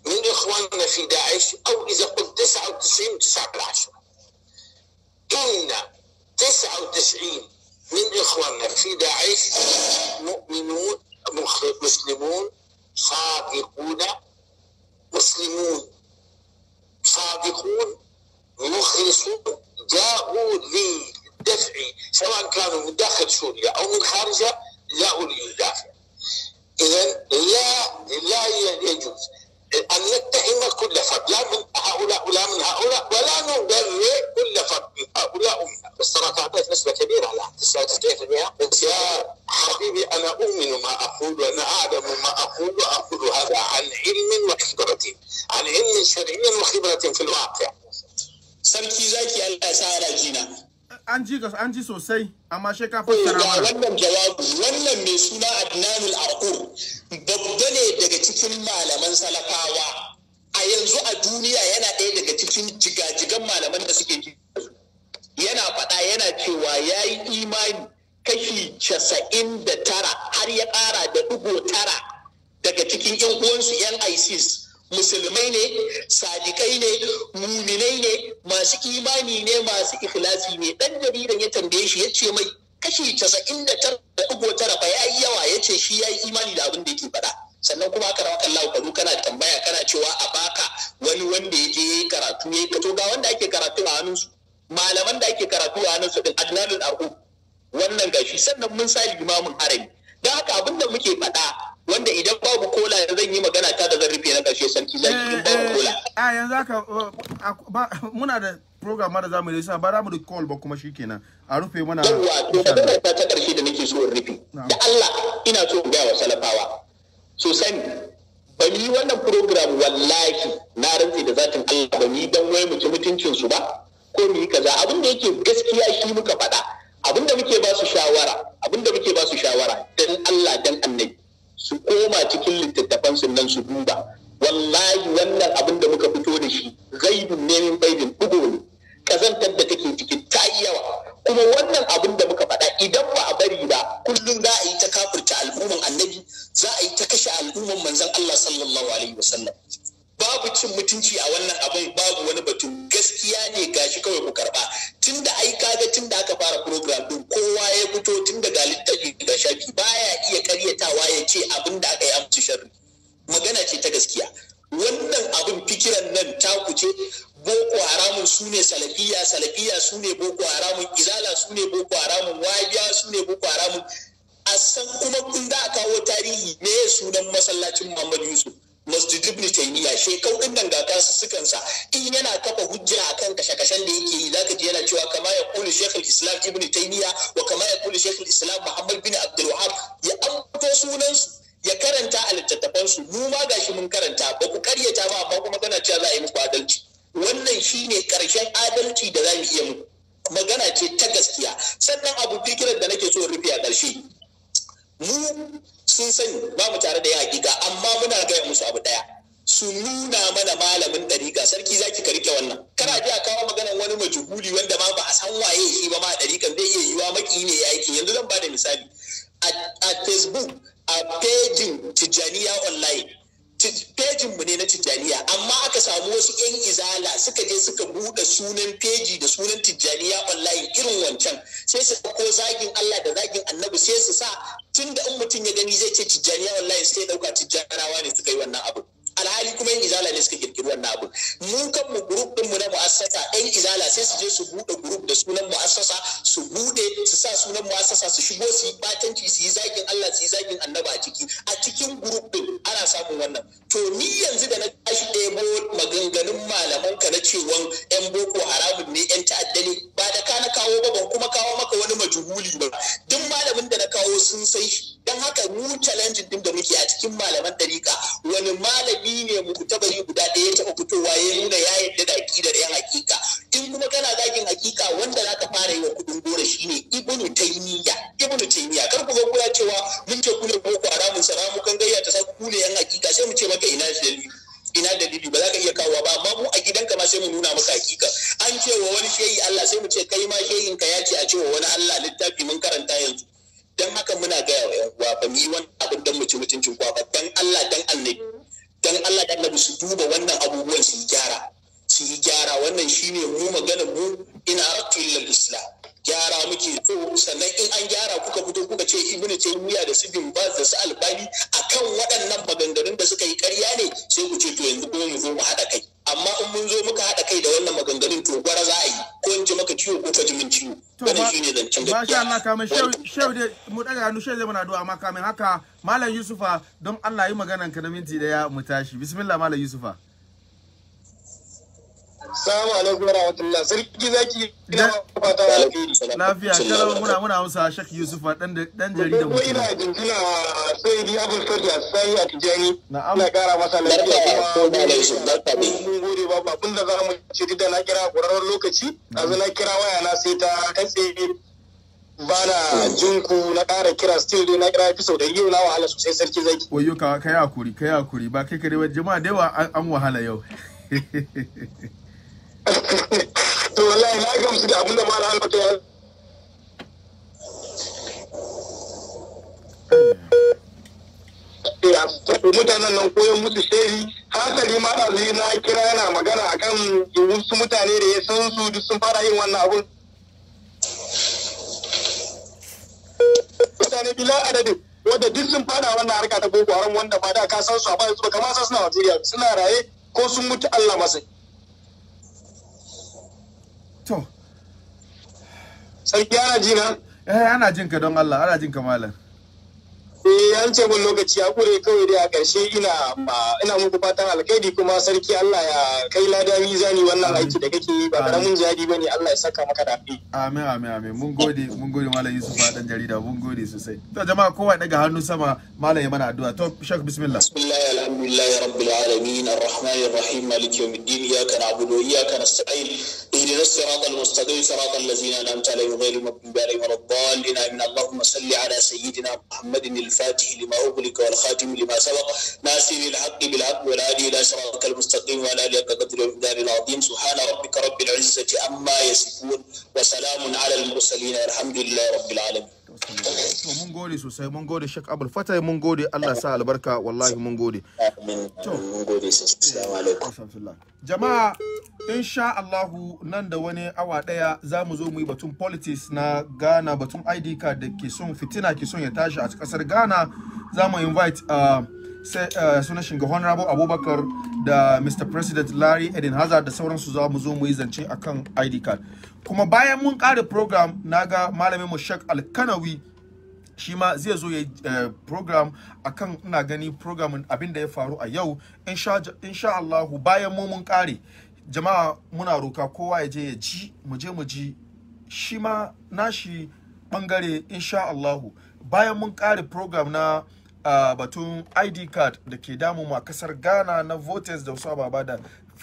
من إخواننا في داعش أو إذا قلت 99 9 بالعشرة إن 99 من إخواننا في داعش مؤمنون مسلمون صادقون مسلمون صادقون مخلصون جاءوا للدفع سواء كانوا من داخل سوريا او من خارجها جاءوا للدافع اذا لا لا يجوز أن نتهم كل فرد لا من هؤلاء ولا من هؤلاء ولا نبرئ كل فرد من هؤلاء ومن بس ترى اعطيت نسبة كبيرة على 99% يا حبيبي أنا أؤمن ما أقول وأنا أعلم ما أقول وأقول هذا عن علم وخبرة عن علم شرعي وخبرة في الواقع. سمتي zaki Allah sa an ji an ji sosai amma shi ka eh, fassara mana wannan jawabi wannan mai suna Adnan al-Aqur babba ne daga cikin malaman salafawa a yanzu a duniya yana ɗaya daga cikin jigajigan malaman da suke ji yana faɗa yana cewa ya yi imani kashi casa'in da tara har ya ƙara da ɗigo tara daga cikin 'yan uwansu 'yan ISIS musulmai ne sadikai ne muminai ne masu imani ne masu ikhlasi ne dan jaridan ya tambaye shi ya ce mai kashi casa'in da tara tara fa ya yi yawa ya ce shi ya yi imani da abin da yake faɗa sannan kuma aka rawa kan kalu kana tambaya kana cewa a baka wani wanda ya je karatu ya yi. kato ga wanda ake karatu a hannunsu malaman da ake karatu a hannunsu din adnanul arhu wannan gashi sannan mun sa limamin harami don haka abin da muke faɗa wanda idan babu kola zan yi magana ta da zan rufe na karshe sarki zaki in eh, babu eh, kola a eh, yanzu haka oh, muna da program da zamu yi sa ba za mu da call ba kuma shikenan a rufe mana yawa to magana ta ta ƙarshe da nake so in rufe da Allah ina so in ga wa salafawa so sani ba yi wannan program wallahi na rantsi da zatin Allah ba yi dan wai mutum mutuncin su ba ko mu yi kaza abin da yake gaskiya shi muka faɗa abin da muke ba su shawara abin da muke ba su shawara dan Allah dan annabi su koma cikin littattafan su nan su duba wallahi wannan abin da muka fito da shi gaibin neman baidin dugo ne kazantar da take ciki ta yi yawa kuma wannan abin da muka faɗa idan ba a bari ba kullum za a yi ta kafirta al'umman annabi za a yi ta kashe al'umman manzon Allah sallallahu alaihi wasallam babu cin mutunci a wannan abin babu wani pastors are, ṣùgbọ́n sì masha Allah kamin shau da mu daga hannu shau dai muna addu'a amma kamin haka malam Yusufa don Allah yi maganan ka na minti daya mu tashi bismillah malam Yusufa Assalamu alaikum wa rahmatullah sarki zaki ina fata alheri lafiya kalau muna muna musa Sheikh Yusufa dan dan jarida mu ina jinkina sai di Abdul Fadi sai a tijani na'am na kara masa lafiya ko da Yusuf barka ne mun gode baba abinda za mu ci da na kira ƙwararren lokaci yanzu na kira waya na sai ta katse ba na jin ku na ƙara kira still dai na kira episode dan yau na wahala sosai sarki zaki wayo ka kai hakuri kai hakuri ba kai kare jama'a da yawa an wahala yau (laughs) to wallahi na gamsu da abin da ma na halmata ya mutanen nan koyon musu shehi hankali ma ɗazu na kira yana magana akan wasu mutane da ya san su duk sun fara yin wannan abun mutane bila adadin wanda duk sun fada wannan harka ta boko haram wanda ba da ka san su amma su ba kamar san suna Najeriya suna raye ko sun mutu Allah masai to sai ana jina eh ana jinka don Allah ana jinka malam eh an ce mun lokaci a kure kawai dai a ƙarshe ina ina muku fatan alkaidi kuma sarki Allah ya kai lada mizani wannan aiki da kake yi ba karamin jihadi bane Allah ya saka maka da fi amin amin amin mun gode mun gode malam Yusuf dan jarida mun gode sosai to jama'a kowa daga hannu sama malam ya mana addu'a to shek bismillah bismillah alhamdulillah rabbil alamin arrahmanir rahim maliki yawmiddin iyyaka na'budu wa iyyaka nasta'in ihdinas siratal mustaqim siratal ladzina an'amta alaihim ghayril maghdubi alaihim waladdallin amin allahumma salli ala sayyidina muhammadin الفاتح لما أغلق والخاتم لما سبق ناصر الحق بالحق ولا لي إلى صراطك المستقيم ولا لي قدر ومقدار العظيم سبحان ربك رب العزة عما يصفون وسلام على المرسلين والحمد لله رب العالمين to mun gode sosai mun gode shek abul fatai mun gode allah sa albarka wallahi mun gode to jama'a insha allahu nan da wani awa daya za mu zo mu yi batun politics na ghana batun id card da ke son fitina ke son ya tashi a kasar ghana za mu invite uh, uh sunan shiga honorable abubakar da mr president larry edin hazard da sauransu za mu zo mu yi zance akan id card kuma bayan mun ƙara program naga malamin mu Sheikh Alkanawi shi ma zai zo ya eh, program akan ina gani program abin da ya faru a yau insha Allah bayan mu mun ƙare jama'a muna roka kowa ya je ya ji mu je mu ji shi ma nashi bangare insha Allah bayan mun ƙare program na eh, batun id card da ke damu a kasar ghana na voters da wasu ababa da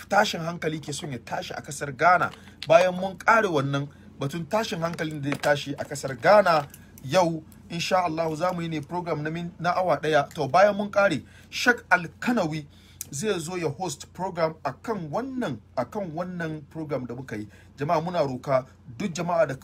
tashin hankali ke son ya tashi a kasar Ghana bayan mun kare wannan batun tashin hankalin da ya tashi a kasar Ghana yau insha Allah za mu yi ne program na min na awa daya to bayan mun kare shak Alkanawi zai zo ya host program akan wannan akan wannan program da muka yi jama'a muna roka duk jama'a da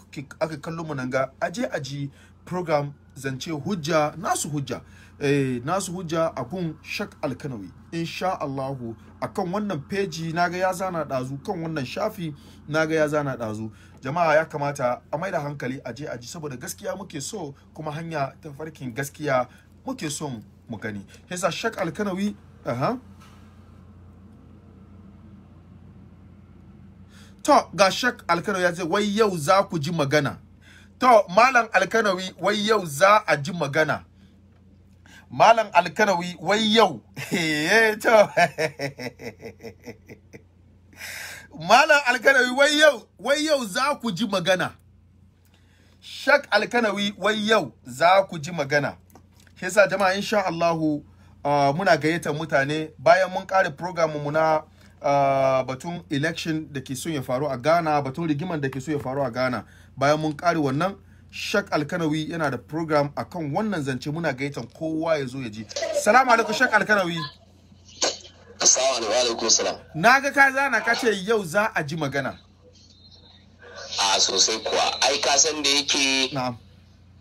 aka kallo mu nan ga aje aji program zance hujja nasu hujja eh nasu hujja abun Sheikh Alkanawi insha Allahu akan wannan peji naga ya zana dazu kan wannan shafi naga ya zana dazu jama'a ya kamata a maida hankali a je a ji saboda gaskiya muke so kuma hanya ta farkin gaskiya muke son mu gani yasa shak alkanawi aha to ga shak alkanawi ya ce wai yau za ku ji magana to malam alkanawi wai yau za a ji magana malam alkarawi wai yau (laughs) malam alkanawi wai yau wai yau za ku ji magana shak alkanawi wai yau za ku ji magana shi jama jama'a insha Allahu uh, muna gayyatar mutane bayan mun kare program mu na uh, batun election da ke so ya faru a Ghana batun rigiman da ke so ya faru a Ghana bayan mun kare wannan Shak Alkanawi yana da program akan wannan zance muna gaitan kowa ya zo ya ji. Salamu alaikum Shak Alkanawi. Assalamu alaikum salam. Na ga ka zana ka ce yau za a ji magana. A sosai kuwa ai ka san da yake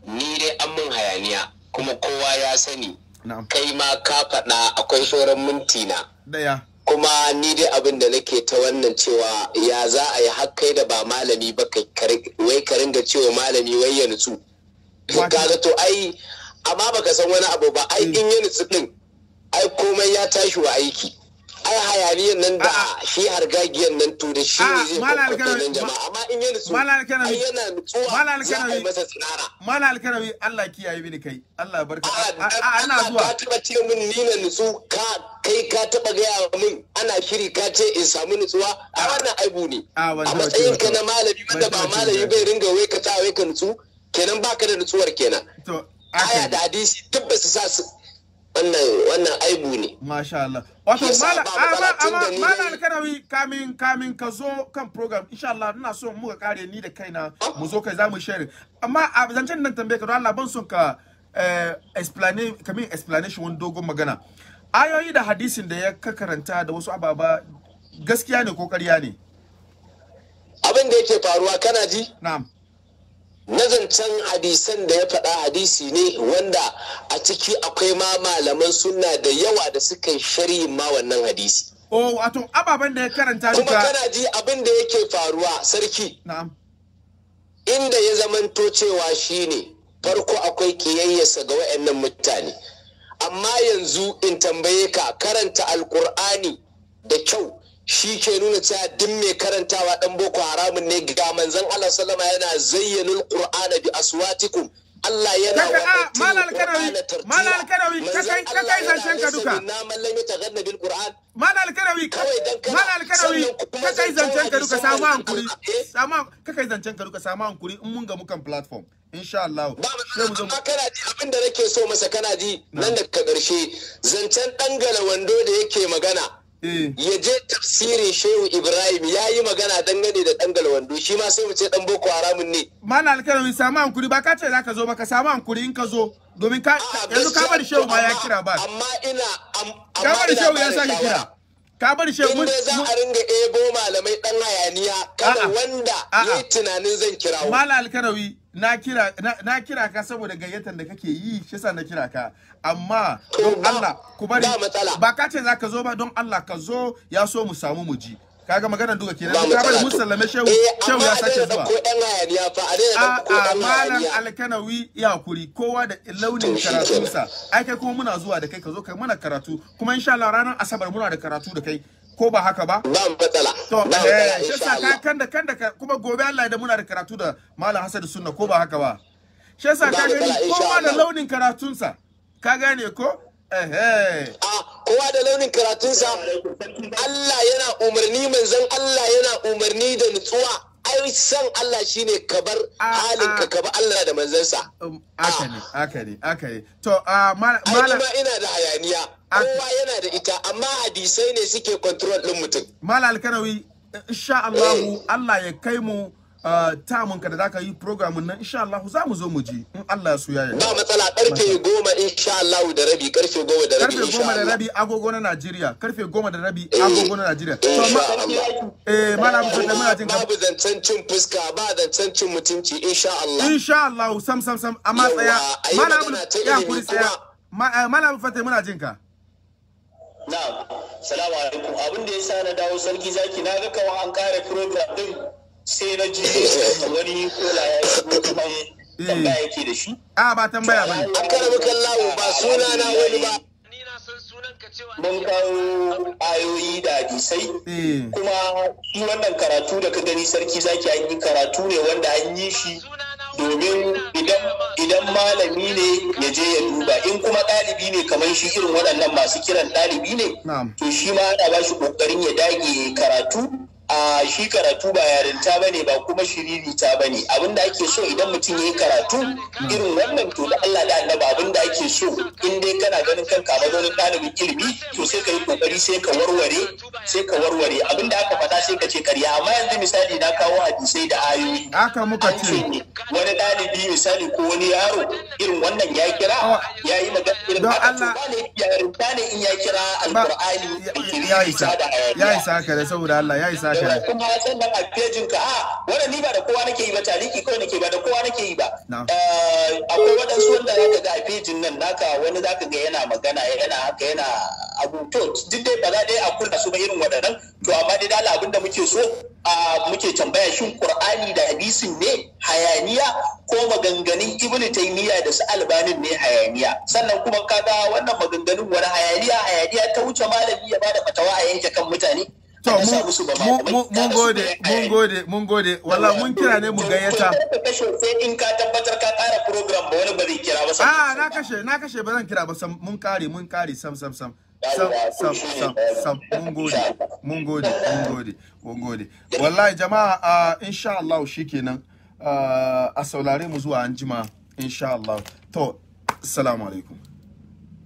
ni dai an mun hayaniya kuma kowa ya sani. Kai ma ka faɗa akwai sauran minti na. Daya. kuma ni dai abin da nake ta wannan cewa ya za a yi hakkai da ba malami ba wai ka ringa cewa malami wai ya nutsu kaga to ai amma baka san wani abu ba ai mm. in ya nutsu din ai komai ya tashi wa aiki ai hayaniyan nan da shi hargagiyan nan to da shi ne zai kwakwata nan jama'a amma in yana so ai yana nutsuwa za a yi masa tsirara mala alkarami Allah kiyaye mini kai Allah barka a ina zuwa ka taba ce min ni na nutsu ka kai ka taba gaya min ana shiri ka ce in samu nutsuwa a wannan aibu ne a matsayin ka na malami wanda ba malami bai ringa wai ka ta wai ka nutsu kenan baka da nutsuwar kenan aya da hadisi tabbas sa wannan wannan aibu ne masha Allah wato mala amma alkarawi kamin kamin ka zo kan program insha Allah ina so mu ga kare ni da kaina ah. mu zo kai zamu share amma a zancen nan tambaye ka don Allah ban son ka eh, kamin explanation wani dogon magana ayoyi da hadisin da ya karanta da wasu ababa gaskiya ne ko ƙarya ne abin da yake faruwa kana ji na'am na zancen hadisan da ya faɗa hadisi ne wanda a ciki akwai ma malaman sunna da yawa da suka yi ma wannan hadisi. Oh, wato ababen da ya karanta duka. Kuma kana ji abin da yake faruwa sarki. Na'am. Inda ya zamanto cewa shi ne farko akwai kiyayyarsa ga wa'annan mutane. Amma yanzu in tambaye ka karanta alkur'ani da kyau shi ke nuna cewa duk mai karantawa dan boko haramun ne ga manzon Allah sallama yana zayyanul qur'ana bi aswatikum Allah yana ah, wa malal karawi malal karawi zancen ka duka samu hankuri in mun ga mukan platform insha Allah sai mu zama kana ji abin da nake so masa kana ji nan da ka karshe zancen dan wando da yake magana Eh. ya je tafsirin shehu ibrahim ya yi magana dangane da dangal wando shi ma sai mu ce dan boko haramun ne mana alkalami samu hankuri ba ka ce za ka zo ba ka samu hankuri in ka zo domin ka yanzu ka bari shehu ma ya kira ba amma ina ka bari shehu ya sake kira ka bar shehu mun za a ringa ebo malamai dan hayaniya kada wanda yayi tunanin zan kirawo mana alkarawi na kira ka saboda gayyatar da kake yi shi yasa na kira ka amma don Allah ku bari ba ka ce zaka zo ba don Allah ka zo ya so mu samu mu ji kaga maganar duka kenan ka bari mu sallame shehu eh, shehu ya sace zuwa a a malam alkanawi ya hakuri kowa da launin karatunsa ai kai kuma muna zuwa da kai ka zo kai mana karatu kuma insha Allah ranar asabar muna da karatu da kai ko ba haka ba ba matsala to eh shi sa ka kan da kan da kuma gobe Allah da muna da karatu da malam Hassan Sunna ko ba haka ba shi sa ka gani kowa da launin karatunsa ka gane ko eh kowa da launin karatunsa Allah yana umarni manzon Allah yana umarni da nutsuwa ai san Allah shine kabar halin ka kaba Allah da manzansa. Um, aka ne, aka ne, aka ne. To, malam. Ai, ina da hayaniya. kowa yana da ita amma hadisai ne suke control din mutum mala alkanawi insha Allah eh. Allah ya kai mu uh, tamun ka da zaka yi program nan insha Allah za mu zo mu ji in Allah su yaya ba matsala karfe goma insha Allah da rabi karfe goma, da rabi karfe goma da rabi agogo na Najeriya karfe goma da rabi eh. agogo na Najeriya to eh malam abu da muna jin ka babu zancen cin fuska ba zancen cin mutunci insha Allah insha Allah sam sam sam amma tsaya malam ya kuri tsaya eh, malam fatai muna jin ka na'am salamu alaikum abin da yasa na dawo sarki zaki na ga kawo an kare program din sai na ji wani kola ya shigo kuma hmm. tambaya yake da shi a ah, ba tambaya bane an karamu kallahu ba suna na wani ba mun kawo ayoyi da hadisai hmm. kuma shi wannan karatu da ka gani sarki zaki an yi karatu ne wanda an yi shi domin idan malami ne ya je ya duba in kuma ɗalibi ne kamar shi irin waɗannan masu kiran ɗalibi ne to shi ma ana ba shi ƙoƙarin ya dage karatu a shi karatu ba yarinta bane ba kuma shiririta bane abinda ake so idan mutum yayi karatu irin wannan to da Allah da annaba abinda ake so in dai kana ganin kanka wani ɗalibin ilimi to sai ka yi kokari sai ka warware sai ka warware abinda aka faɗa sai ka ce karya amma yanzu misali na kawo hadisai da ayoyi haka muka ce wani ɗalibi misali ko wani yaro irin wannan ya kira ya yi magana irin haka yarinta ne in ya kira alqur'ani ya isa da ya isa ka da saboda Allah ya isa kuma sannan a pejin ka a ah, wannan ni ba da kowa nake yi ba taliki kawai nake ba da kowa nake yi ba eh, akwai waɗansu wanda zaka ga a pejin nan naka wani zaka ga yana magana yana haka yana abu to duk dai ba za dai a kula su ba irin waɗannan to amma dai dala abin da muke so a muke tambaya shin qur'ani da hadisin ne hayaniya ko maganganun ibnu taymiya da su albanin ne hayaniya sannan kuma kaga wannan maganganun wani hayaniya hayaniya ta wuce malami ya bada fatawa a yanke kan mutane to mun gode mun gode mun gode walla mun kira ne mu gayyata in ka tabbatar ka kara program ba wani ba zai kira ba ah na kashe na kashe ba zan kira ba sam mun kare mun kare sam sam sam sam sam sam sam mun gode mun gode mun gode mun gode wallahi jama'a a ah, insha Allah shikenan ah, a saurare mu zuwa anjima insha Allah to assalamu alaikum